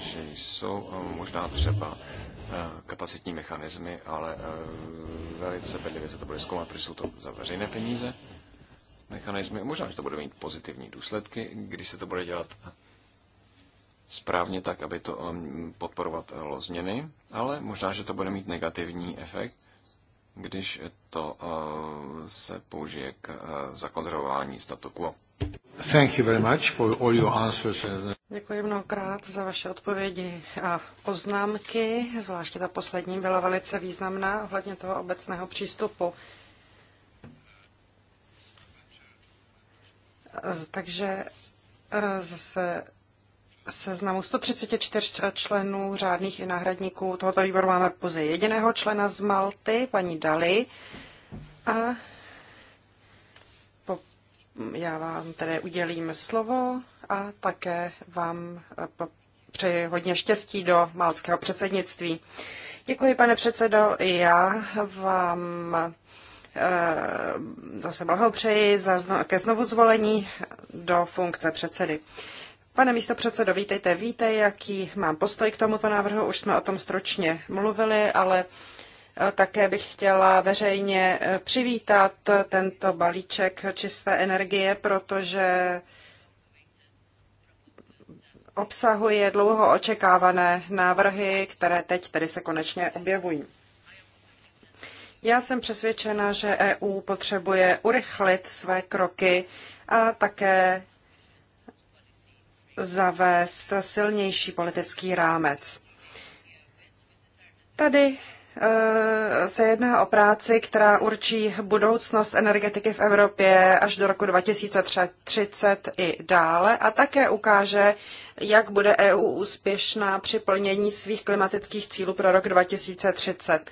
[SPEAKER 5] že jsou eh, možná třeba eh, kapacitní mechanismy, ale eh, velice bedlivě se to bude zkoumat, protože jsou to za veřejné peníze mechanismy. Možná, že to bude mít pozitivní důsledky, když se to bude dělat správně tak, aby to podporovat změny, ale možná, že to bude mít negativní efekt, když to se použije k zakonzervování statu quo.
[SPEAKER 3] Thank you very much for all your answers.
[SPEAKER 2] Děkuji mnohokrát za vaše odpovědi a poznámky. Zvláště ta poslední byla velice významná ohledně toho obecného přístupu. Takže e, zase seznamu 134 členů řádných i náhradníků tohoto výboru máme pouze jediného člena z Malty, paní Dali. A já vám tedy udělím slovo a také vám eh, přeji hodně štěstí do malckého předsednictví. Děkuji, pane předsedo. Já vám eh, zase blahopřeji za zno, ke znovu zvolení do funkce předsedy. Pane místo předsedo, vítejte, víte, jaký mám postoj k tomuto návrhu, už jsme o tom stročně mluvili, ale také bych chtěla veřejně eh, přivítat eh, tento balíček čisté energie, protože obsahuje dlouho očekávané návrhy, které teď tedy se konečně objevují. Já jsem přesvědčena, že EU potřebuje urychlit své kroky a také zavést silnější politický rámec. Tady Eh, se jedná o práci, která určí budoucnost energetiky v Evropě až do roku 2030 i dále a také ukáže, jak bude EU úspěšná při plnění svých klimatických cílů pro rok 2030.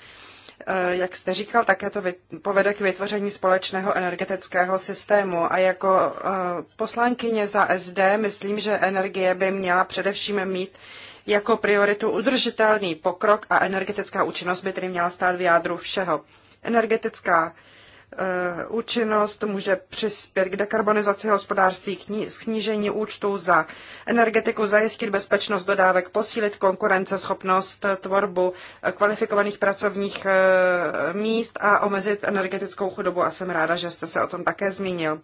[SPEAKER 2] Eh, jak jste říkal, také to povede k vytvoření společného energetického systému. A jako eh, poslankyně za SD myslím, že energie by měla především mít jako prioritu udržitelný pokrok a energetická účinnost by tedy měla stát v jádru všeho. Energetická eh, účinnost může přispět k dekarbonizaci hospodářství, k snížení účtů za energetiku, zajistit bezpečnost dodávek, posílit konkurenceschopnost, eh, tvorbu eh, kvalifikovaných pracovních míst a omezit energetickou chudobu. A jsem ráda, že jste se o tom také zmínil.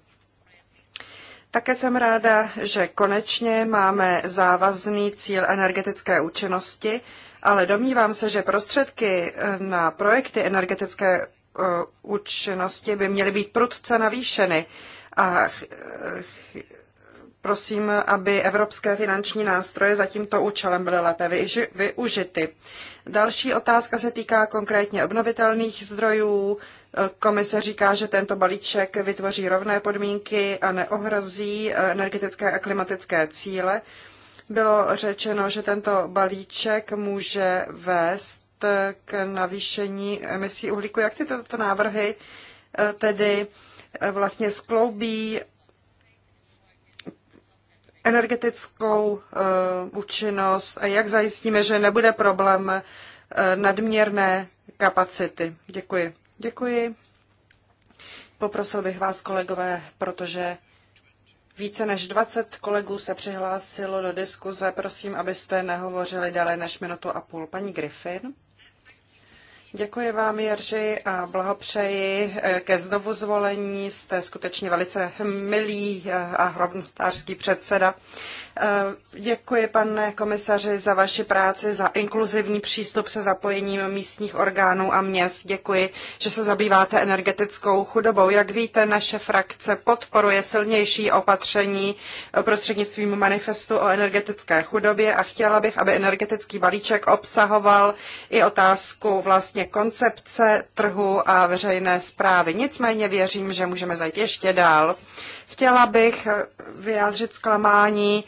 [SPEAKER 2] Také jsem ráda, že konečně máme závazný cíl energetické účinnosti, ale domnívám se, že prostředky eh, na projekty energetické eh, účinnosti by měly být prudce navýšeny. A prosím, aby evropské finanční nástroje za tímto účelem byly lépe využity. Další otázka se týká konkrétně obnovitelných zdrojů, Komise říká, že tento balíček vytvoří rovné podmínky a neohrozí eh, energetické a klimatické cíle. Bylo řečeno, že tento balíček může vést eh, k navýšení emisí uhlíku. Jak tyto tyto návrhy eh, tedy vlastně skloubí energetickou účinnost a jak zajistíme, že nebude problém nadměrné kapacity? Děkuji. Děkuji. Poprosil bych vás, kolegové, protože více než 20 kolegů se přihlásilo do diskuze. Prosím, abyste nehovořili déle než minutu a půl. Paní Griffin. Děkuji vám, Jerži, a blahopřeji eh, ke znovu zvolení. Jste skutečně velice milý eh, a rovnostářský předseda. Eh, děkuji, pane komisaři, za vaši práci, za inkluzivní přístup se zapojením místních orgánů a měst. Děkuji, že se zabýváte energetickou chudobou. Jak víte, naše frakce podporuje silnější opatření prostřednictvím manifestu o energetické chudobě a chtěla bych, aby energetický balíček obsahoval i otázku vlastně ohledně koncepce trhu a veřejné zprávy. Nicméně věřím, že můžeme zajít ještě dál. Chtěla bych vyjádřit zklamání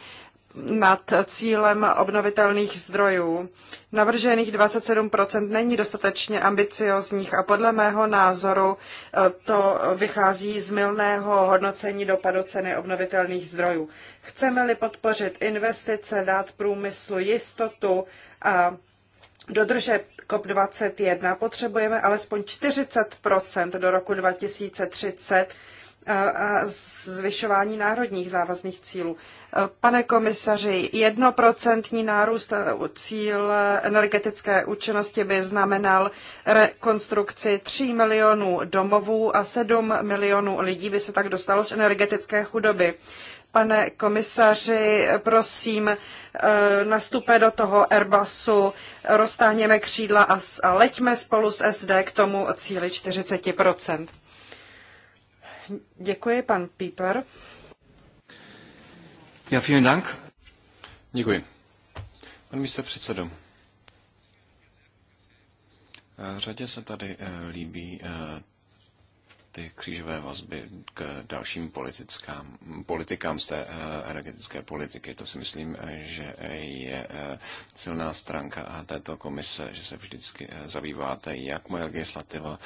[SPEAKER 2] nad cílem obnovitelných zdrojů. Navržených 27% není dostatečně ambiciozních a podle mého názoru eh, to vychází z milného hodnocení dopadu ceny obnovitelných zdrojů. Chceme-li podpořit investice, dát průmyslu jistotu a dodržet COP21, potřebujeme alespoň 40 do roku 2030 a eh, eh, zvyšování národních závazných cílů. Eh, pane komisaři, jednoprocentní nárůst cíl energetické účinnosti by znamenal rekonstrukci 3 milionů domovů a 7 milionů lidí by se tak dostalo z energetické chudoby. Pane komisaři, prosím, eh, nastupe do toho Airbusu, roztáhněme křídla a, a leďme spolu s SD k tomu cíli 40%. Děkuji, pan Pieper.
[SPEAKER 5] Ja, vielen Dank. Děkuji. Pan místo předsedo. Eh, řadě se tady eh, líbí ty křížové vazby k dalším politickám, politikám z té eh, energetické politiky. To si myslím, eh, že je eh, silná stránka této komise, že se vždycky zabýváte, jak moje legislativa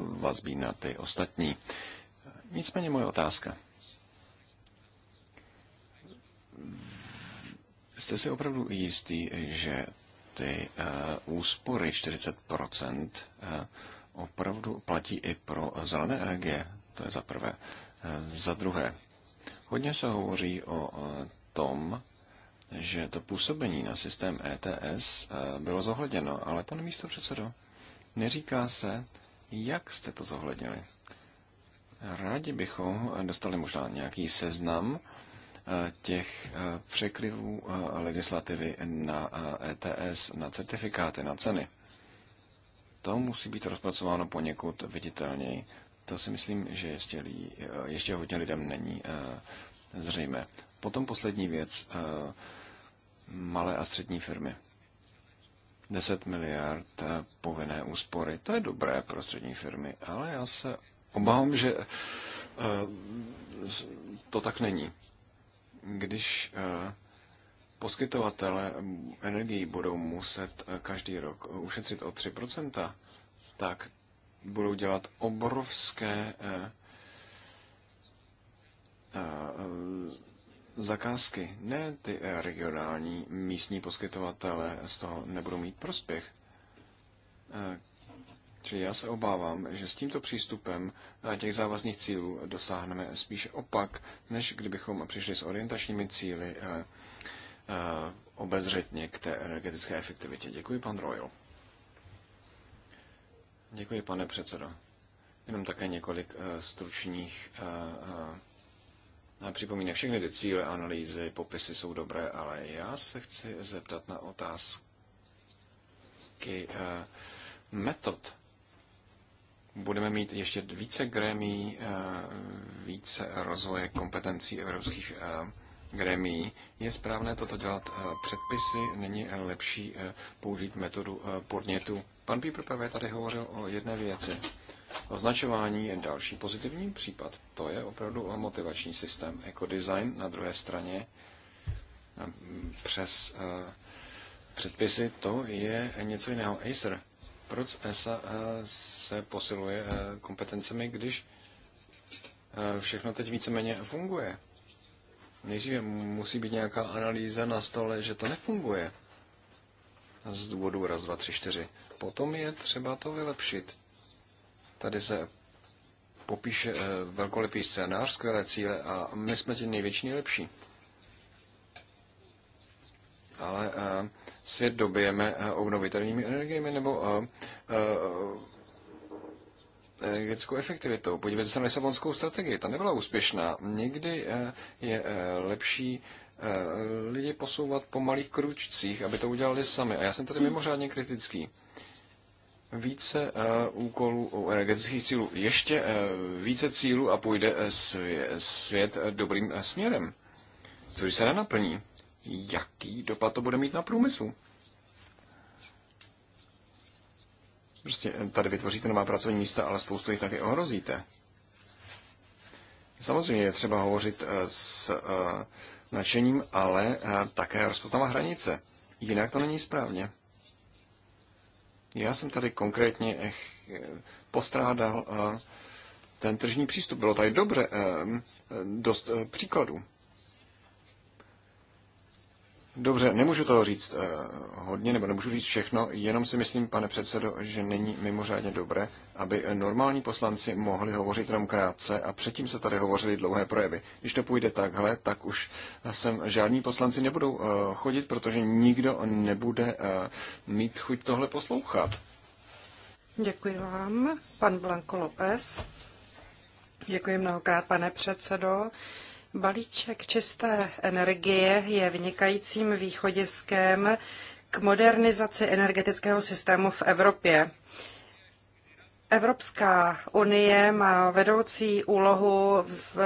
[SPEAKER 5] vazbí na ty ostatní. Nicméně moje otázka. Jste si opravdu jistý, že ty úspory 40 uh, opravdu platí i pro zelené energie. To je za prvé. Eh, za druhé, hodně se hovoří o eh, tom, že to působení na systém ETS eh, bylo zohledněno, ale pane místo předsedo, neříká se, jak jste to zohlednili. Rádi bychom dostali možná nějaký seznam těch překryvů legislativy na ETS, e na certifikáty, na ceny to musí být rozpracováno poněkud viditelněji. To si myslím, že ještě, eh, ještě hodně lidem není eh, zřejmé. Potom poslední věc, eh, malé a střední firmy. 10 miliard povinné úspory, to je dobré pro střední firmy, ale já se obávám, že to tak není. Když poskytovatele energií budou muset eh, každý rok ušetřit o 3%, tak budou dělat obrovské eh, eh, zakázky. Ne ty regionální místní poskytovatele z toho nebudou mít prospěch. Čili já se obávám, že s tímto přístupem těch závazných cílů dosáhneme spíš opak, než kdybychom přišli s orientačními cíly Eh, obezřetně k té energetické efektivitě. Děkuji, pan Royal. Děkuji, pane předsedo. Jenom také několik eh, stručných eh, připomínek. Všechny ty cíle, analýzy, popisy jsou dobré, ale já se chci zeptat na otázky metod. Budeme mít ještě více grémí, více rozvoje kompetencí evropských gremí, je správné toto dělat eh, předpisy, není eh, lepší eh, použít metodu podnětu. Pan Pípr právě tady hovořil o jedné věci. Označování je další pozitivní případ. To je opravdu motivační systém. Ekodesign na druhé straně přes předpisy, to je něco jiného. Acer, proč ESA se posiluje kompetencemi, když všechno teď víceméně funguje? Nejdříve musí být nějaká analýza na stole, že to nefunguje. Z důvodu raz, dva, tři, čtyři. Potom je třeba to vylepšit. Tady se popíše eh, velkolepý scénář, skvělé cíle a my jsme ti největší nejlepší. Ale eh, svět dobijeme eh, obnovitelnými energiemi nebo energetickou efektivitou. Podívejte se na Lisabonskou strategii, ta nebyla úspěšná. Někdy eh, je eh, lepší eh, lidi posouvat po malých kručcích, aby to udělali sami. A já jsem tady mimořádně kritický. Více úkolů u energetických cílů. Ještě více cílů a půjde svět dobrým směrem. Což se nenaplní. Jaký dopad to bude mít na průmysl? Prostě tady vytvoříte nová pracovní místa, ale spoustu jich taky ohrozíte. Samozřejmě je třeba hovořit eh, s eh, nadšením, ale eh, také rozpoznávat hranice. Jinak to není správně. Já jsem tady konkrétně postrádal ten tržní přístup. Bylo tady dobře, dost příkladů. Dobře, nemůžu toho říct eh, hodně, nebo nemůžu říct všechno, jenom si myslím, pane předsedo, že není mimořádně dobré, aby normální poslanci mohli hovořit jenom krátce a předtím se tady hovořili dlouhé projevy. Když to půjde takhle, tak už sem žádní poslanci nebudou eh, chodit, protože nikdo nebude eh, mít chuť tohle poslouchat.
[SPEAKER 2] Děkuji vám, pan Blanco López. Děkuji mnohokrát, pane předsedo. Balíček čisté energie je vynikajícím východiskem k modernizaci energetického systému v Evropě. Evropská unie má vedoucí úlohu v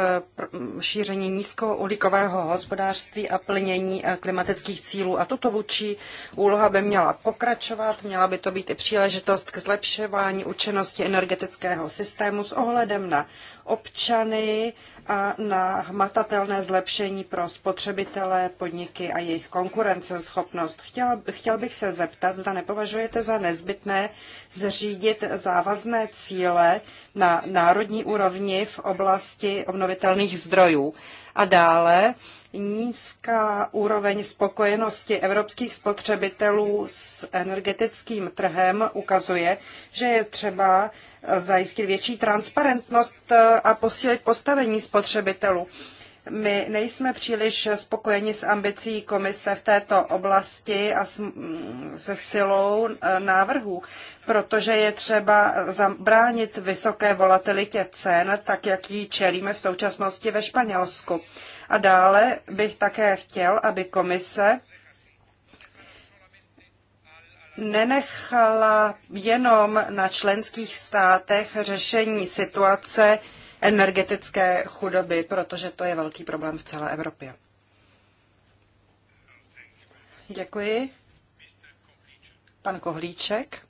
[SPEAKER 2] šíření nízkouhlíkového hospodářství a plnění eh, klimatických cílů. A tuto vůči úloha by měla pokračovat, měla by to být i příležitost k zlepšování účinnosti energetického systému s ohledem na občany, a na hmatatelné zlepšení pro spotřebitele, podniky a jejich konkurenceschopnost. Chtěla, chtěl bych se zeptat, zda nepovažujete za nezbytné zřídit závazné cíle na národní úrovni v oblasti obnovitelných zdrojů. A dále nízká úroveň spokojenosti evropských spotřebitelů s energetickým trhem ukazuje, že je třeba zajistit větší transparentnost a posílit postavení spotřebitelů. My nejsme příliš spokojeni s ambicí komise v této oblasti a mm, se silou e, návrhů, protože je třeba zabránit vysoké volatilitě cen, tak jak ji čelíme v současnosti ve Španělsku. A dále bych také chtěl, aby komise nenechala jenom na členských státech řešení situace energetické chudoby, protože to je velký problém v celé Evropě. Děkuji. Pan Kohlíček.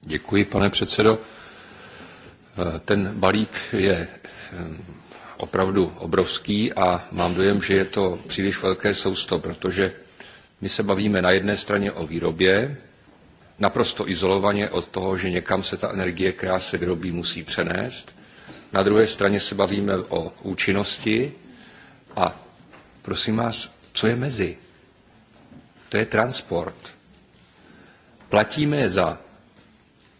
[SPEAKER 3] Děkuji, pane předsedo. Ten balík je opravdu obrovský a mám dojem, že je to příliš velké sousto, protože my se bavíme na jedné straně o výrobě, naprosto izolovaně od toho, že někam se ta energie, která se vyrobí, musí přenést. Na druhé straně se bavíme o účinnosti a prosím vás, co je mezi? To je transport. Platíme za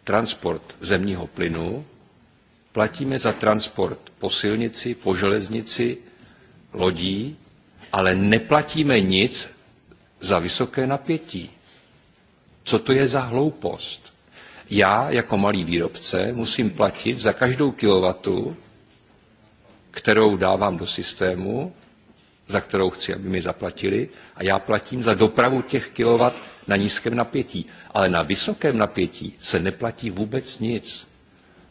[SPEAKER 3] transport zemního plynu, platíme za transport po silnici, po železnici, lodí, ale neplatíme nic za vysoké napětí. Co to je za hloupost? Já jako malý výrobce musím platit za každou kilovatu, kterou dávám do systému, za kterou chci, aby mi zaplatili, a já platím za dopravu těch kilovat na nízkém napětí. Ale na vysokém napětí se neplatí vůbec nic.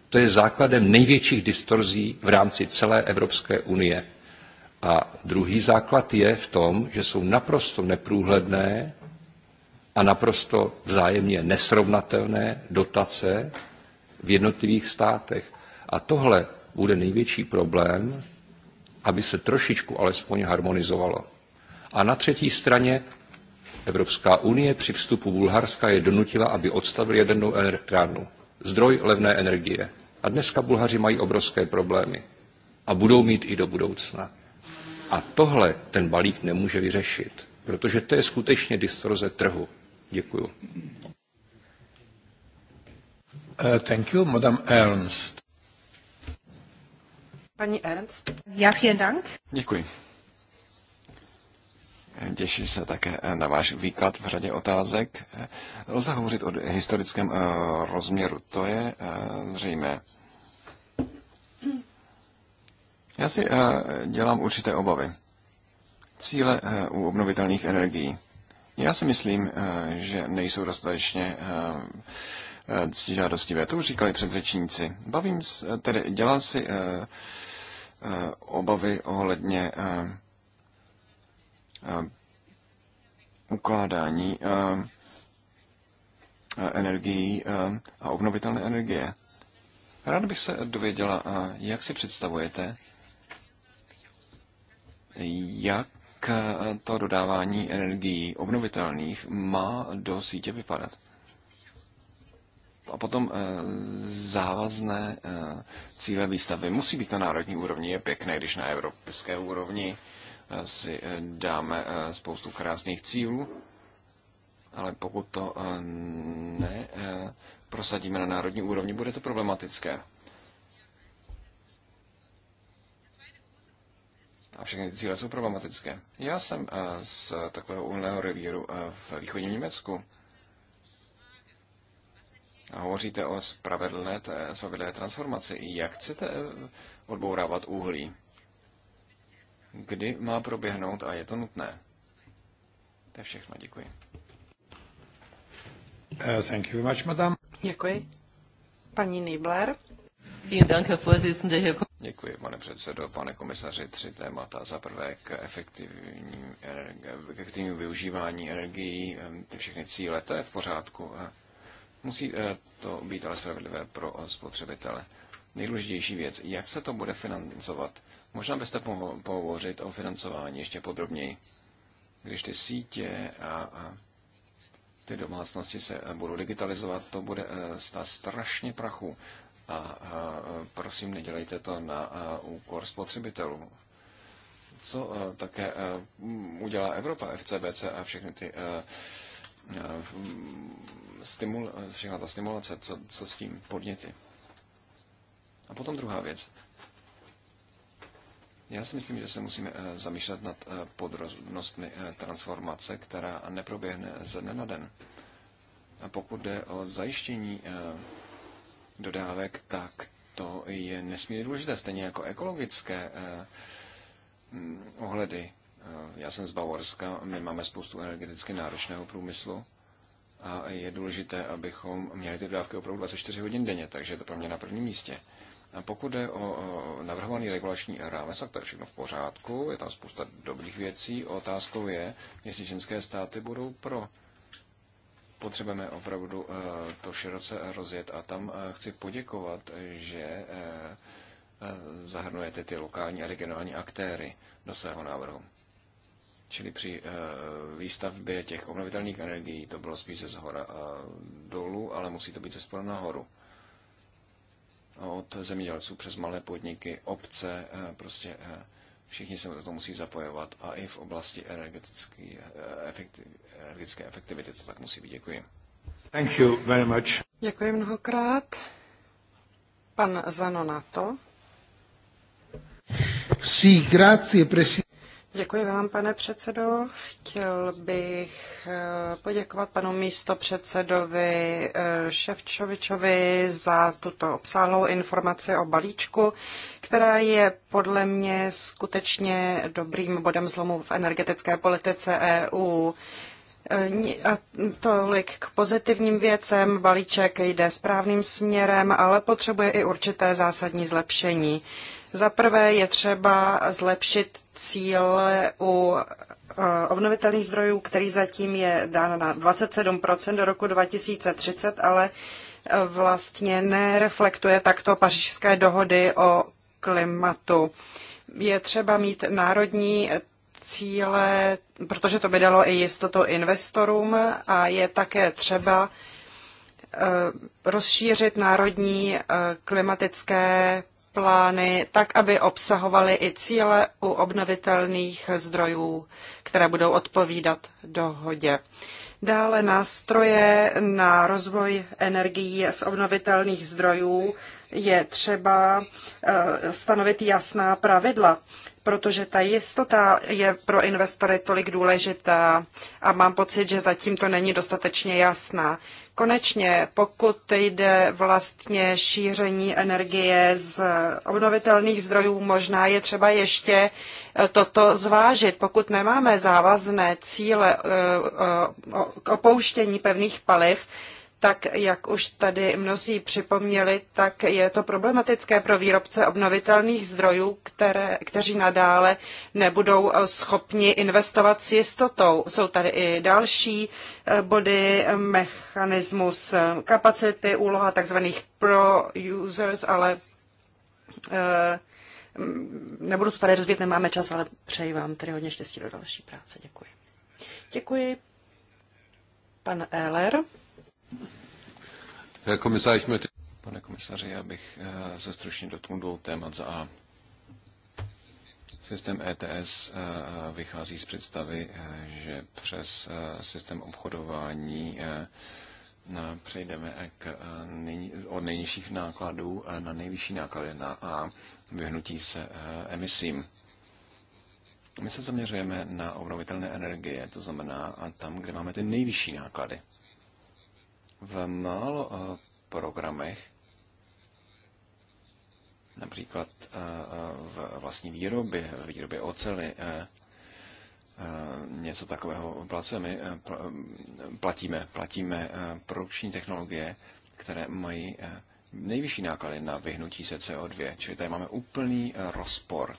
[SPEAKER 3] To je základem největších distorzí v rámci celé Evropské unie. A druhý základ je v tom, že jsou naprosto neprůhledné a naprosto vzájemně nesrovnatelné dotace v jednotlivých státech. A tohle bude největší problém, aby se trošičku alespoň harmonizovalo. A na třetí straně Evropská unie při vstupu Bulharska je donutila, aby odstavili jadernou elektrárnu. Zdroj levné energie. A dneska Bulhaři mají obrovské problémy. A budou mít i do budoucna. A tohle ten balík nemůže vyřešit, protože to je skutečně distorze trhu. Děkuju. Uh, thank you, Madame Ernst.
[SPEAKER 2] Paní Ernst. Já vielen Dank.
[SPEAKER 5] Děkuji. Těším se také na váš výklad v řadě otázek. Lze hovořit o historickém eh, rozměru, to je eh, zřejmé. Já si eh, dělám určité obavy. Cíle u obnovitelných energií. Já si myslím, eh, že nejsou dostatečně eh, žádostivé. To už říkali předřečníci. Bavím se, tedy dělá si eh, obavy ohledně ukládání energií a obnovitelné energie. Rád bych se dověděla, jak si představujete, jak jak eh, to dodávání energií obnovitelných má do sítě vypadat. A potom eh, závazné eh, cíle výstavy musí být na národní úrovni. Je pěkné, když na evropské úrovni si dáme spoustu krásných cílů, ale pokud to ne prosadíme na národní úrovni, bude to problematické. a všechny ty cíle jsou problematické. Já jsem eh, z takového uhelného revíru eh, v východním Německu. A hovoříte o spravedlné, spravedlné transformaci. Jak chcete eh, odbourávat uhlí? Kdy má proběhnout a je to nutné? To je všechno,
[SPEAKER 3] děkuji. Uh, thank you much, madam.
[SPEAKER 5] Děkuji.
[SPEAKER 2] Paní Nibler.
[SPEAKER 5] Děkuji, pane předsedo, pane komisaři, tři témata. Za prvé k efektivním, efektivnímu využívání energií, ty všechny cíle, to je v pořádku. E, musí e, to být ale spravedlivé pro e, spotřebitele. Nejdůležitější věc, jak se to bude financovat? Možná byste mohl pohovořit o financování ještě podrobněji, když ty sítě a, a ty domácnosti se budou digitalizovat, to bude stát strašně prachu. A prosím, nedělejte to na úkor spotřebitelů. Co také udělá Evropa, FCBC a všechny ty stimul, všechna ta stimulace, co, co s tím podněty. A potom druhá věc. Já si myslím, že se musíme zamýšlet nad podrobnostmi transformace, která neproběhne ze dne na den. A pokud jde o zajištění dodávek, tak to je nesmírně důležité, stejně jako ekologické eh, mm, ohledy. Eh, já jsem z Bavorska, my máme spoustu energeticky náročného průmyslu a je důležité, abychom měli ty dodávky opravdu 24 hodin denně, takže je to pro mě na prvním místě. A pokud je o navrhovaný regulační rámec, tak to je všechno v pořádku, je tam spousta dobrých věcí. Otázkou je, jestli ženské státy budou pro potřebujeme opravdu eh, to široce rozjet a tam eh, chci poděkovat, že eh, zahrnujete ty lokální a regionální aktéry do svého návrhu. Čili při výstavbě těch obnovitelných energií to bylo spíš ze zhora dolů, ale musí to být ze spoda nahoru. Od zemědělců přes malé podniky, obce, prostě všichni se do toho musí zapojovat a i v oblasti energetické energetické efektivity. To tak musí být. Děkuji.
[SPEAKER 2] Thank you
[SPEAKER 3] very much.
[SPEAKER 2] Děkuji mnohokrát. Pan Zanonato.
[SPEAKER 4] Sí, grazie, presi-
[SPEAKER 2] Děkuji vám, pane předsedo. Chtěl bych eh, poděkovat panu místopředsedovi eh, Ševčovičovi za tuto obsáhlou informaci o balíčku, která je podle mě skutečně dobrým bodem zlomu v energetické politice EU. A tolik k pozitivním věcem. Balíček jde správným směrem, ale potřebuje i určité zásadní zlepšení. Za prvé je třeba zlepšit cíle u eh, obnovitelných zdrojů, který zatím je dán na 27% do roku 2030, ale eh, vlastně nereflektuje takto pařížské dohody o klimatu. Je třeba mít národní cíle, protože to by dalo i jistotu investorům a je také třeba eh, rozšířit národní eh, klimatické plány tak, aby obsahovaly i cíle u obnovitelných zdrojů, které budou odpovídat dohodě. Dále nástroje na rozvoj energií z obnovitelných zdrojů je třeba eh, stanovit jasná pravidla protože ta jistota je pro investory tolik důležitá a mám pocit, že zatím to není dostatečně jasná. Konečně, pokud jde vlastně šíření energie z obnovitelných zdrojů, možná je třeba ještě eh, toto zvážit. Pokud nemáme závazné cíle k eh, eh, opouštění pevných paliv, tak jak už tady mnozí připomněli, tak je to problematické pro výrobce obnovitelných zdrojů, které, kteří nadále nebudou eh, schopni investovat s jistotou. Jsou tady i další eh, body, eh, mechanismus kapacity, úloha tzv. pro-users, ale mm, nebudu to tady rozvíjet, nemáme čas, ale přeji vám tedy hodně štěstí do další práce. Děkuji. Děkuji. Pan Ehler.
[SPEAKER 3] Pane
[SPEAKER 5] komisaři, já bych eh, se stručně dotknul dvou témat za A. Systém ETS eh, eh, vychází z představy, že přes systém obchodování přejdeme k, od nejnižších nákladů na nejvyšší náklady na a vyhnutí se emisím. My se zaměřujeme na obnovitelné energie, to znamená tam, kde máme ty nejvyšší náklady. V málo eh, programech, například eh, eh, v vlastní výrobě, v výrobě ocely, něco takového placujeme, platíme, platíme produkční technologie, které mají nejvyšší náklady na vyhnutí se CO2. Čili tady máme úplný rozpor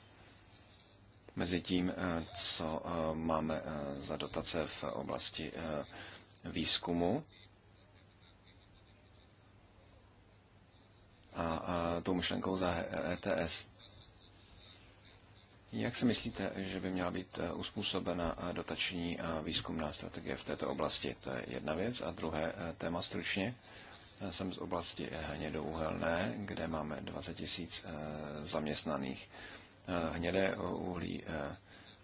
[SPEAKER 5] mezi tím, co máme za dotace v oblasti výzkumu a, a tou myšlenkou za ETS. Jak si myslíte, že by měla být eh, uspůsobena eh, dotační a výzkumná strategie v této oblasti? To je jedna věc. A druhé eh, téma stručně. Jsem z oblasti hnědouhelné, kde máme 20 tisíc zaměstnaných. Hnědé uhlí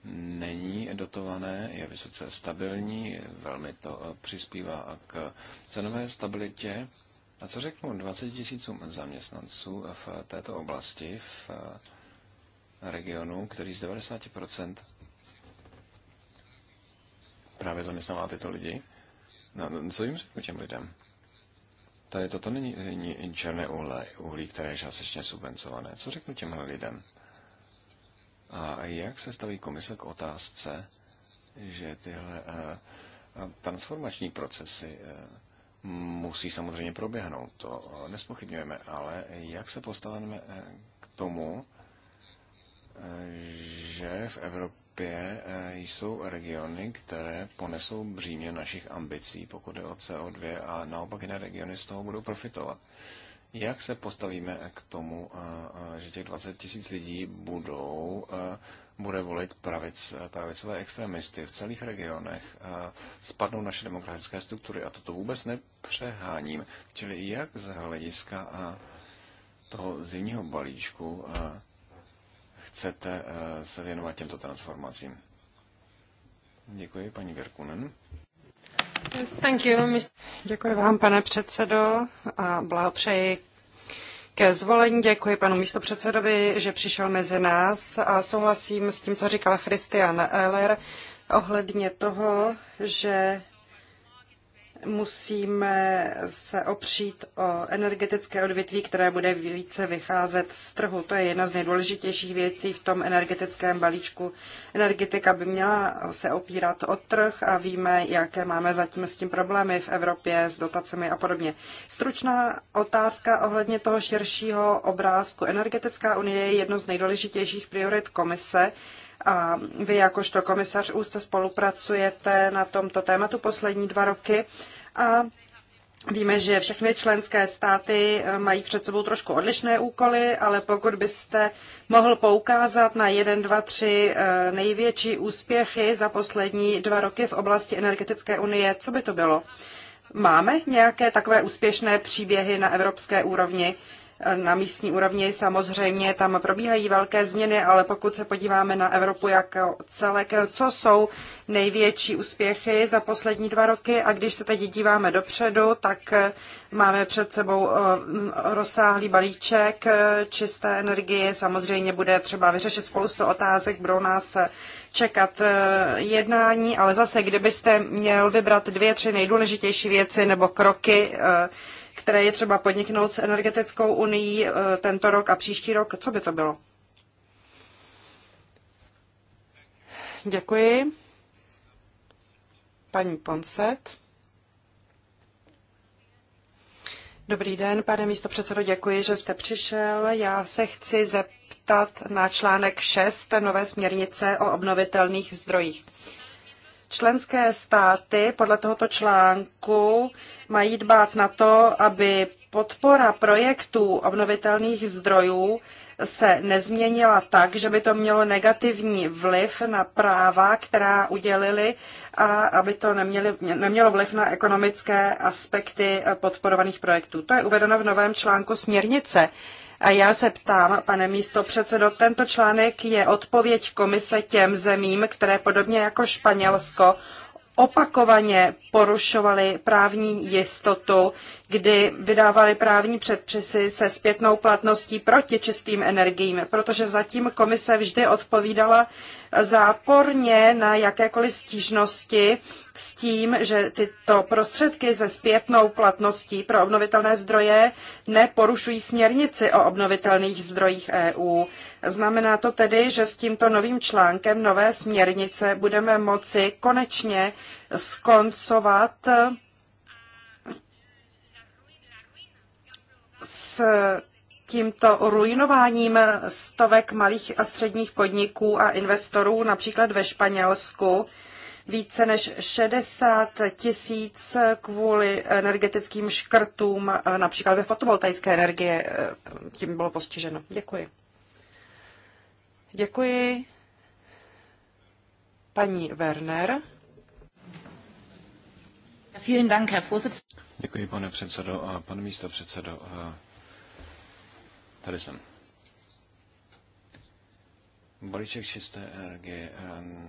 [SPEAKER 5] není dotované, je vysoce stabilní, velmi to přispívá k cenové stabilitě a co řeknu 20 tisícům zaměstnanců v této oblasti, v eh, regionu, který z 90% právě zaměstnává tyto lidi? No, co jim řeknu těm lidem? Tady toto není, není černé uhlí, uhlí, které je částečně subvencované. Co řeknu těmhle lidem? A jak se staví komise k otázce, že tyhle uh, transformační procesy uh, musí samozřejmě proběhnout, to eh, nespochybňujeme, ale jak se postavíme eh, k tomu, eh, že v Evropě jsou regiony, které ponesou břímě našich ambicí, pokud je o CO2, a naopak jiné regiony z toho budou profitovat. Jak se postavíme k tomu, že těch 20 tisíc lidí budou, bude volit pravic, pravicové extremisty v celých regionech, spadnou naše demokratické struktury a toto vůbec nepřeháním. Čili jak z hlediska toho zimního balíčku chcete se věnovat těmto transformacím? Děkuji, paní Virkunen.
[SPEAKER 2] Děkuji vám, pane předsedo, a blahopřeji ke zvolení. Děkuji panu místopředsedovi, že přišel mezi nás a souhlasím s tím, co říkal Christian Eller ohledně toho, že musíme se opřít o energetické odvětví, které bude více vycházet z trhu. To je jedna z nejdůležitějších věcí v tom energetickém balíčku. Energetika by měla se opírat o trh a víme, jaké máme zatím s tím problémy v Evropě s dotacemi a podobně. Stručná otázka ohledně toho širšího obrázku. Energetická unie je jedno z nejdůležitějších priorit komise. A vy jakožto komisař úzce spolupracujete na tomto tématu poslední dva roky a Víme, že všechny členské státy eh, mají před sebou trošku odlišné úkoly, ale pokud byste mohl poukázat na jeden, dva, tři eh, největší úspěchy za poslední dva roky v oblasti energetické unie, co by to bylo? Máme nějaké takové úspěšné příběhy na evropské úrovni? na místní úrovni. Samozřejmě tam probíhají velké změny, ale pokud se podíváme na Evropu jako celek, co jsou největší úspěchy za poslední dva roky a když se teď díváme dopředu, tak máme před sebou eh, rozsáhlý balíček eh, čisté energie. Samozřejmě bude třeba vyřešit spoustu otázek, budou nás čekat eh, jednání, ale zase, kdybyste měl vybrat dvě, tři nejdůležitější věci nebo kroky, které je třeba podniknout s energetickou unii eh, tento rok a příští rok? Co by to bylo? Děkuji. Paní Ponset. Dobrý den, pane předsedo, děkuji, že jste přišel. Já se chci zeptat na článek 6 nové směrnice o obnovitelných zdrojích. Členské státy podle tohoto článku mají dbát na to, aby podpora projektů obnovitelných zdrojů se nezměnila tak, že by to mělo negativní vliv na práva, která udělili a aby to neměli, nemělo vliv na ekonomické aspekty podporovaných projektů. To je uvedeno v novém článku směrnice. A já se ptám, pane místo předsedo, tento článek je odpověď komise těm zemím, které podobně jako Španělsko opakovaně porušovaly právní jistotu kdy vydávali právní předpisy se zpětnou platností proti čistým energiím, protože zatím komise vždy odpovídala záporně na jakékoliv stížnosti s tím, že tyto prostředky se zpětnou platností pro obnovitelné zdroje neporušují směrnici o obnovitelných zdrojích EU. Znamená to tedy, že s tímto novým článkem nové směrnice budeme moci konečně skoncovat s tímto ruinováním stovek malých a středních podniků a investorů, například ve Španělsku, více než 60 tisíc kvůli energetickým škrtům, eh, například ve fotovoltaické energie, eh, tím bylo postiženo. Děkuji. Děkuji. Paní Werner.
[SPEAKER 5] Děkuji, pane předsedo a pane místo předsedo. Tady jsem. Balíček čisté energie eh,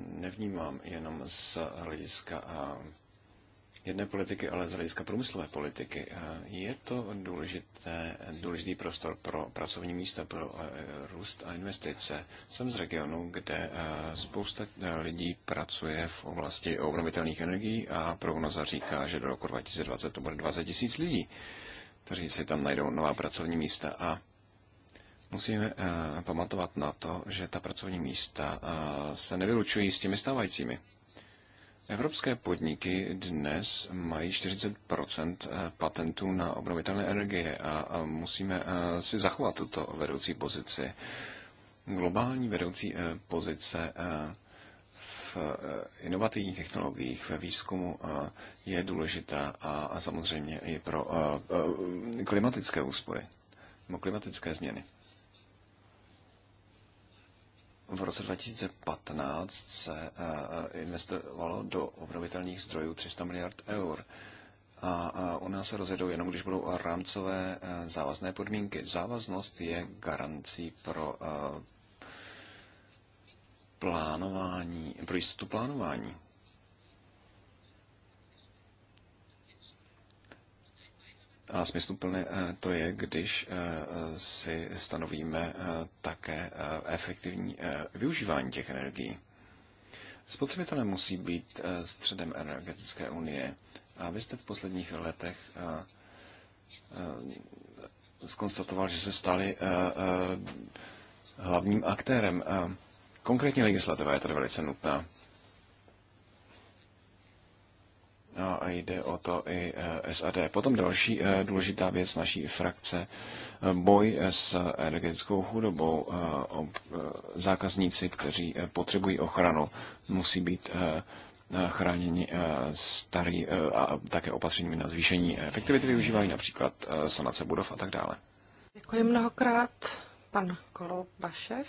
[SPEAKER 5] nevnímám jenom z hlediska eh, jedné politiky, ale z hlediska průmyslové politiky. Eh, je to důležité, důležitý prostor pro pracovní místa, pro eh, růst a investice. Jsem z regionu, kde eh, spousta lidí pracuje v oblasti obnovitelných energií a prognoza říká, že do roku 2020 to bude 20 tisíc lidí, kteří si tam najdou nová pracovní místa a Musíme pamatovat na to, že ta pracovní místa se nevylučují s těmi stávajícími. Evropské podniky dnes mají 40 eh, patentů na obnovitelné energie a musíme eh, si zachovat tuto vedoucí pozici. Globální vedoucí eh, pozice v inovativních technologiích, ve výzkumu je důležitá a samozřejmě i pro klimatické úspory, klimatické změny v roce 2015 se eh, investovalo do obnovitelných zdrojů 300 miliard eur. A u nás se rozjedou jenom, když budou rámcové eh, závazné podmínky. Závaznost je garancí pro eh, plánování, pro jistotu plánování. A smysluplné eh, to je, když eh, si stanovíme eh, také efektivní využívání těch energií. Spotřebitelé musí být středem energetické unie. A vy jste v posledních letech skonstatoval, že se stali hlavním aktérem. Konkrétní legislativa je tady velice nutná. No a jde o to i eh, SAD. Potom další eh, důležitá věc naší frakce, eh, boj s energetickou chudobou. Zákazníci, kteří potřebují ochranu, musí být chráněni starý a také opatřeními na zvýšení efektivity využívají například sanace budov a tak dále.
[SPEAKER 2] Děkuji mnohokrát, pan Kolo Bašev.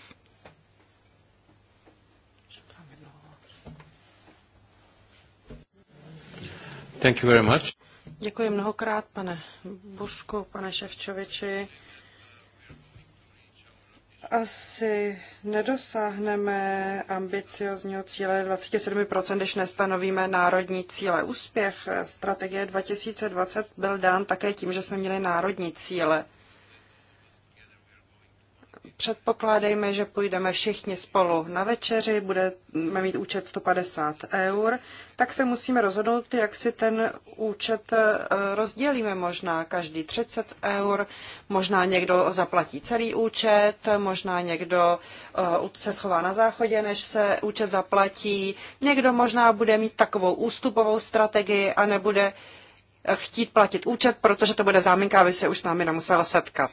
[SPEAKER 2] Thank you very much. Děkuji mnohokrát, pane Busku, pane Ševčoviči. Asi nedosáhneme ambiciozního cíle 27%, když nestanovíme národní cíle. Úspěch strategie 2020 byl dán také tím, že jsme měli národní cíle. Předpokládejme, že půjdeme všichni spolu na večeři, budeme mít účet 150 eur, tak se musíme rozhodnout, jak si ten účet eh, rozdělíme. Možná každý 30 eur, možná někdo zaplatí celý účet, možná někdo eh, se schová na záchodě, než se účet zaplatí. Někdo možná bude mít takovou ústupovou strategii a nebude eh, chtít platit účet, protože to bude záminka, aby se už s námi nemusela setkat.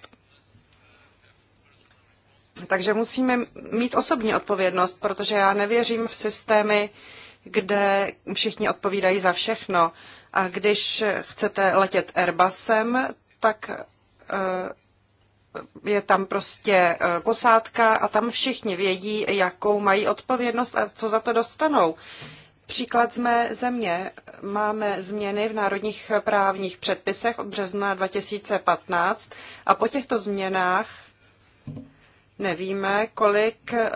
[SPEAKER 2] Takže musíme mít osobní odpovědnost, protože já nevěřím v systémy, kde všichni odpovídají za všechno. A když chcete letět Airbusem, tak eh, je tam prostě eh, posádka a tam všichni vědí, jakou mají odpovědnost a co za to dostanou. Příklad z mé země. Máme změny v národních právních předpisech od března 2015 a po těchto změnách nevíme, kolik eh,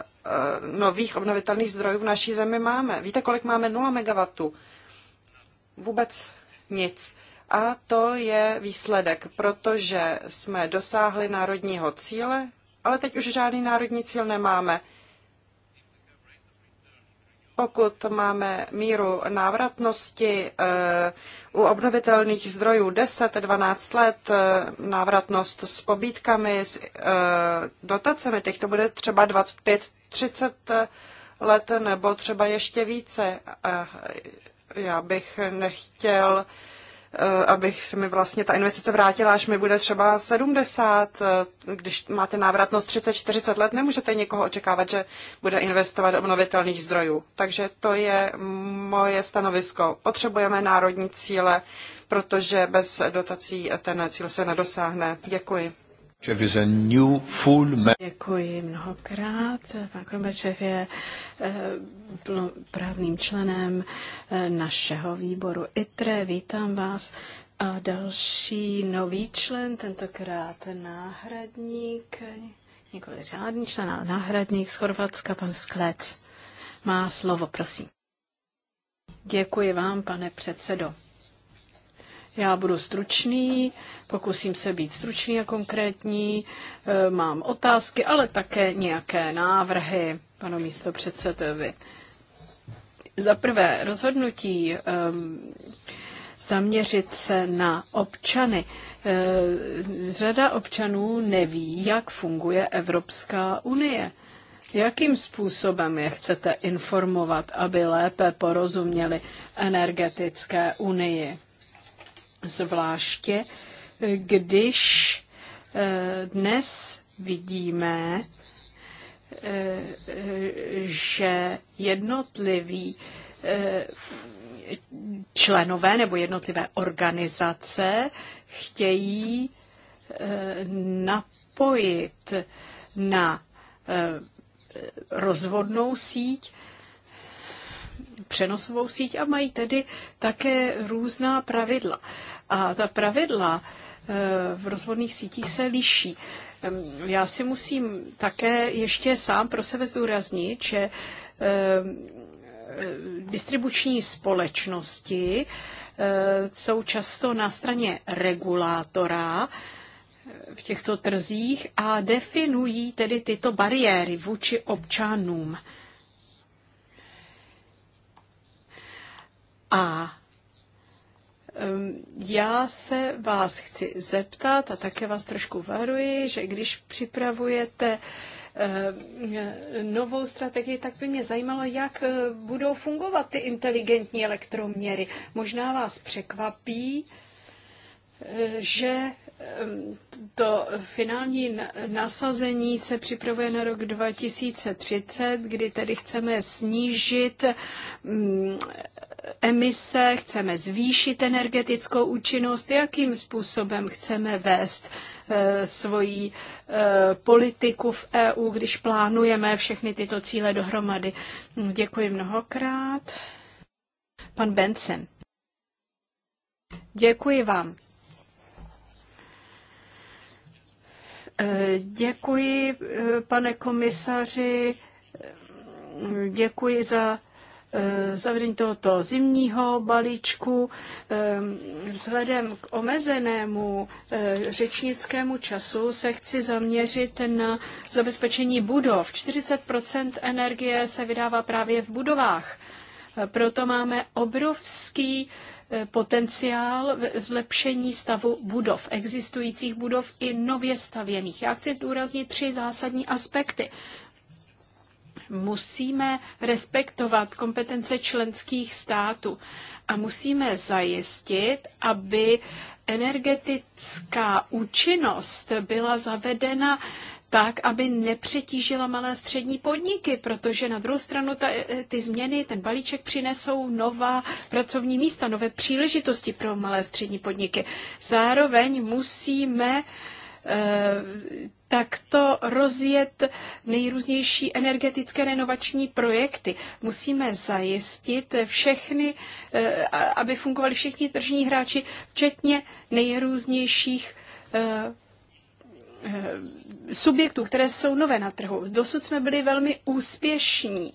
[SPEAKER 2] nových obnovitelných zdrojů v naší zemi máme. Víte, kolik máme? 0 MW. Vůbec nic. A to je výsledek, protože jsme dosáhli národního cíle, ale teď už žádný národní cíl nemáme pokud máme míru návratnosti eh, u obnovitelných zdrojů 10-12 let, eh, návratnost s pobítkami, s eh, dotacemi, těch to bude třeba 25-30 let nebo třeba ještě více. Já bych nechtěl uh, Eh, abych se mi vlastně ta investice vrátila, až mi bude třeba 70. Eh, když máte návratnost 30-40 let, nemůžete někoho očekávat, že bude investovat do obnovitelných zdrojů. Takže to je moje stanovisko. Potřebujeme národní cíle, protože bez dotací ten cíl se nedosáhne. Děkuji. Děkuji
[SPEAKER 1] mnohokrát. Pan Krombačev je byl eh, právním členem eh, našeho výboru ITRE. Vítám vás. A další nový člen, tentokrát náhradník, nikoli řádný člen, ale náhradník z Chorvatska, pan Sklec. Má slovo, prosím. Děkuji vám, pane předsedo. Já budu stručný, pokusím se být stručný a konkrétní, eh, mám otázky, ale také nějaké návrhy panu místo předsedovi. Za prvé, rozhodnutí ehm, zaměřit se na občany. Eh, řada občanů neví, jak funguje Evropská unie. Jakým způsobem je chcete informovat, aby lépe porozuměli energetické unii? Zvláště když eh, dnes vidíme, eh, že jednotliví eh, členové nebo jednotlivé organizace chtějí napojit na rozvodnou síť, přenosovou síť a mají tedy také různá pravidla. A ta pravidla eh, v rozvodných sítích se liší. Já si musím také ještě sám pro sebe zdůraznit, že eh, distribuční společnosti eh, jsou často na straně regulátora v těchto trzích a definují tedy tyto bariéry vůči občanům. A Ehm, já se vás chci zeptat a také vás trošku varuji, že když připravujete ehm, novou strategii, tak by mě zajímalo, jak eh, budou fungovat ty inteligentní elektroměry. Možná vás překvapí, eh, že ehm, to finální nasazení se připravuje na rok 2030, kdy tedy chceme snížit mm, emise, chceme zvýšit energetickou účinnost, jakým způsobem chceme vést eh, svoji eh, politiku v EU, když plánujeme všechny tyto cíle dohromady. Hm, děkuji mnohokrát. Pan Benson. Děkuji vám. Eh, děkuji, pane komisaři, hm, děkuji za Eh, zavedení tohoto zimního balíčku eh, vzhledem k omezenému eh, řečnickému času se chci zaměřit na zabezpečení budov. 40 energie se vydává právě v budovách. Proto máme obrovský potenciál zlepšení stavu budov, existujících budov i nově stavěných. Já chci zdůraznit tři zásadní aspekty. Musíme respektovat kompetence členských států a musíme zajistit, aby energetická účinnost byla zavedena tak, aby nepřetížila malé střední podniky, protože na druhou stranu ta, ty změny, ten balíček přinesou nová pracovní místa, nové příležitosti pro malé střední podniky. Zároveň musíme eh, takto rozjet nejrůznější energetické renovační projekty. Musíme zajistit všechny, eh, aby fungovali všichni tržní hráči, včetně nejrůznějších eh, eh, subjektů, které jsou nové na trhu. Dosud jsme byli velmi úspěšní.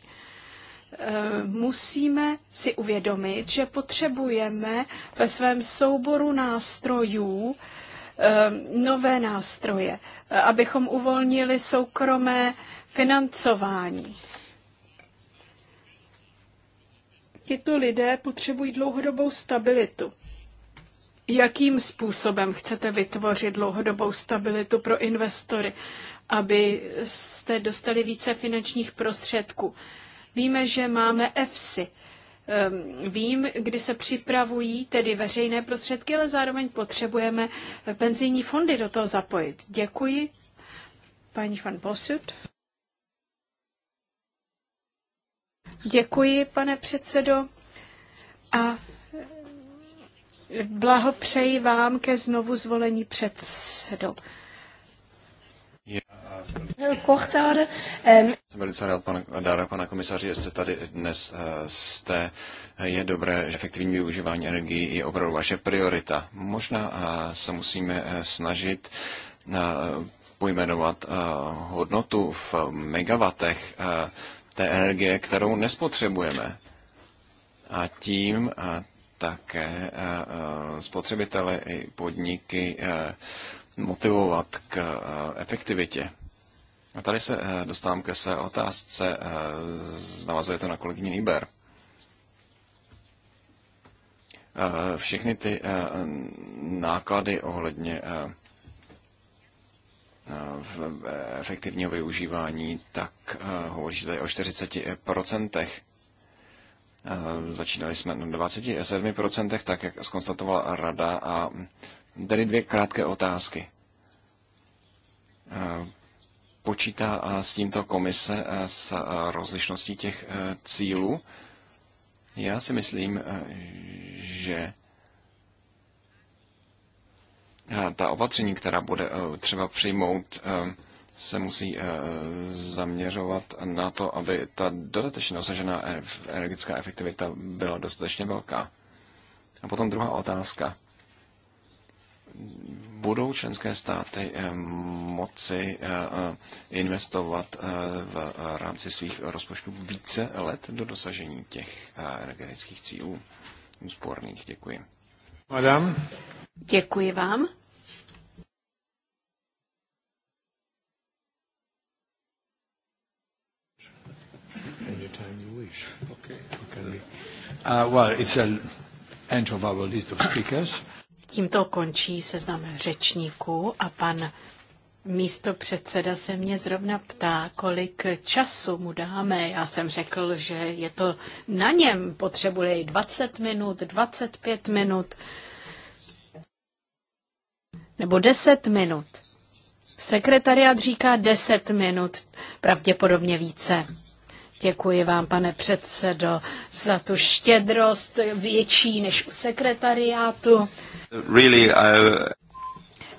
[SPEAKER 1] Musíme si uvědomit, že potřebujeme ve svém souboru nástrojů nové nástroje abychom uvolnili soukromé financování. Tito lidé potřebují dlouhodobou stabilitu. Jakým způsobem chcete vytvořit dlouhodobou stabilitu pro investory, aby jste dostali více finančních prostředků? Víme, že máme EFSI, Ehm, vím, kdy se připravují tedy veřejné prostředky, ale zároveň potřebujeme penzijní fondy do toho zapojit. Děkuji, paní van Bosut. Děkuji, pane předsedo. A blahopřeji vám ke znovu zvolení předsedo.
[SPEAKER 5] Já jsem velice rád, pane, dára, pana komisaři, jestli tady dnes eh, jste. Je dobré, že efektivní využívání energii je opravdu vaše priorita. Možná eh, se musíme eh, snažit pojmenovat hodnotu v megawatech té energie, kterou nespotřebujeme. A tím také spotřebitele i podniky motivovat k eh, efektivitě. A tady se eh, dostávám ke své otázce, eh, navazuje to na kolegyni Niber. Všechny ty náklady ohledně v efektivního využívání, tak hovoří tady o 40%. Začínali jsme na 27%, tak jak skonstatovala rada a Tady dvě krátké otázky. Eh, počítá eh, s tímto komise eh, s rozlišností těch cílů? Já si myslím, že ta opatření, která bude třeba přijmout, se musí zaměřovat na to, aby ta dodatečně dosažená e-, energetická efektivita byla dostatečně velká. A potom druhá otázka budou členské státy eh, moci eh, eh, investovat v rámci svých rozpočtů více let do dosažení těch energetických cílů úsporných. Děkuji.
[SPEAKER 1] Madam. Děkuji vám.
[SPEAKER 3] Uh, well, it's an end of our list of speakers.
[SPEAKER 1] Tímto končí seznam řečníků a pan místo předseda se mě zrovna ptá, kolik času mu dáme. Já jsem řekl, že je to na něm, potřebuje 20 minut, 25 minut nebo 10 minut. Sekretariat říká 10 minut, pravděpodobně více. Děkuji vám, pane předsedo, za tu štědrost větší než u sekretariátu. Really, uh...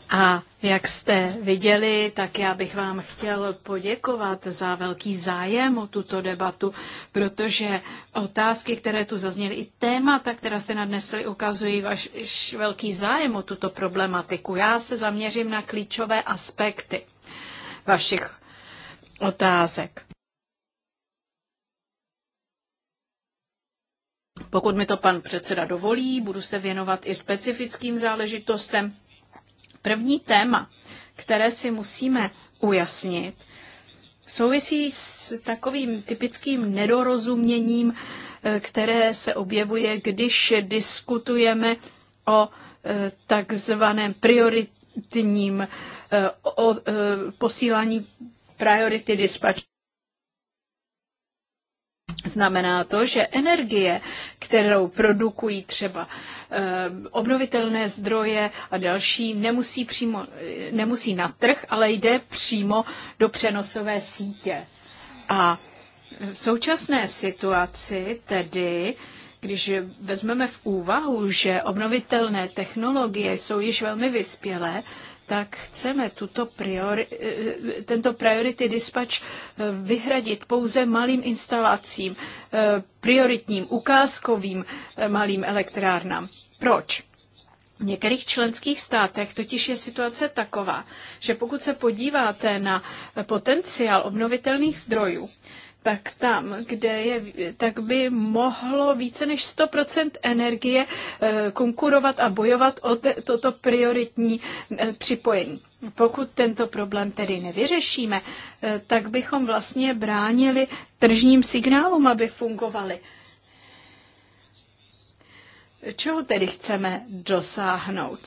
[SPEAKER 1] A jak jste viděli, tak já bych vám chtěl poděkovat za velký zájem o tuto debatu, protože otázky, které tu zazněly, i témata, která jste nadnesli, ukazují váš velký zájem o tuto problematiku. Já se zaměřím na klíčové aspekty vašich otázek. Pokud mi to pan předseda dovolí, budu se věnovat i specifickým záležitostem. První téma, které si musíme ujasnit, souvisí s takovým typickým nedorozuměním, eh, které se objevuje, když diskutujeme o eh, takzvaném prioritním eh, o posílání priority dispatch. Znamená to, že energie, kterou produkují třeba eh, obnovitelné zdroje a další, nemusí, přímo, nemusí na trh, ale jde přímo do přenosové sítě. A v současné situaci tedy když vezmeme v úvahu, že obnovitelné technologie jsou již velmi vyspělé, tak chceme tuto priori, eh, tento priority dispatch eh, vyhradit pouze malým instalacím, eh, prioritním, ukázkovým malým elektrárnám. Proč? V některých členských státech totiž je situace taková, že pokud se podíváte na potenciál obnovitelných zdrojů, tak tam, kde je, tak by mohlo více než 100% energie eh, konkurovat a bojovat o te, toto prioritní eh, připojení. Pokud tento problém tedy nevyřešíme, eh, tak bychom vlastně bránili tržním signálům, aby fungovaly. Čeho tedy chceme dosáhnout?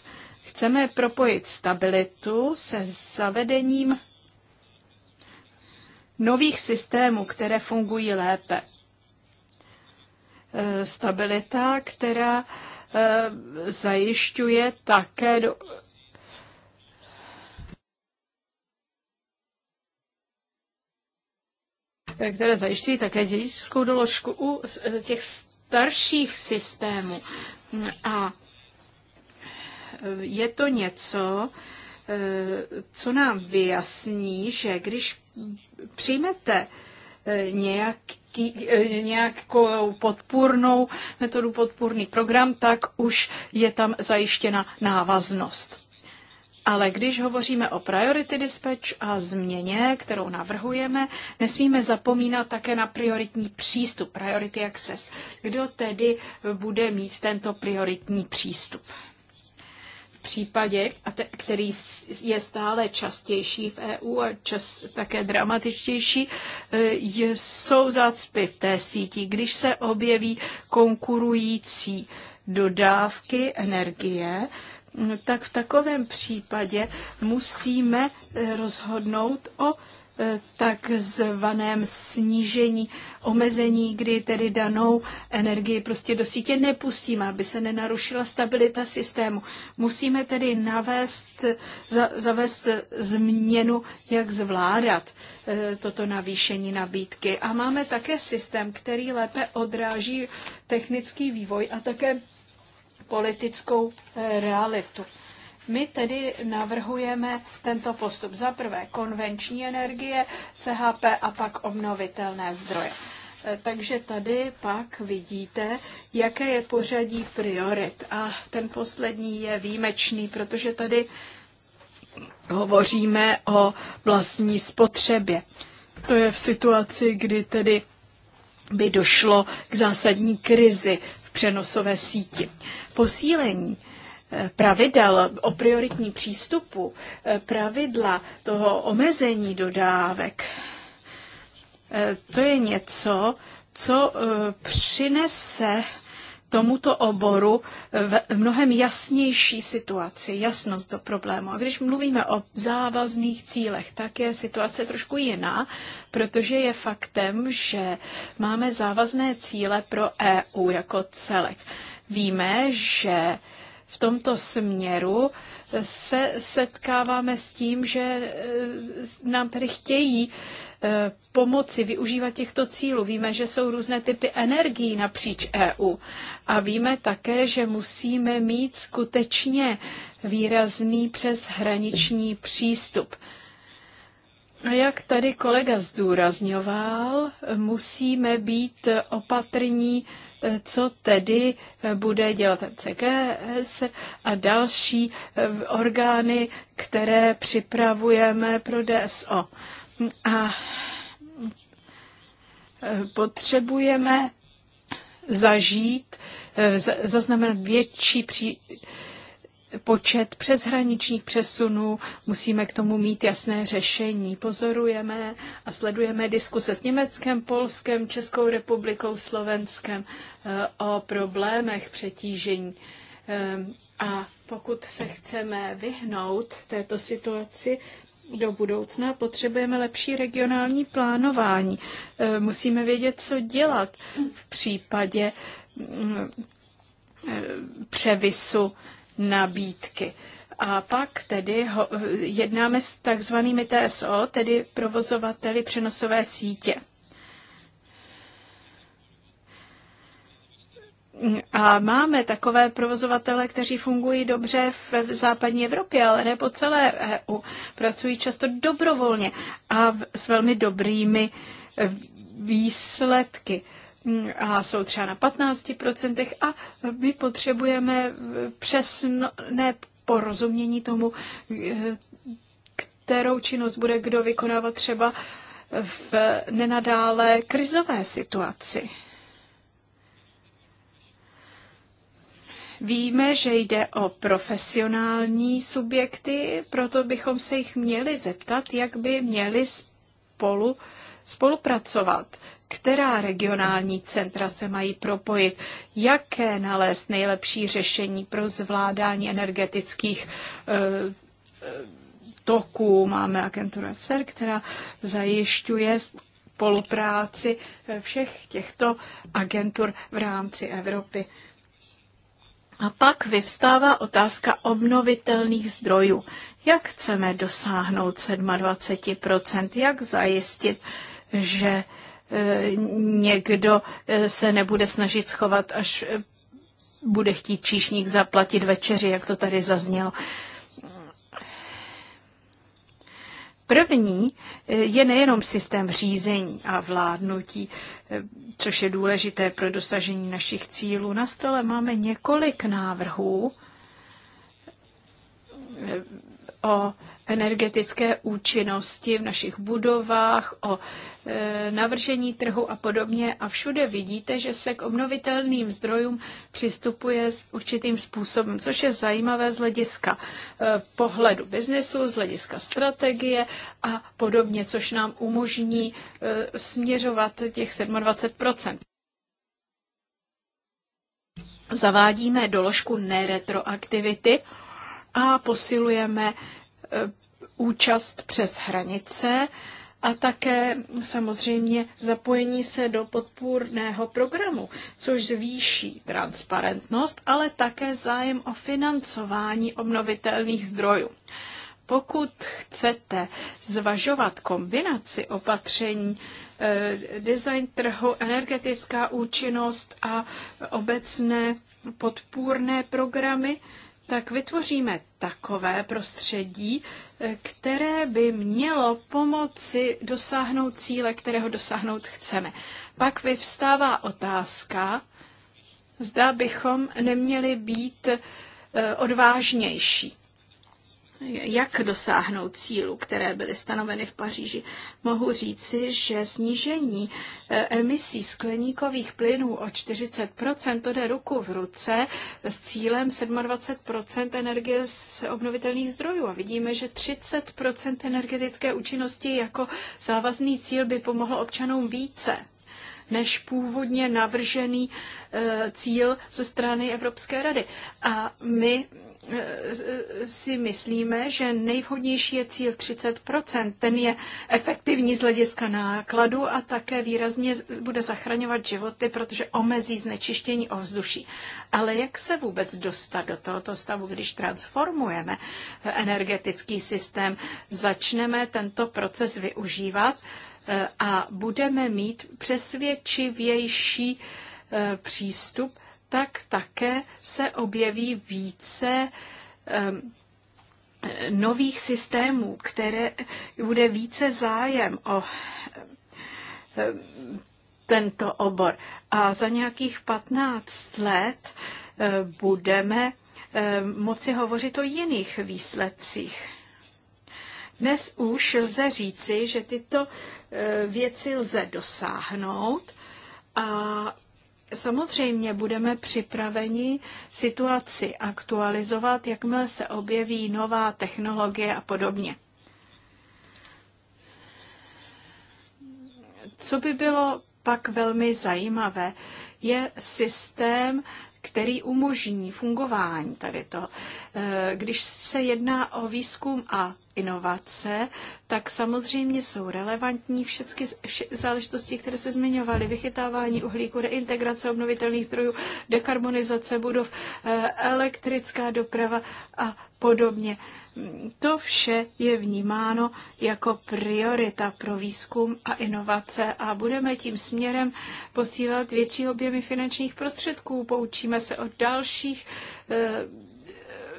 [SPEAKER 1] Chceme propojit stabilitu se zavedením nových systémů, které fungují lépe. E, stabilita, která e, zajišťuje také do... které zajišťují také dědickou doložku u e, těch starších systémů. A je to něco, co nám vyjasní, že když přijmete eh, nějaký, eh, nějakou podpůrnou metodu, podpůrný program, tak už je tam zajištěna návaznost. Ale když hovoříme o priority dispatch a změně, kterou navrhujeme, nesmíme zapomínat také na prioritní přístup, priority access. Kdo tedy bude mít tento prioritní přístup? případě, který je stále častější v EU a čas také dramatičtější, e, jsou zácpy v té síti, když se objeví konkurující dodávky energie, tak v takovém případě musíme e, rozhodnout o E, takzvaném snížení omezení, kdy tedy danou energii prostě do sítě nepustíme, aby se nenarušila stabilita systému. Musíme tedy navést, za, zavést změnu, jak zvládat e, toto navýšení nabídky. A máme také systém, který lépe odráží technický vývoj a také politickou e, realitu. My tedy navrhujeme tento postup. Za prvé konvenční energie, CHP a pak obnovitelné zdroje. E, takže tady pak vidíte, jaké je pořadí priorit. A ten poslední je výjimečný, protože tady hovoříme o vlastní spotřebě. To je v situaci, kdy tedy by došlo k zásadní krizi v přenosové síti. Posílení pravidel o prioritní přístupu, eh, pravidla toho omezení dodávek, eh, to je něco, co eh, přinese tomuto oboru v mnohem jasnější situaci, jasnost do problému. A když mluvíme o závazných cílech, tak je situace trošku jiná, protože je faktem, že máme závazné cíle pro EU jako celek. Víme, že v tomto směru se setkáváme s tím, že eh, nám tady chtějí eh, pomoci využívat těchto cílů. Víme, že jsou různé typy energií napříč EU a víme také, že musíme mít skutečně výrazný přeshraniční přístup. jak tady kolega zdůrazňoval, musíme být opatrní co tedy eh, bude dělat CGS a další eh, orgány, které připravujeme pro DSO. A eh, potřebujeme zažít, zaznamenat větší pří, počet přeshraničních přesunů, musíme k tomu mít jasné řešení. Pozorujeme a sledujeme diskuse s Německem, Polskem, Českou republikou, Slovenskem eh, o problémech přetížení. Eh, a pokud se chceme vyhnout této situaci, do budoucna potřebujeme lepší regionální plánování. Eh, musíme vědět, co dělat v případě mm, převisu nabídky. A pak tedy ho, jednáme s takzvanými TSO, tedy provozovateli přenosové sítě. A máme takové provozovatele, kteří fungují dobře v západní Evropě, ale ne po celé EU. Pracují často dobrovolně a s velmi dobrými výsledky a jsou třeba na 15% a my potřebujeme přesné porozumění tomu, kterou činnost bude kdo vykonávat třeba v nenadále krizové situaci. Víme, že jde o profesionální subjekty, proto bychom se jich měli zeptat, jak by měli spolu spolupracovat která regionální centra se mají propojit, jaké nalézt nejlepší řešení pro zvládání energetických eh, eh, toků. Máme agentura CER, která zajišťuje spolupráci eh, všech těchto agentur v rámci Evropy. A pak vyvstává otázka obnovitelných zdrojů. Jak chceme dosáhnout 27 Jak zajistit, že někdo eh, se nebude snažit schovat, až eh, bude chtít číšník zaplatit večeři, jak to tady zaznělo. První eh, je nejenom systém řízení a vládnutí, což je důležité pro dosažení našich cílů. Na stole máme několik návrhů o energetické účinnosti v našich budovách, o e, navržení trhu a podobně. A všude vidíte, že se k obnovitelným zdrojům přistupuje s určitým způsobem, což je zajímavé z hlediska e, pohledu biznesu, z hlediska strategie a podobně, což nám umožní e, směřovat těch 27 Zavádíme doložku neretroaktivity a posilujeme Eh, účast přes hranice a také samozřejmě zapojení se do podpůrného programu, což zvýší transparentnost, ale také zájem o financování obnovitelných zdrojů. Pokud chcete zvažovat kombinaci opatření, eh, design trhu, energetická účinnost a obecné podpůrné programy, tak vytvoříme takové prostředí, eh, které by mělo pomoci dosáhnout cíle, kterého dosáhnout chceme. Pak vyvstává otázka, zda bychom neměli být eh, odvážnější jak dosáhnout cílů, které byly stanoveny v Paříži. Mohu říci, že snížení eh, emisí skleníkových plynů o 40 to jde ruku v ruce s cílem 27 energie z obnovitelných zdrojů. A vidíme, že 30 energetické účinnosti jako závazný cíl by pomohlo občanům více než původně navržený eh, cíl ze strany Evropské rady. A my si myslíme, že nejvhodnější je cíl 30%. Ten je efektivní z hlediska nákladu a také výrazně bude zachraňovat životy, protože omezí znečištění ovzduší. Ale jak se vůbec dostat do tohoto stavu, když transformujeme energetický systém, začneme tento proces využívat eh, a budeme mít přesvědčivější eh, přístup tak také se objeví více nových systémů, které bude více zájem o tento obor. A za nějakých 15 let eh, budeme moci hovořit o jiných výsledcích. Dnes už lze říci, že tyto eh, věci lze dosáhnout a Samozřejmě budeme připraveni situaci aktualizovat, jakmile se objeví nová technologie a podobně. Co by bylo pak velmi zajímavé, je systém, který umožní fungování tady to. Eh, když se jedná o výzkum a inovace, tak samozřejmě jsou relevantní všechny záležitosti, které se zmiňovaly. Vychytávání uhlíku, reintegrace obnovitelných zdrojů, dekarbonizace budov, eh, elektrická doprava a podobně. To vše je vnímáno jako priorita pro výzkum a inovace a budeme tím směrem posílat větší objemy finančních prostředků. Poučíme se o dalších eh,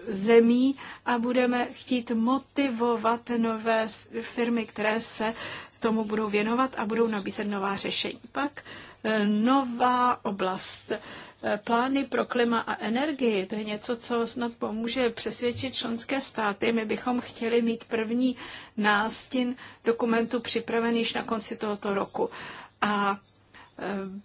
[SPEAKER 1] zemí a budeme chtít motivovat nové firmy, které se tomu budou věnovat a budou nabízet nová řešení. Pak eh, nová oblast. Eh, plány pro klima a energii, to je něco, co snad pomůže přesvědčit členské státy. My bychom chtěli mít první nástin dokumentu připravený již na konci tohoto roku. A eh,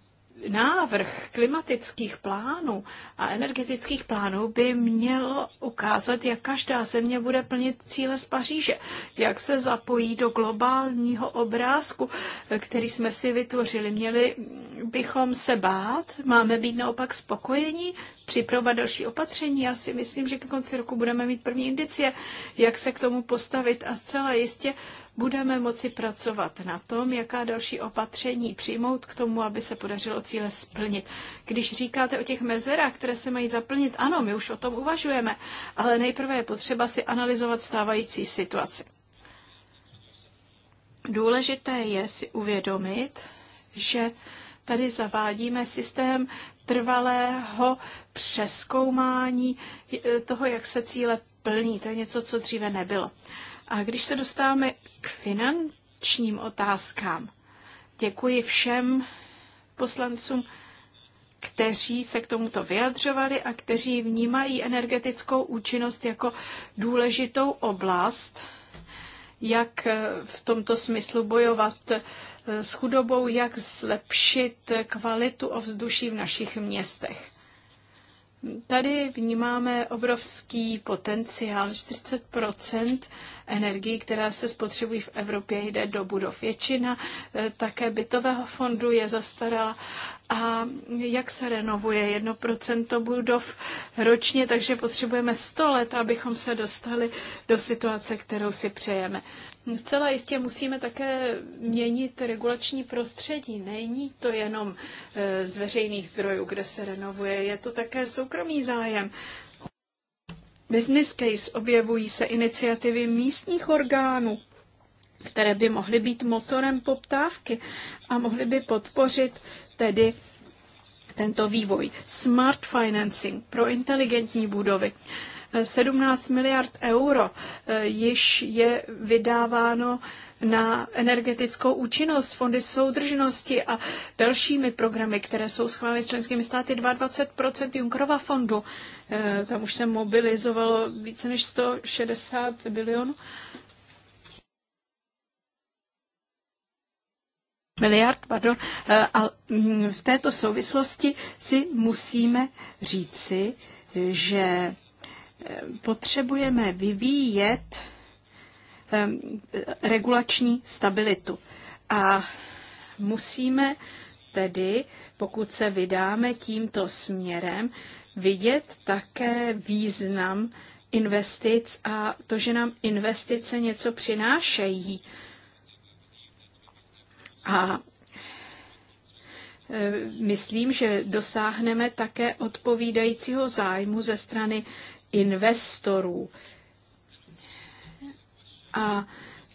[SPEAKER 1] návrh klimatických plánů a energetických plánů by měl ukázat, jak každá země bude plnit cíle z Paříže, jak se zapojí do globálního obrázku, který jsme si vytvořili. Měli bychom se bát, máme být naopak spokojení, připravovat další opatření. Já si myslím, že ke konci roku budeme mít první indicie, jak se k tomu postavit a zcela jistě budeme moci pracovat na tom, jaká další opatření přijmout k tomu, aby se podařilo cíle splnit. Když říkáte o těch mezerách, které se mají zaplnit, ano, my už o tom uvažujeme, ale nejprve je potřeba si analyzovat stávající situaci. Důležité je si uvědomit, že tady zavádíme systém trvalého přeskoumání eh, toho, jak se cíle plní. To je něco, co dříve nebylo. A když se dostáváme k finančním otázkám, děkuji všem poslancům, kteří se k tomuto vyjadřovali a kteří vnímají energetickou účinnost jako důležitou oblast jak eh, v tomto smyslu bojovat eh, s chudobou, jak zlepšit kvalitu ovzduší v našich městech. Tady vnímáme obrovský potenciál. 40 energií, která se spotřebují v Evropě, jde do budov. Většina eh, také bytového fondu je zastará a jak se renovuje 1% budov ročně, takže potřebujeme 100 let, abychom se dostali do situace, kterou si přejeme. Zcela jistě musíme také měnit regulační prostředí. Není to jenom eh, z veřejných zdrojů, kde se renovuje, je to také soukromý zájem business case, objevují se iniciativy místních orgánů, které by mohly být motorem poptávky a mohly by podpořit tedy tento vývoj. Smart financing pro inteligentní budovy. Uh, 17 miliard euro eh, již je vydáváno na energetickou účinnost, fondy soudržnosti a dalšími programy, které jsou schváleny s členskými státy 22% Junkrova fondu. Eh, tam už se mobilizovalo více než 160 bilionů. miliard, pardon, eh, a mm, v této souvislosti si musíme říci, že potřebujeme vyvíjet regulační stabilitu. A musíme tedy, pokud se vydáme tímto směrem, vidět také význam investic a to, že nám investice něco přinášejí. A e, myslím, že dosáhneme také odpovídajícího zájmu ze strany investorů. A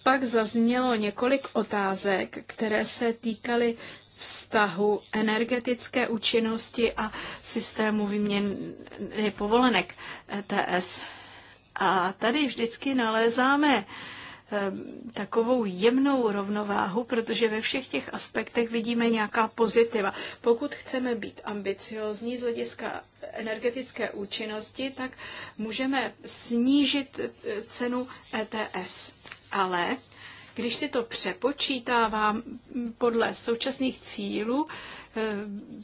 [SPEAKER 1] pak zaznělo několik otázek, které se týkaly vztahu energetické účinnosti a systému výměny povolenek ETS. A tady vždycky nalézáme Ehm, takovou jemnou rovnováhu, protože ve všech těch aspektech vidíme nějaká pozitiva. Pokud chceme být ambiciozní z hlediska energetické účinnosti, tak můžeme snížit eh, cenu ETS. Ale když si to přepočítávám podle současných cílů, Eh,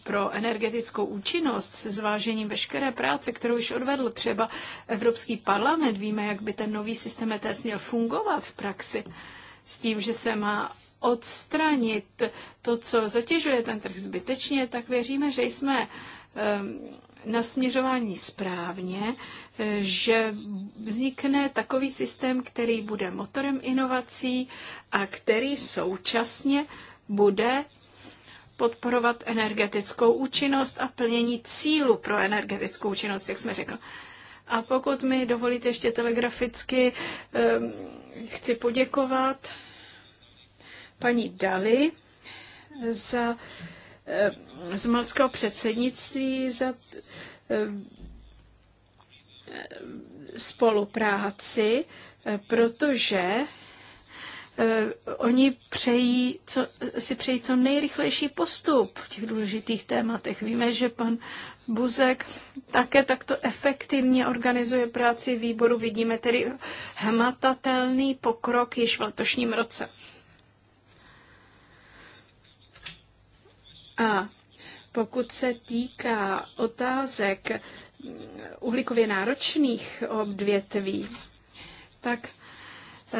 [SPEAKER 1] pro energetickou účinnost se zvážením veškeré práce, kterou již odvedl třeba Evropský parlament. Víme, jak by ten nový systém ETS měl fungovat v praxi s tím, že se má odstranit to, co zatěžuje ten trh zbytečně, tak věříme, že jsme ehm, nasměřování správně, eh, že vznikne takový systém, který bude motorem inovací a který současně bude podporovat energetickou účinnost a plnění cílu pro energetickou účinnost, jak jsme řekl. A pokud mi dovolíte ještě telegraficky, ehm, chci poděkovat paní Dali za ehm, z malského předsednictví za ehm, spolupráci, protože Eh, oni přejí, co, si přejí co nejrychlejší postup v těch důležitých tématech. Víme, že pan Buzek také takto efektivně organizuje práci výboru. Vidíme tedy hmatatelný pokrok již v letošním roce. A pokud se týká otázek uhlíkově náročných odvětví, tak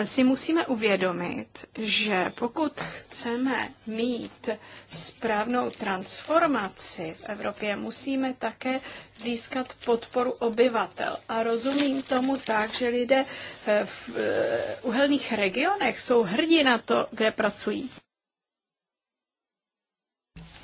[SPEAKER 1] si musíme uvědomit, že pokud chceme mít správnou transformaci v Evropě, musíme také získat podporu obyvatel. A rozumím tomu tak, že lidé v uhelných regionech jsou hrdí na to, kde pracují.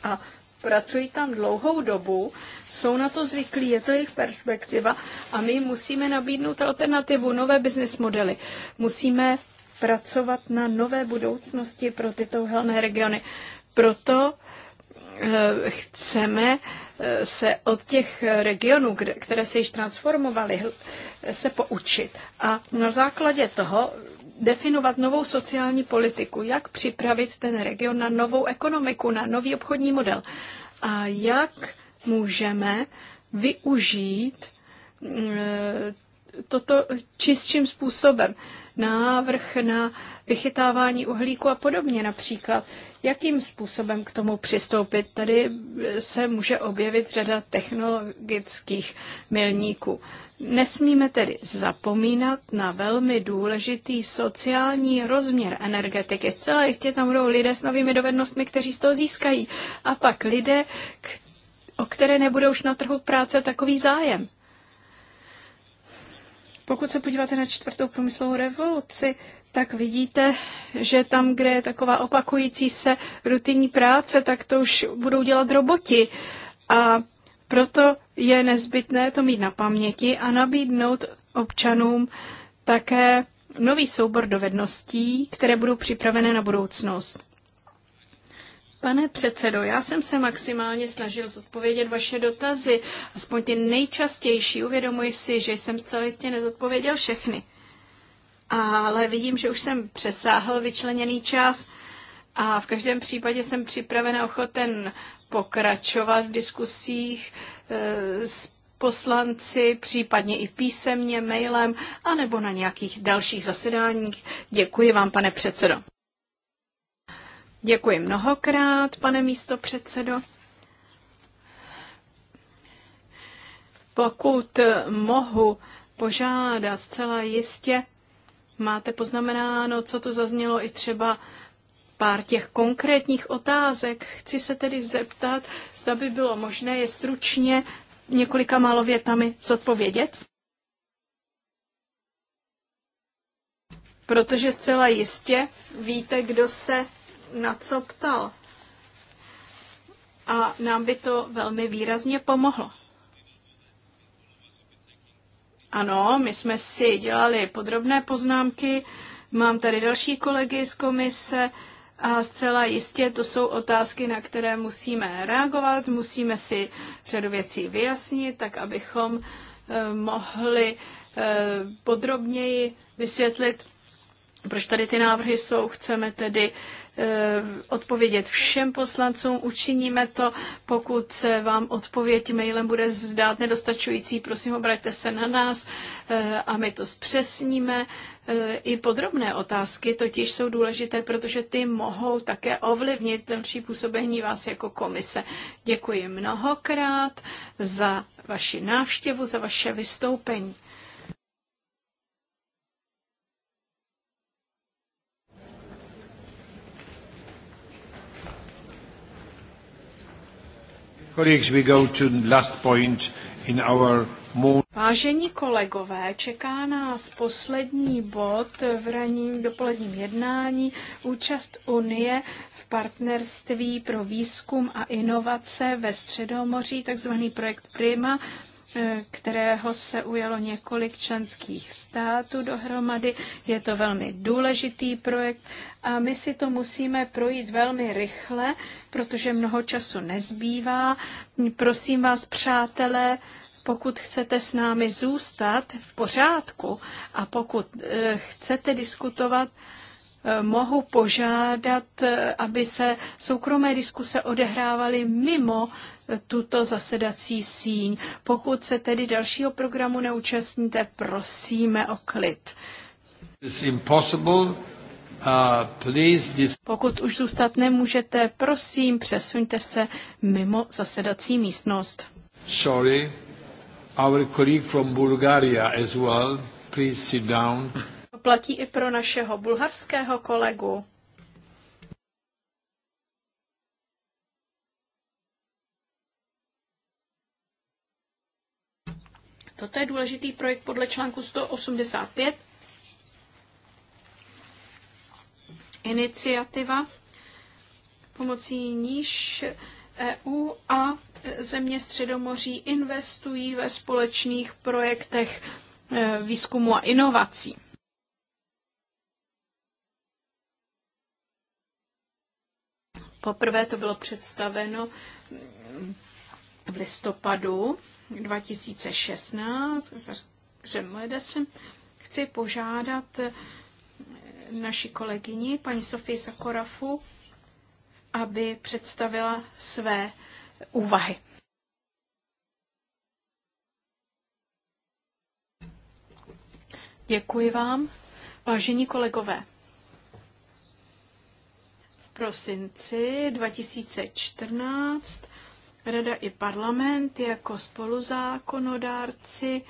[SPEAKER 1] A pracují tam dlouhou dobu, jsou na to zvyklí, je to jejich perspektiva a my musíme nabídnout alternativu, nové business modely. Musíme pracovat na nové budoucnosti pro tyto uhelné regiony. Proto eh, chceme eh, se od těch regionů, které se již transformovaly, se poučit. A na základě toho definovat novou sociální politiku, jak připravit ten region na novou ekonomiku, na nový obchodní model a jak můžeme využít eh, toto čistším způsobem. Návrh na vychytávání uhlíku a podobně například. Jakým způsobem k tomu přistoupit? Tady se může objevit řada technologických milníků. Nesmíme tedy zapomínat na velmi důležitý sociální rozměr energetiky. Zcela jistě tam budou lidé s novými dovednostmi, kteří z toho získají. A pak lidé, o které nebude už na trhu práce takový zájem. Pokud se podíváte na čtvrtou průmyslovou revoluci, tak vidíte, že tam, kde je taková opakující se rutinní práce, tak to už budou dělat roboti. A proto je nezbytné to mít na paměti a nabídnout občanům také nový soubor dovedností, které budou připravené na budoucnost. Pane předsedo, já jsem se maximálně snažil zodpovědět vaše dotazy, aspoň ty nejčastější. Uvědomuji si, že jsem zcela jistě nezodpověděl všechny. Ale vidím, že už jsem přesáhl vyčleněný čas. A v každém případě jsem připravena ochoten pokračovat v diskusích e, s poslanci, případně i písemně, mailem, anebo na nějakých dalších zasedáních. Děkuji vám, pane předsedo. Děkuji mnohokrát, pane místo předsedo. Pokud mohu požádat, celá jistě máte poznamenáno, co tu zaznělo i třeba pár těch konkrétních otázek. Chci se tedy zeptat, zda by bylo možné je stručně několika málo větami zodpovědět. Protože zcela jistě víte, kdo se na co ptal. A nám by to velmi výrazně pomohlo. Ano, my jsme si dělali podrobné poznámky. Mám tady další kolegy z komise. A zcela jistě to jsou otázky, na které musíme reagovat, musíme si řadu věcí vyjasnit, tak abychom eh, mohli eh, podrobněji vysvětlit, proč tady ty návrhy jsou. Chceme tedy Eh, odpovědět všem poslancům. Učiníme to, pokud se vám odpověď mailem bude zdát nedostačující, prosím, obraťte se na nás eh, a my to zpřesníme. Eh, I podrobné otázky totiž jsou důležité, protože ty mohou také ovlivnit další působení vás jako komise. Děkuji mnohokrát za vaši návštěvu, za vaše vystoupení. Vážení kolegové, čeká nás poslední bod v ranním dopoledním jednání účast Unie v partnerství pro výzkum a inovace ve Středomoří, takzvaný projekt Prima kterého se ujalo několik členských států dohromady. Je to velmi důležitý projekt a my si to musíme projít velmi rychle, protože mnoho času nezbývá. Prosím vás, přátelé, pokud chcete s námi zůstat v pořádku a pokud eh, chcete diskutovat, mohu požádat, aby se soukromé diskuse odehrávaly mimo tuto zasedací síň. Pokud se tedy dalšího programu neúčastníte, prosíme o klid. Uh, Pokud už zůstat nemůžete, prosím, přesuňte se mimo zasedací místnost.
[SPEAKER 3] Sorry, our colleague from Bulgaria as well, please sit down
[SPEAKER 1] platí i pro našeho bulharského kolegu. Toto je důležitý projekt podle článku 185. Iniciativa, pomocí níž EU a země Středomoří investují ve společných projektech e, výzkumu a inovací. Poprvé to bylo představeno v listopadu 2016 Chci požádat eh, naši kolegyni, paní Sofii Sakorafu, aby představila své úvahy. Děkuji vám, vážení kolegové prosinci 2014 Rada i parlament jako spoluzákonodárci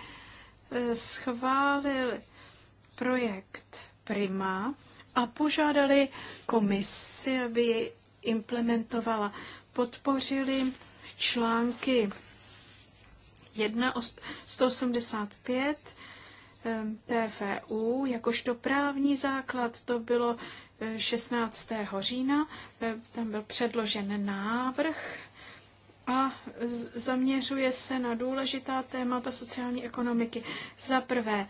[SPEAKER 1] eh, schválili projekt Prima a požádali komisi, aby ji implementovala. Podpořili články 1 185 TFU jakožto právní základ. To bylo 16. října. Eh, tam byl předložen návrh a zaměřuje se na důležitá témata sociální ekonomiky. Za prvé,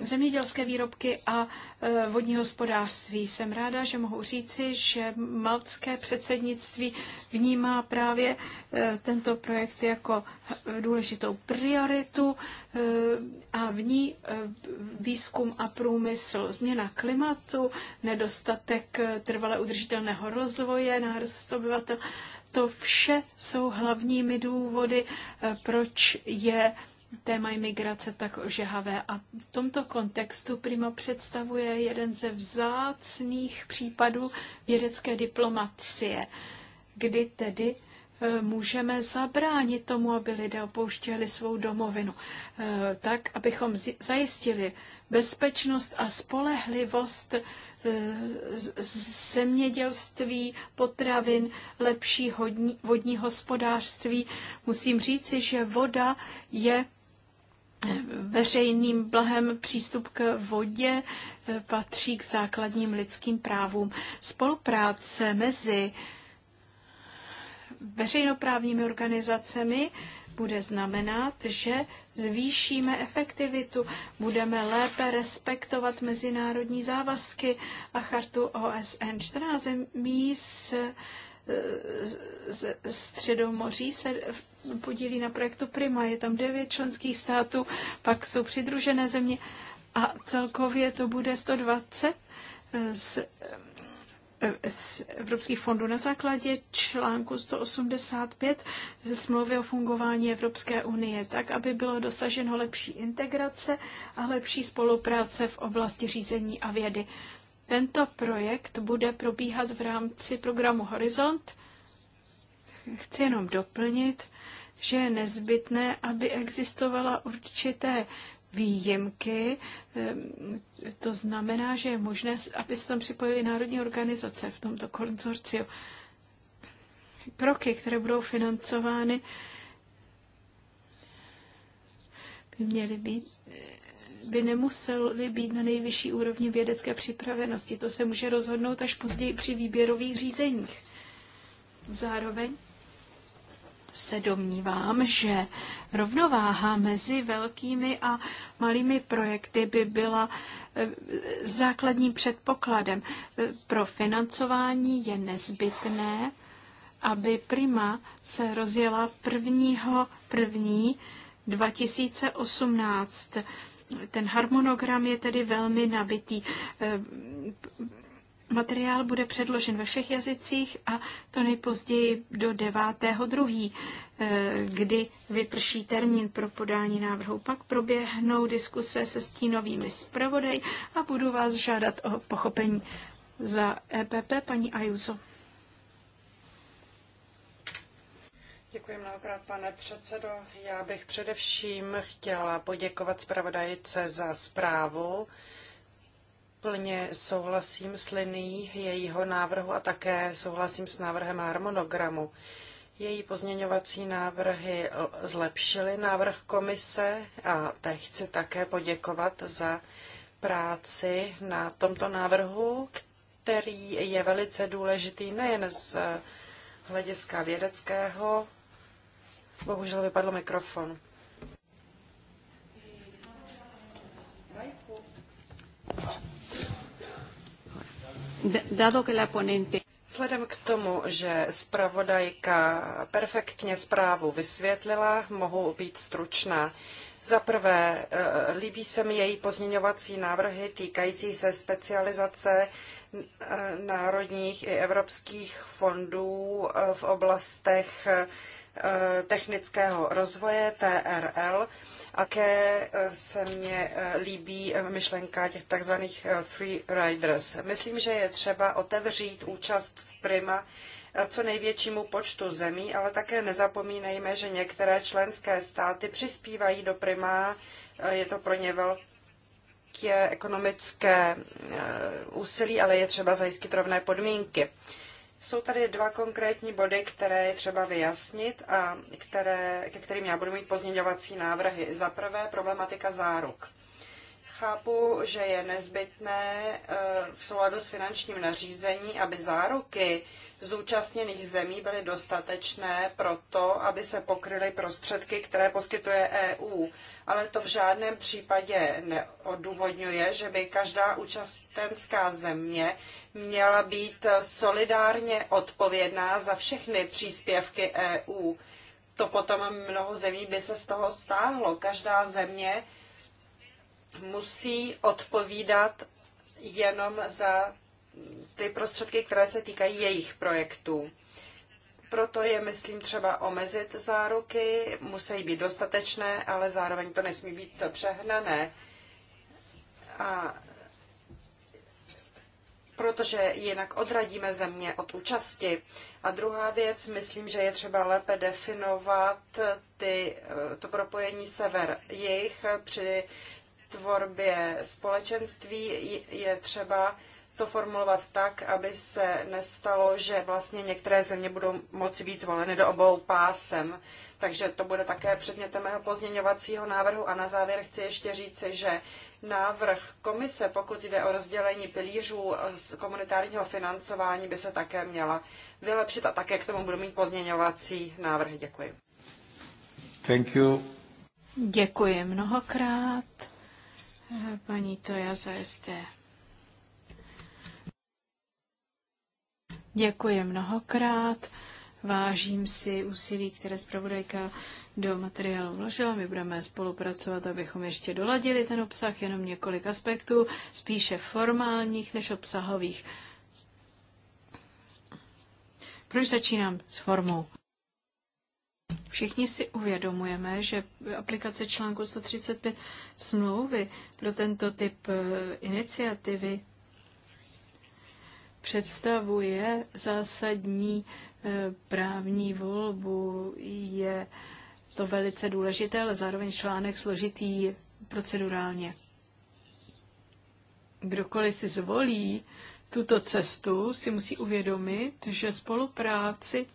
[SPEAKER 1] zemědělské výrobky a e, vodní hospodářství. Jsem ráda, že mohu říci, že maltské předsednictví vnímá právě e, tento projekt jako e, důležitou prioritu a v ní výzkum a průmysl, změna klimatu, nedostatek trvale udržitelného rozvoje, nárůst obyvatel. To vše jsou hlavními důvody, proč je téma imigrace tak ožehavé. A v tomto kontextu Primo představuje jeden ze vzácných případů vědecké diplomacie, kdy tedy e, můžeme zabránit tomu, aby lidé opouštěli svou domovinu, e, tak, abychom zajistili bezpečnost a spolehlivost e, zemědělství, potravin, lepší vodní hospodářství. Musím říci, že voda je veřejným blahem přístup k vodě eh, patří k základním lidským právům. Spolupráce mezi veřejnoprávními organizacemi bude znamenat, že zvýšíme efektivitu, budeme lépe respektovat mezinárodní závazky a chartu OSN. 14 zemí z, eh, z, z Středomoří se podílí na projektu Prima. Je tam devět členských států, pak jsou přidružené země a celkově to bude 120 eh, z, eh, z evropských fondů na základě článku 185 ze smlouvy o fungování Evropské unie, tak aby bylo dosaženo lepší integrace a lepší spolupráce v oblasti řízení a vědy. Tento projekt bude probíhat v rámci programu Horizont Chci jenom doplnit, že je nezbytné, aby existovala určité výjimky. Ehm, to znamená, že je možné, aby se tam připojily národní organizace v tomto konzorciu. Kroky, které budou financovány, by měly být by nemuseli být na nejvyšší úrovni vědecké připravenosti. To se může rozhodnout až později při výběrových řízeních. Zároveň se domnívám, že rovnováha mezi velkými a malými projekty by byla eh, základním předpokladem. Pro financování je nezbytné, aby prima se rozjela 1. 1. 2018. Ten harmonogram je tedy velmi nabitý. Eh, Materiál bude předložen ve všech jazycích a to nejpozději do 9.2., eh, kdy vyprší termín pro podání návrhu. Pak proběhnou diskuse se stínovými zpravodaj a budu vás žádat o pochopení za EPP paní Ajuzo.
[SPEAKER 2] Děkuji mnohokrát, pane předsedo. Já bych především chtěla poděkovat zpravodajce za zprávu. Plně souhlasím s linií jejího návrhu a také souhlasím s návrhem harmonogramu. Její pozměňovací návrhy zlepšily návrh komise a té chci také poděkovat za práci na tomto návrhu, který je velice důležitý nejen z hlediska vědeckého. Bohužel vypadl mikrofon. Thank you dado que la ponente... Vzhledem k tomu, že zpravodajka perfektně zprávu vysvětlila, mohu být stručná. Za prvé, eh, líbí se mi její pozměňovací návrhy týkající se specializace eh, národních i evropských fondů eh, v oblastech Eh, technického rozvoje TRL. ke eh, se mně eh, líbí myšlenka těch takzvaných free riders. Myslím, že je třeba otevřít účast v Prima co největšímu počtu zemí, ale také nezapomínejme, že některé členské státy přispívají do Prima. Je to pro ně velké ekonomické úsilí, ale je třeba zajistit rovné podmínky. Jsou tady dva konkrétní body, které je třeba vyjasnit a které, ke kterým já budu mít pozměňovací návrhy. Za prvé problematika záruk. Chápu, že je nezbytné eh, v souladu s finančním nařízení, aby záruky zúčastněných zemí byly dostatečné pro to, aby se pokryly prostředky, které poskytuje EU. Ale to v žádném případě neodůvodňuje, že by každá účastenská země měla být solidárně odpovědná za všechny příspěvky EU. To potom mnoho zemí by se z toho stáhlo. Každá země musí odpovídat jenom za ty prostředky, které se týkají jejich projektů. Proto je, myslím, třeba omezit záruky, musí být dostatečné, ale zároveň to nesmí být přehnané. A protože jinak odradíme země od účasti. A druhá věc, myslím, že je třeba lépe definovat ty, to propojení sever jejich při tvorbě společenství je třeba to formulovat tak, aby se nestalo, že vlastně některé země budou moci být zvoleny do obou pásem. Takže to bude také předmětem mého pozměňovacího návrhu. A na závěr chci ještě říci, že návrh komise, pokud jde o rozdělení pilířů eh, z komunitárního financování, by se také měla vylepšit a také k tomu budu mít pozměňovací návrh. Děkuji.
[SPEAKER 3] Thank you.
[SPEAKER 1] Děkuji mnohokrát. Eh, paní to já SD. Děkuji mnohokrát. Vážím si úsilí, které zpravodajka do materiálu vložila. My budeme spolupracovat, abychom ještě doladili ten obsah, jenom několik aspektů, spíše formálních než obsahových. Proč začínám s formou? Všichni si uvědomujeme, že aplikace článku 135 smlouvy pro tento typ eh, iniciativy představuje zásadní eh, právní volbu. Je to velice důležité, ale zároveň článek složitý procedurálně. Kdokoliv si zvolí tuto cestu, si musí uvědomit, že spolupráci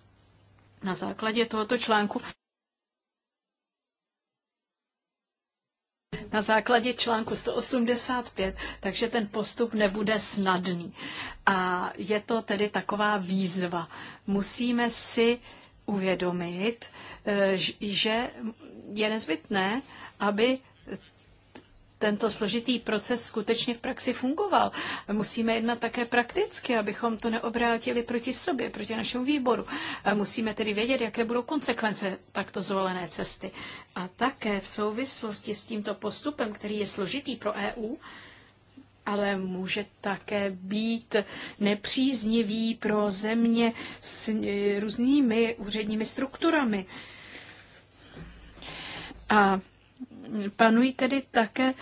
[SPEAKER 1] na základě tohoto článku na základě článku 185, takže ten postup nebude snadný. A je to tedy taková výzva. Musíme si uvědomit, eh, že je nezbytné, aby tento složitý proces skutečně v praxi fungoval. Musíme jednat také prakticky, abychom to neobrátili proti sobě, proti našemu výboru. Musíme tedy vědět, jaké budou konsekvence takto zvolené cesty. A také v souvislosti s tímto postupem, který je složitý pro EU, ale může také být nepříznivý pro země s různými úředními strukturami. A panují tedy také e,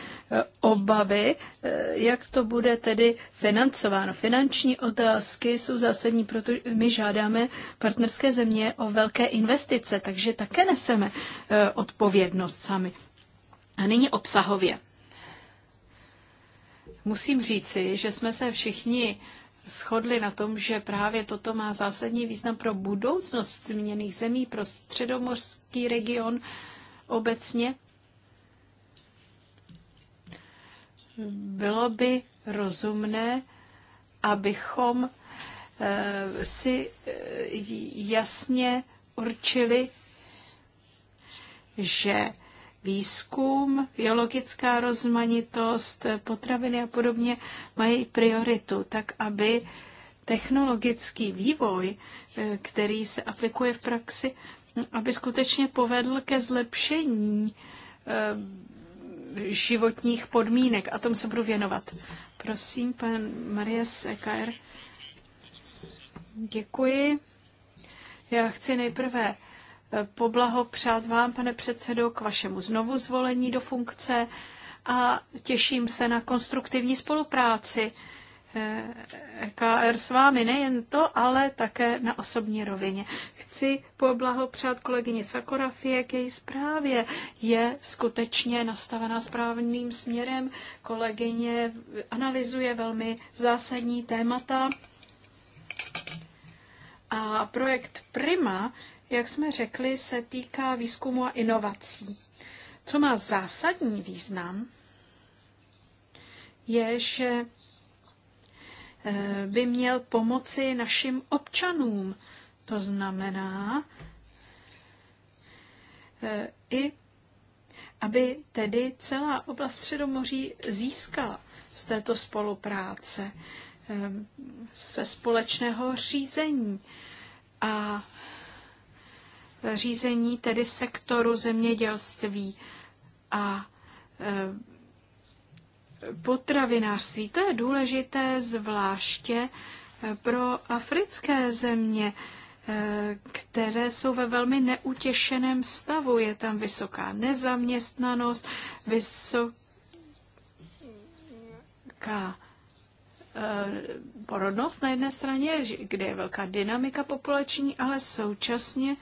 [SPEAKER 1] obavy, e, jak to bude tedy financováno. Finanční otázky jsou zásadní, protože my žádáme partnerské země o velké investice, takže také neseme e, odpovědnost sami. A nyní obsahově. Musím říci, že jsme se všichni shodli na tom, že právě toto má zásadní význam pro budoucnost změněných zemí, pro středomorský region obecně bylo by rozumné, abychom eh, si eh, jasně určili, že výzkum, biologická rozmanitost, potraviny a podobně mají prioritu, tak aby technologický vývoj, eh, který se aplikuje v praxi, aby skutečně povedl ke zlepšení životních podmínek a tom se budu věnovat. Prosím, pan Marie Sekar. Děkuji. Já chci nejprve eh, poblahopřát vám, pane předsedo, k vašemu znovu zvolení do funkce a těším se na konstruktivní spolupráci E, KR s vámi. Nejen to, ale také na osobní rovině. Chci poblahopřát kolegyni Sakorafie k její zprávě. Je skutečně nastavená správným směrem. Kolegyně analyzuje velmi zásadní témata. A projekt Prima, jak jsme řekli, se týká výzkumu a inovací. Co má zásadní význam, je, že Eh, by měl pomoci našim občanům. To znamená eh, i, aby tedy celá oblast Středomoří získala z této spolupráce, se eh, společného řízení a řízení tedy sektoru zemědělství a potravinářství. To je důležité zvláště eh, pro africké země, eh, které jsou ve velmi neutěšeném stavu. Je tam vysoká nezaměstnanost, vysoká eh, porodnost na jedné straně, kde je velká dynamika populační, ale současně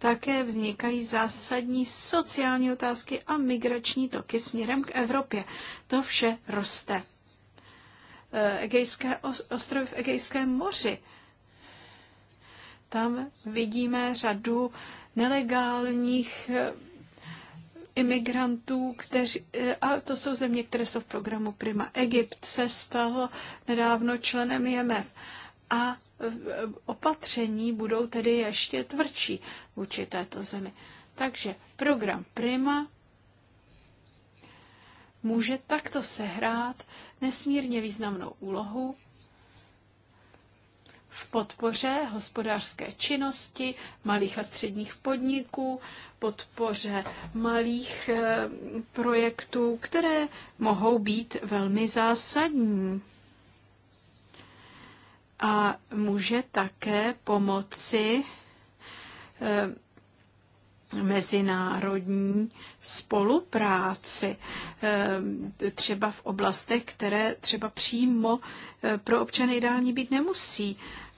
[SPEAKER 1] také vznikají zásadní sociální otázky a migrační toky směrem k Evropě. To vše roste. E, Egejské ostrovy v Egejském moři. Tam vidíme řadu nelegálních e, imigrantů, kteří, e, a to jsou země, které jsou v programu Prima. Egypt se stal nedávno členem IMF. A opatření budou tedy ještě tvrdší vůči této zemi. Takže program Prima může takto sehrát nesmírně významnou úlohu v podpoře hospodářské činnosti malých a středních podniků, podpoře malých eh, projektů, které mohou být velmi zásadní a může také pomoci eh, mezinárodní spolupráci, eh, třeba v oblastech, které třeba přímo eh, pro občany ideální být nemusí.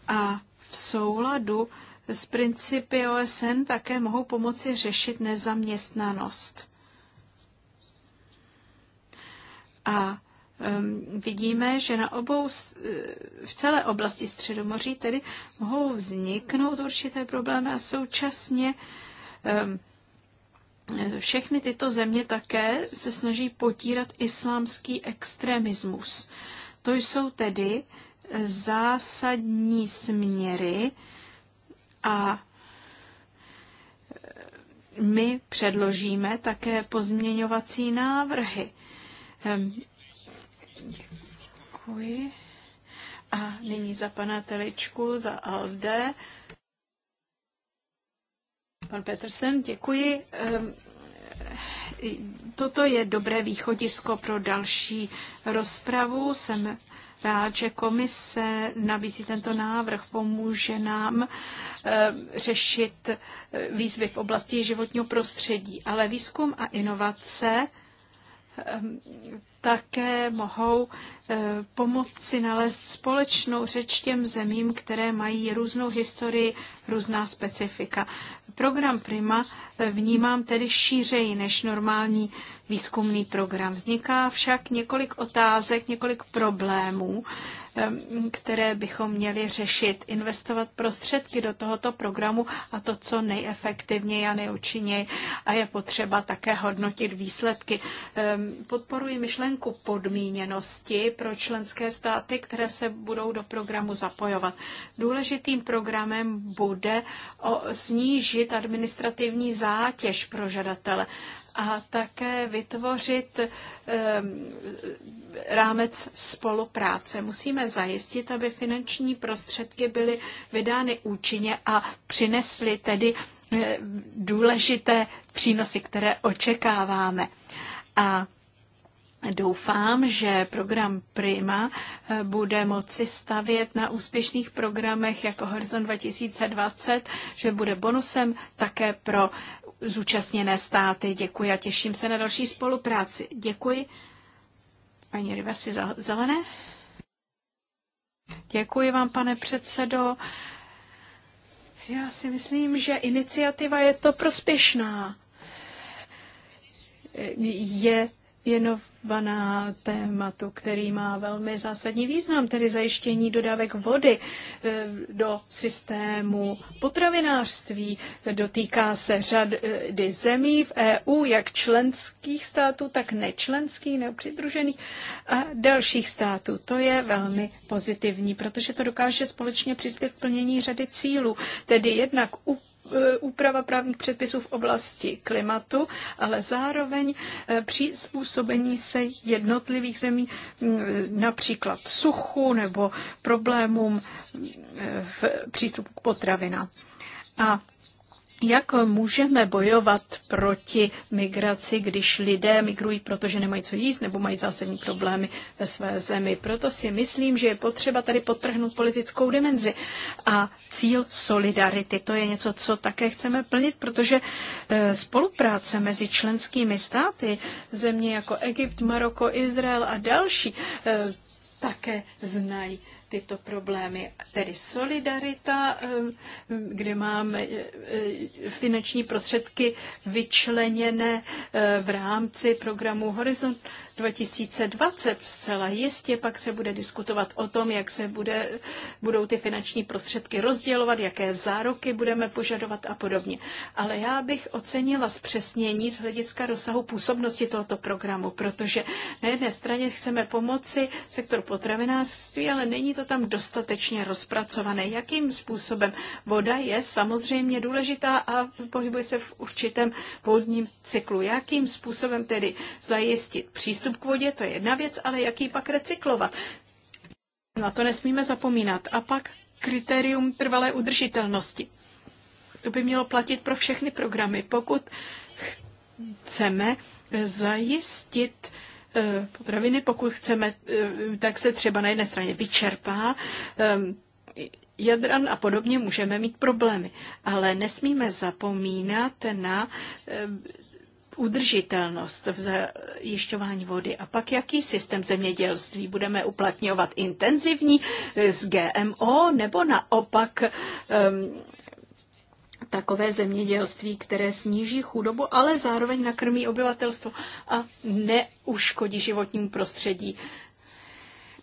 [SPEAKER 1] A v souladu s principy OSN také mohou pomoci řešit nezaměstnanost. A Ehm, vidíme, že na obou, eh, v celé oblasti Středomoří tedy mohou vzniknout určité problémy a současně ehm, všechny tyto země také se snaží potírat islámský extremismus. To jsou tedy zásadní směry a eh, my předložíme také pozměňovací návrhy ehm, Děkuji. A nyní za pana Teličku, za Alde. Pan Petersen, děkuji. Ehm, toto je dobré východisko pro další rozpravu. Jsem rád, že komise nabízí tento návrh, pomůže nám ehm, řešit eh, výzvy v oblasti životního prostředí, ale výzkum a inovace ehm, také mohou eh, pomoci nalézt společnou řeč těm zemím, které mají různou historii, různá specifika. Program Prima eh, vnímám tedy šířeji než normální výzkumný program. Vzniká však několik otázek, několik problémů, které bychom měli řešit. Investovat prostředky do tohoto programu a to, co nejefektivněji a nejúčinněji. A je potřeba také hodnotit výsledky. Podporuji myšlenku podmíněnosti pro členské státy, které se budou do programu zapojovat. Důležitým programem bude o, snížit administrativní zátěž pro žadatele a také vytvořit ehm, rámec spolupráce. Musíme zajistit, aby finanční prostředky byly vydány účinně a přinesly tedy eh, důležité přínosy, které očekáváme. A Doufám, že program Prima eh, bude moci stavět na úspěšných programech jako Horizon 2020, že bude bonusem také pro zúčastněné státy. Děkuji a těším se na další spolupráci. Děkuji. Paní Riva zelené. Děkuji vám, pane předsedo. Já si myslím, že iniciativa je to prospěšná. Je věnovaná tématu, který má velmi zásadní význam, tedy zajištění dodávek vody eh, do systému potravinářství. Dotýká se řady zemí v EU, jak členských států, tak nečlenských, nepřidružených a dalších států. To je velmi pozitivní, protože to dokáže společně přispět k plnění řady cílů, tedy jednak u E, úprava právních předpisů v oblasti klimatu, ale zároveň e, při způsobení se jednotlivých zemí například suchu nebo problémům v přístupu k potravinám. A jak můžeme bojovat proti migraci, když lidé migrují, protože nemají co jíst nebo mají zásadní problémy ve své zemi? Proto si myslím, že je potřeba tady potrhnout politickou dimenzi a cíl solidarity. To je něco, co také chceme plnit, protože eh, spolupráce mezi členskými státy, země jako Egypt, Maroko, Izrael a další, eh, také znají tyto problémy. Tedy solidarita, kde máme e, e, finanční prostředky vyčleněné e, v rámci programu Horizont 2020. Zcela jistě pak se bude diskutovat o tom, jak se bude, budou ty finanční prostředky rozdělovat, jaké zároky budeme požadovat a podobně. Ale já bych ocenila zpřesnění z hlediska rozsahu působnosti tohoto programu, protože na jedné straně chceme pomoci sektoru potravinářství, ale není to to tam dostatečně rozpracované. Jakým způsobem? Voda je samozřejmě důležitá a pohybuje se v určitém vodním cyklu. Jakým způsobem tedy zajistit přístup k vodě, to je jedna věc, ale jak ji pak recyklovat? Na to nesmíme zapomínat. A pak kritérium trvalé udržitelnosti. To by mělo platit pro všechny programy. Pokud chceme zajistit Eh, potraviny, pokud chceme, eh, tak se třeba na jedné straně vyčerpá eh, jadran a podobně můžeme mít problémy. Ale nesmíme zapomínat na udržitelnost v zajišťování vody a pak jaký systém zemědělství budeme uplatňovat intenzivní s GMO nebo naopak um, takové zemědělství, které sníží chudobu, ale zároveň nakrmí obyvatelstvo a neuškodí životnímu prostředí.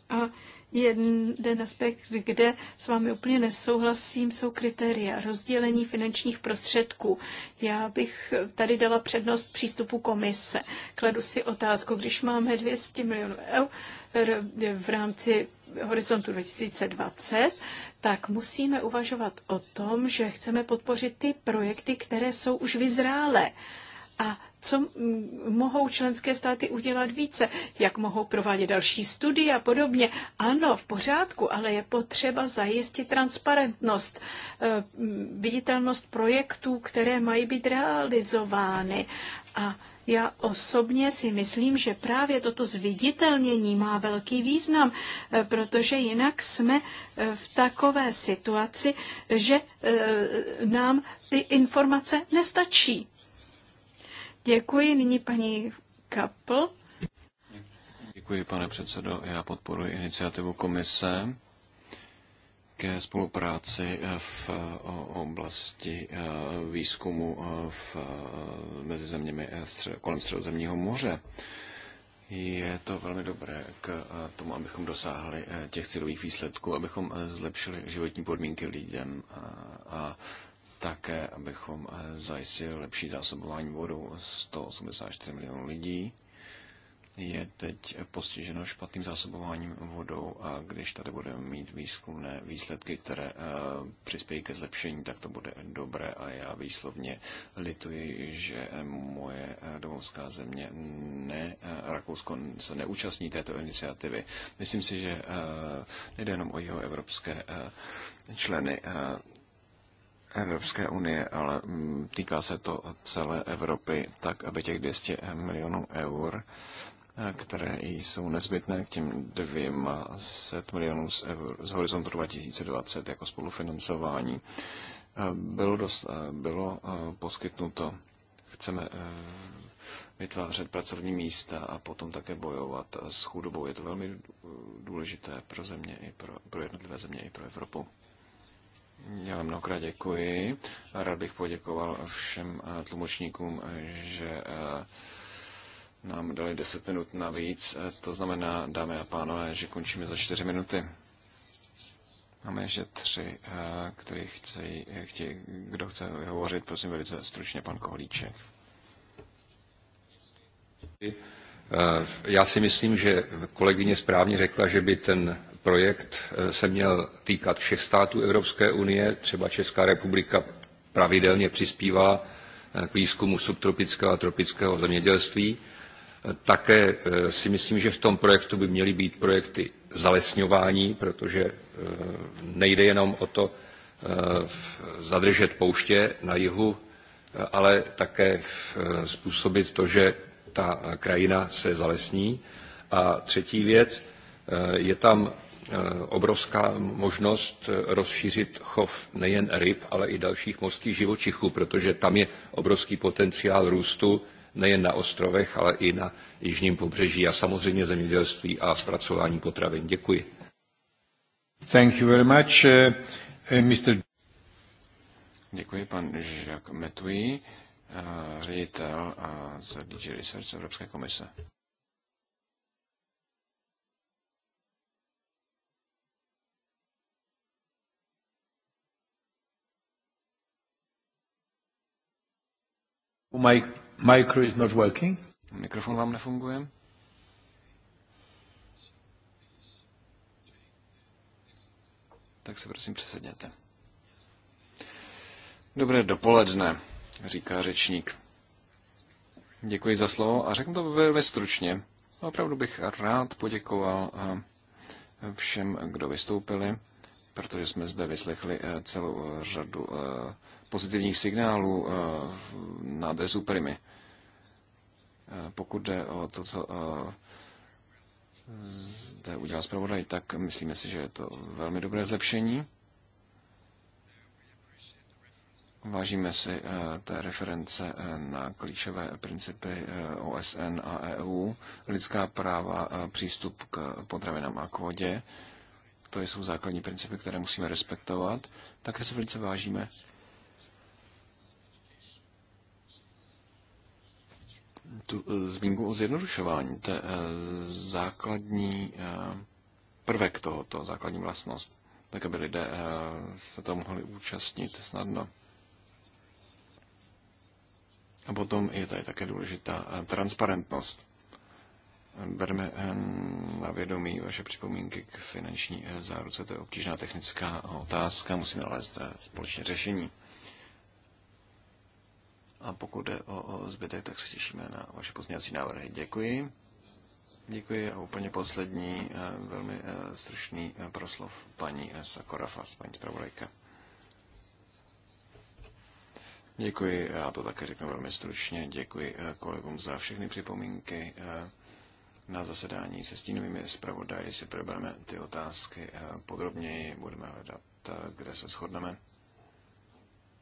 [SPEAKER 1] A Jeden aspekt, kde s vámi úplně nesouhlasím, jsou kritéria rozdělení finančních prostředků. Já bych tady dala přednost přístupu komise. Kladu si otázku, když máme 200 milionů eur v rámci horizontu 2020, tak musíme uvažovat o tom, že chceme podpořit ty projekty, které jsou už vyzrálé. A co mohou členské státy udělat více, jak mohou provádět další studie a podobně. Ano, v pořádku, ale je potřeba zajistit transparentnost, e, viditelnost projektů, které mají být realizovány. A já osobně si myslím, že právě toto zviditelnění má velký význam, e, protože jinak jsme e, v takové situaci, že nám ty informace nestačí. Děkuji. Nyní paní Kapl.
[SPEAKER 5] Děkuji, pane předsedo. Já podporuji iniciativu komise ke spolupráci v oblasti e, výzkumu e, v, e, mezi zeměmi kolem Středozemního moře. Je to velmi dobré k tomu, abychom dosáhli těch cílových výsledků, abychom zlepšili životní podmínky lidem a, a také, abychom eh, zajistili lepší zásobování vodou. 184 milionů lidí je teď postiženo špatným zásobováním vodou a když tady budeme mít výzkumné výsledky, které eh, přispějí ke zlepšení, tak to bude dobré a já výslovně lituji, že moje eh, domovská země ne, Rakousko se neúčastní této iniciativy. Myslím si, že nejde jenom o jeho evropské členy Evropské unie, ale mm, týká se to celé Evropy, tak aby těch 200 milionů eur, eh, které jsou nezbytné k těm 200 milionů z, eur, z horizontu 2020 jako spolufinancování, eh, bylo, dost, eh, bylo poskytnuto. Chceme vytvářet pracovní místa a potom také bojovat s chudobou. Je to velmi důležité pro země i pro, pro jednotlivé země i pro Evropu. Já vám mnohokrát děkuji. Rád bych poděkoval všem eh, tlumočníkům, že eh, nám dali 10 minut navíc. Eh, to znamená, dámy a pánové, že končíme za 4 minuty. Máme ještě tři, který chce, chtě, kdo chce hovořit, prosím velice stručně, pan Kohlíček.
[SPEAKER 3] Já si myslím, že kolegyně správně řekla, že by ten projekt eh, se měl týkat všech států Evropské unie. Třeba Česká republika pravidelně přispívá eh, k výzkumu subtropického a tropického zemědělství. Eh, také si myslím, že v tom projektu by měly být projekty zalesňování, protože nejde jenom o to zadržet pouště na jihu, ale také způsobit to, že ta krajina se zalesní. A třetí věc, je tam Eh, obrovská možnost eh, rozšířit chov nejen ryb, ale i dalších mořských živočichů, protože tam je obrovský potenciál růstu nejen na ostrovech, ale i na jižním pobřeží a samozřejmě zemědělství a zpracování potravin. Děkuji. Thank you very much, uh, eh, Mr. Děkuji, pan Jacques Metui,
[SPEAKER 5] ředitel z DG Research Evropské komise. My, micro is not working. Mikrofon vám nefunguje. Tak se prosím přesedněte. Dobré dopoledne, říká řečník. Děkuji za slovo a řeknu to velmi stručně. Opravdu bych rád poděkoval eh, všem, kdo vystoupili, protože jsme zde vyslechli eh, celou eh, řadu pozitivních signálů eh, na adresu Primy. Eh, pokud jde o to, co eh, zde udělal zpravodaj, tak myslíme si, že je to velmi dobré zlepšení. Vážíme si té reference na klíčové principy OSN a EU, lidská práva, přístup k potravinám a k vodě. To jsou základní principy, které musíme respektovat. Také se velice vážíme tu eh, zmínku o zjednodušování, to je eh, základní eh, prvek tohoto, základní vlastnost, tak aby lidé se to mohli účastnit snadno. A potom je tady také důležitá transparentnost. Bereme na vědomí vaše připomínky k finanční záruce. To je obtížná technická otázka. Musíme nalézt společně řešení. A pokud jde o, o zbytek, tak se těšíme na vaše pozměňovací návrhy. Děkuji. Děkuji a úplně poslední eh, velmi eh, stručný eh, proslov paní Sakorafas, paní zpravodajka. Děkuji, já to také řeknu velmi stručně. Děkuji kolegům za všechny připomínky. Na zasedání se stínovými zpravodaji si probereme ty otázky podrobněji, budeme hledat, kde se shodneme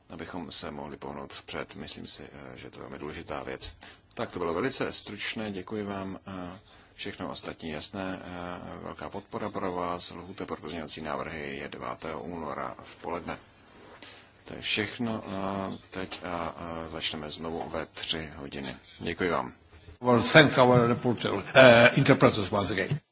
[SPEAKER 5] abychom se mohli pohnout vpřed. Myslím si, eh, že to je velmi důležitá věc. Tak to bylo velice stručné, děkuji vám. Eh, všechno ostatní jasné, eh, velká podpora pro vás. Lhůte pro pozměňovací návrhy je 9. února v poledne. To je všechno teď a začneme znovu ve tři hodiny.
[SPEAKER 3] Děkuji vám. Well, thanks our reporter, uh, interpreters once again.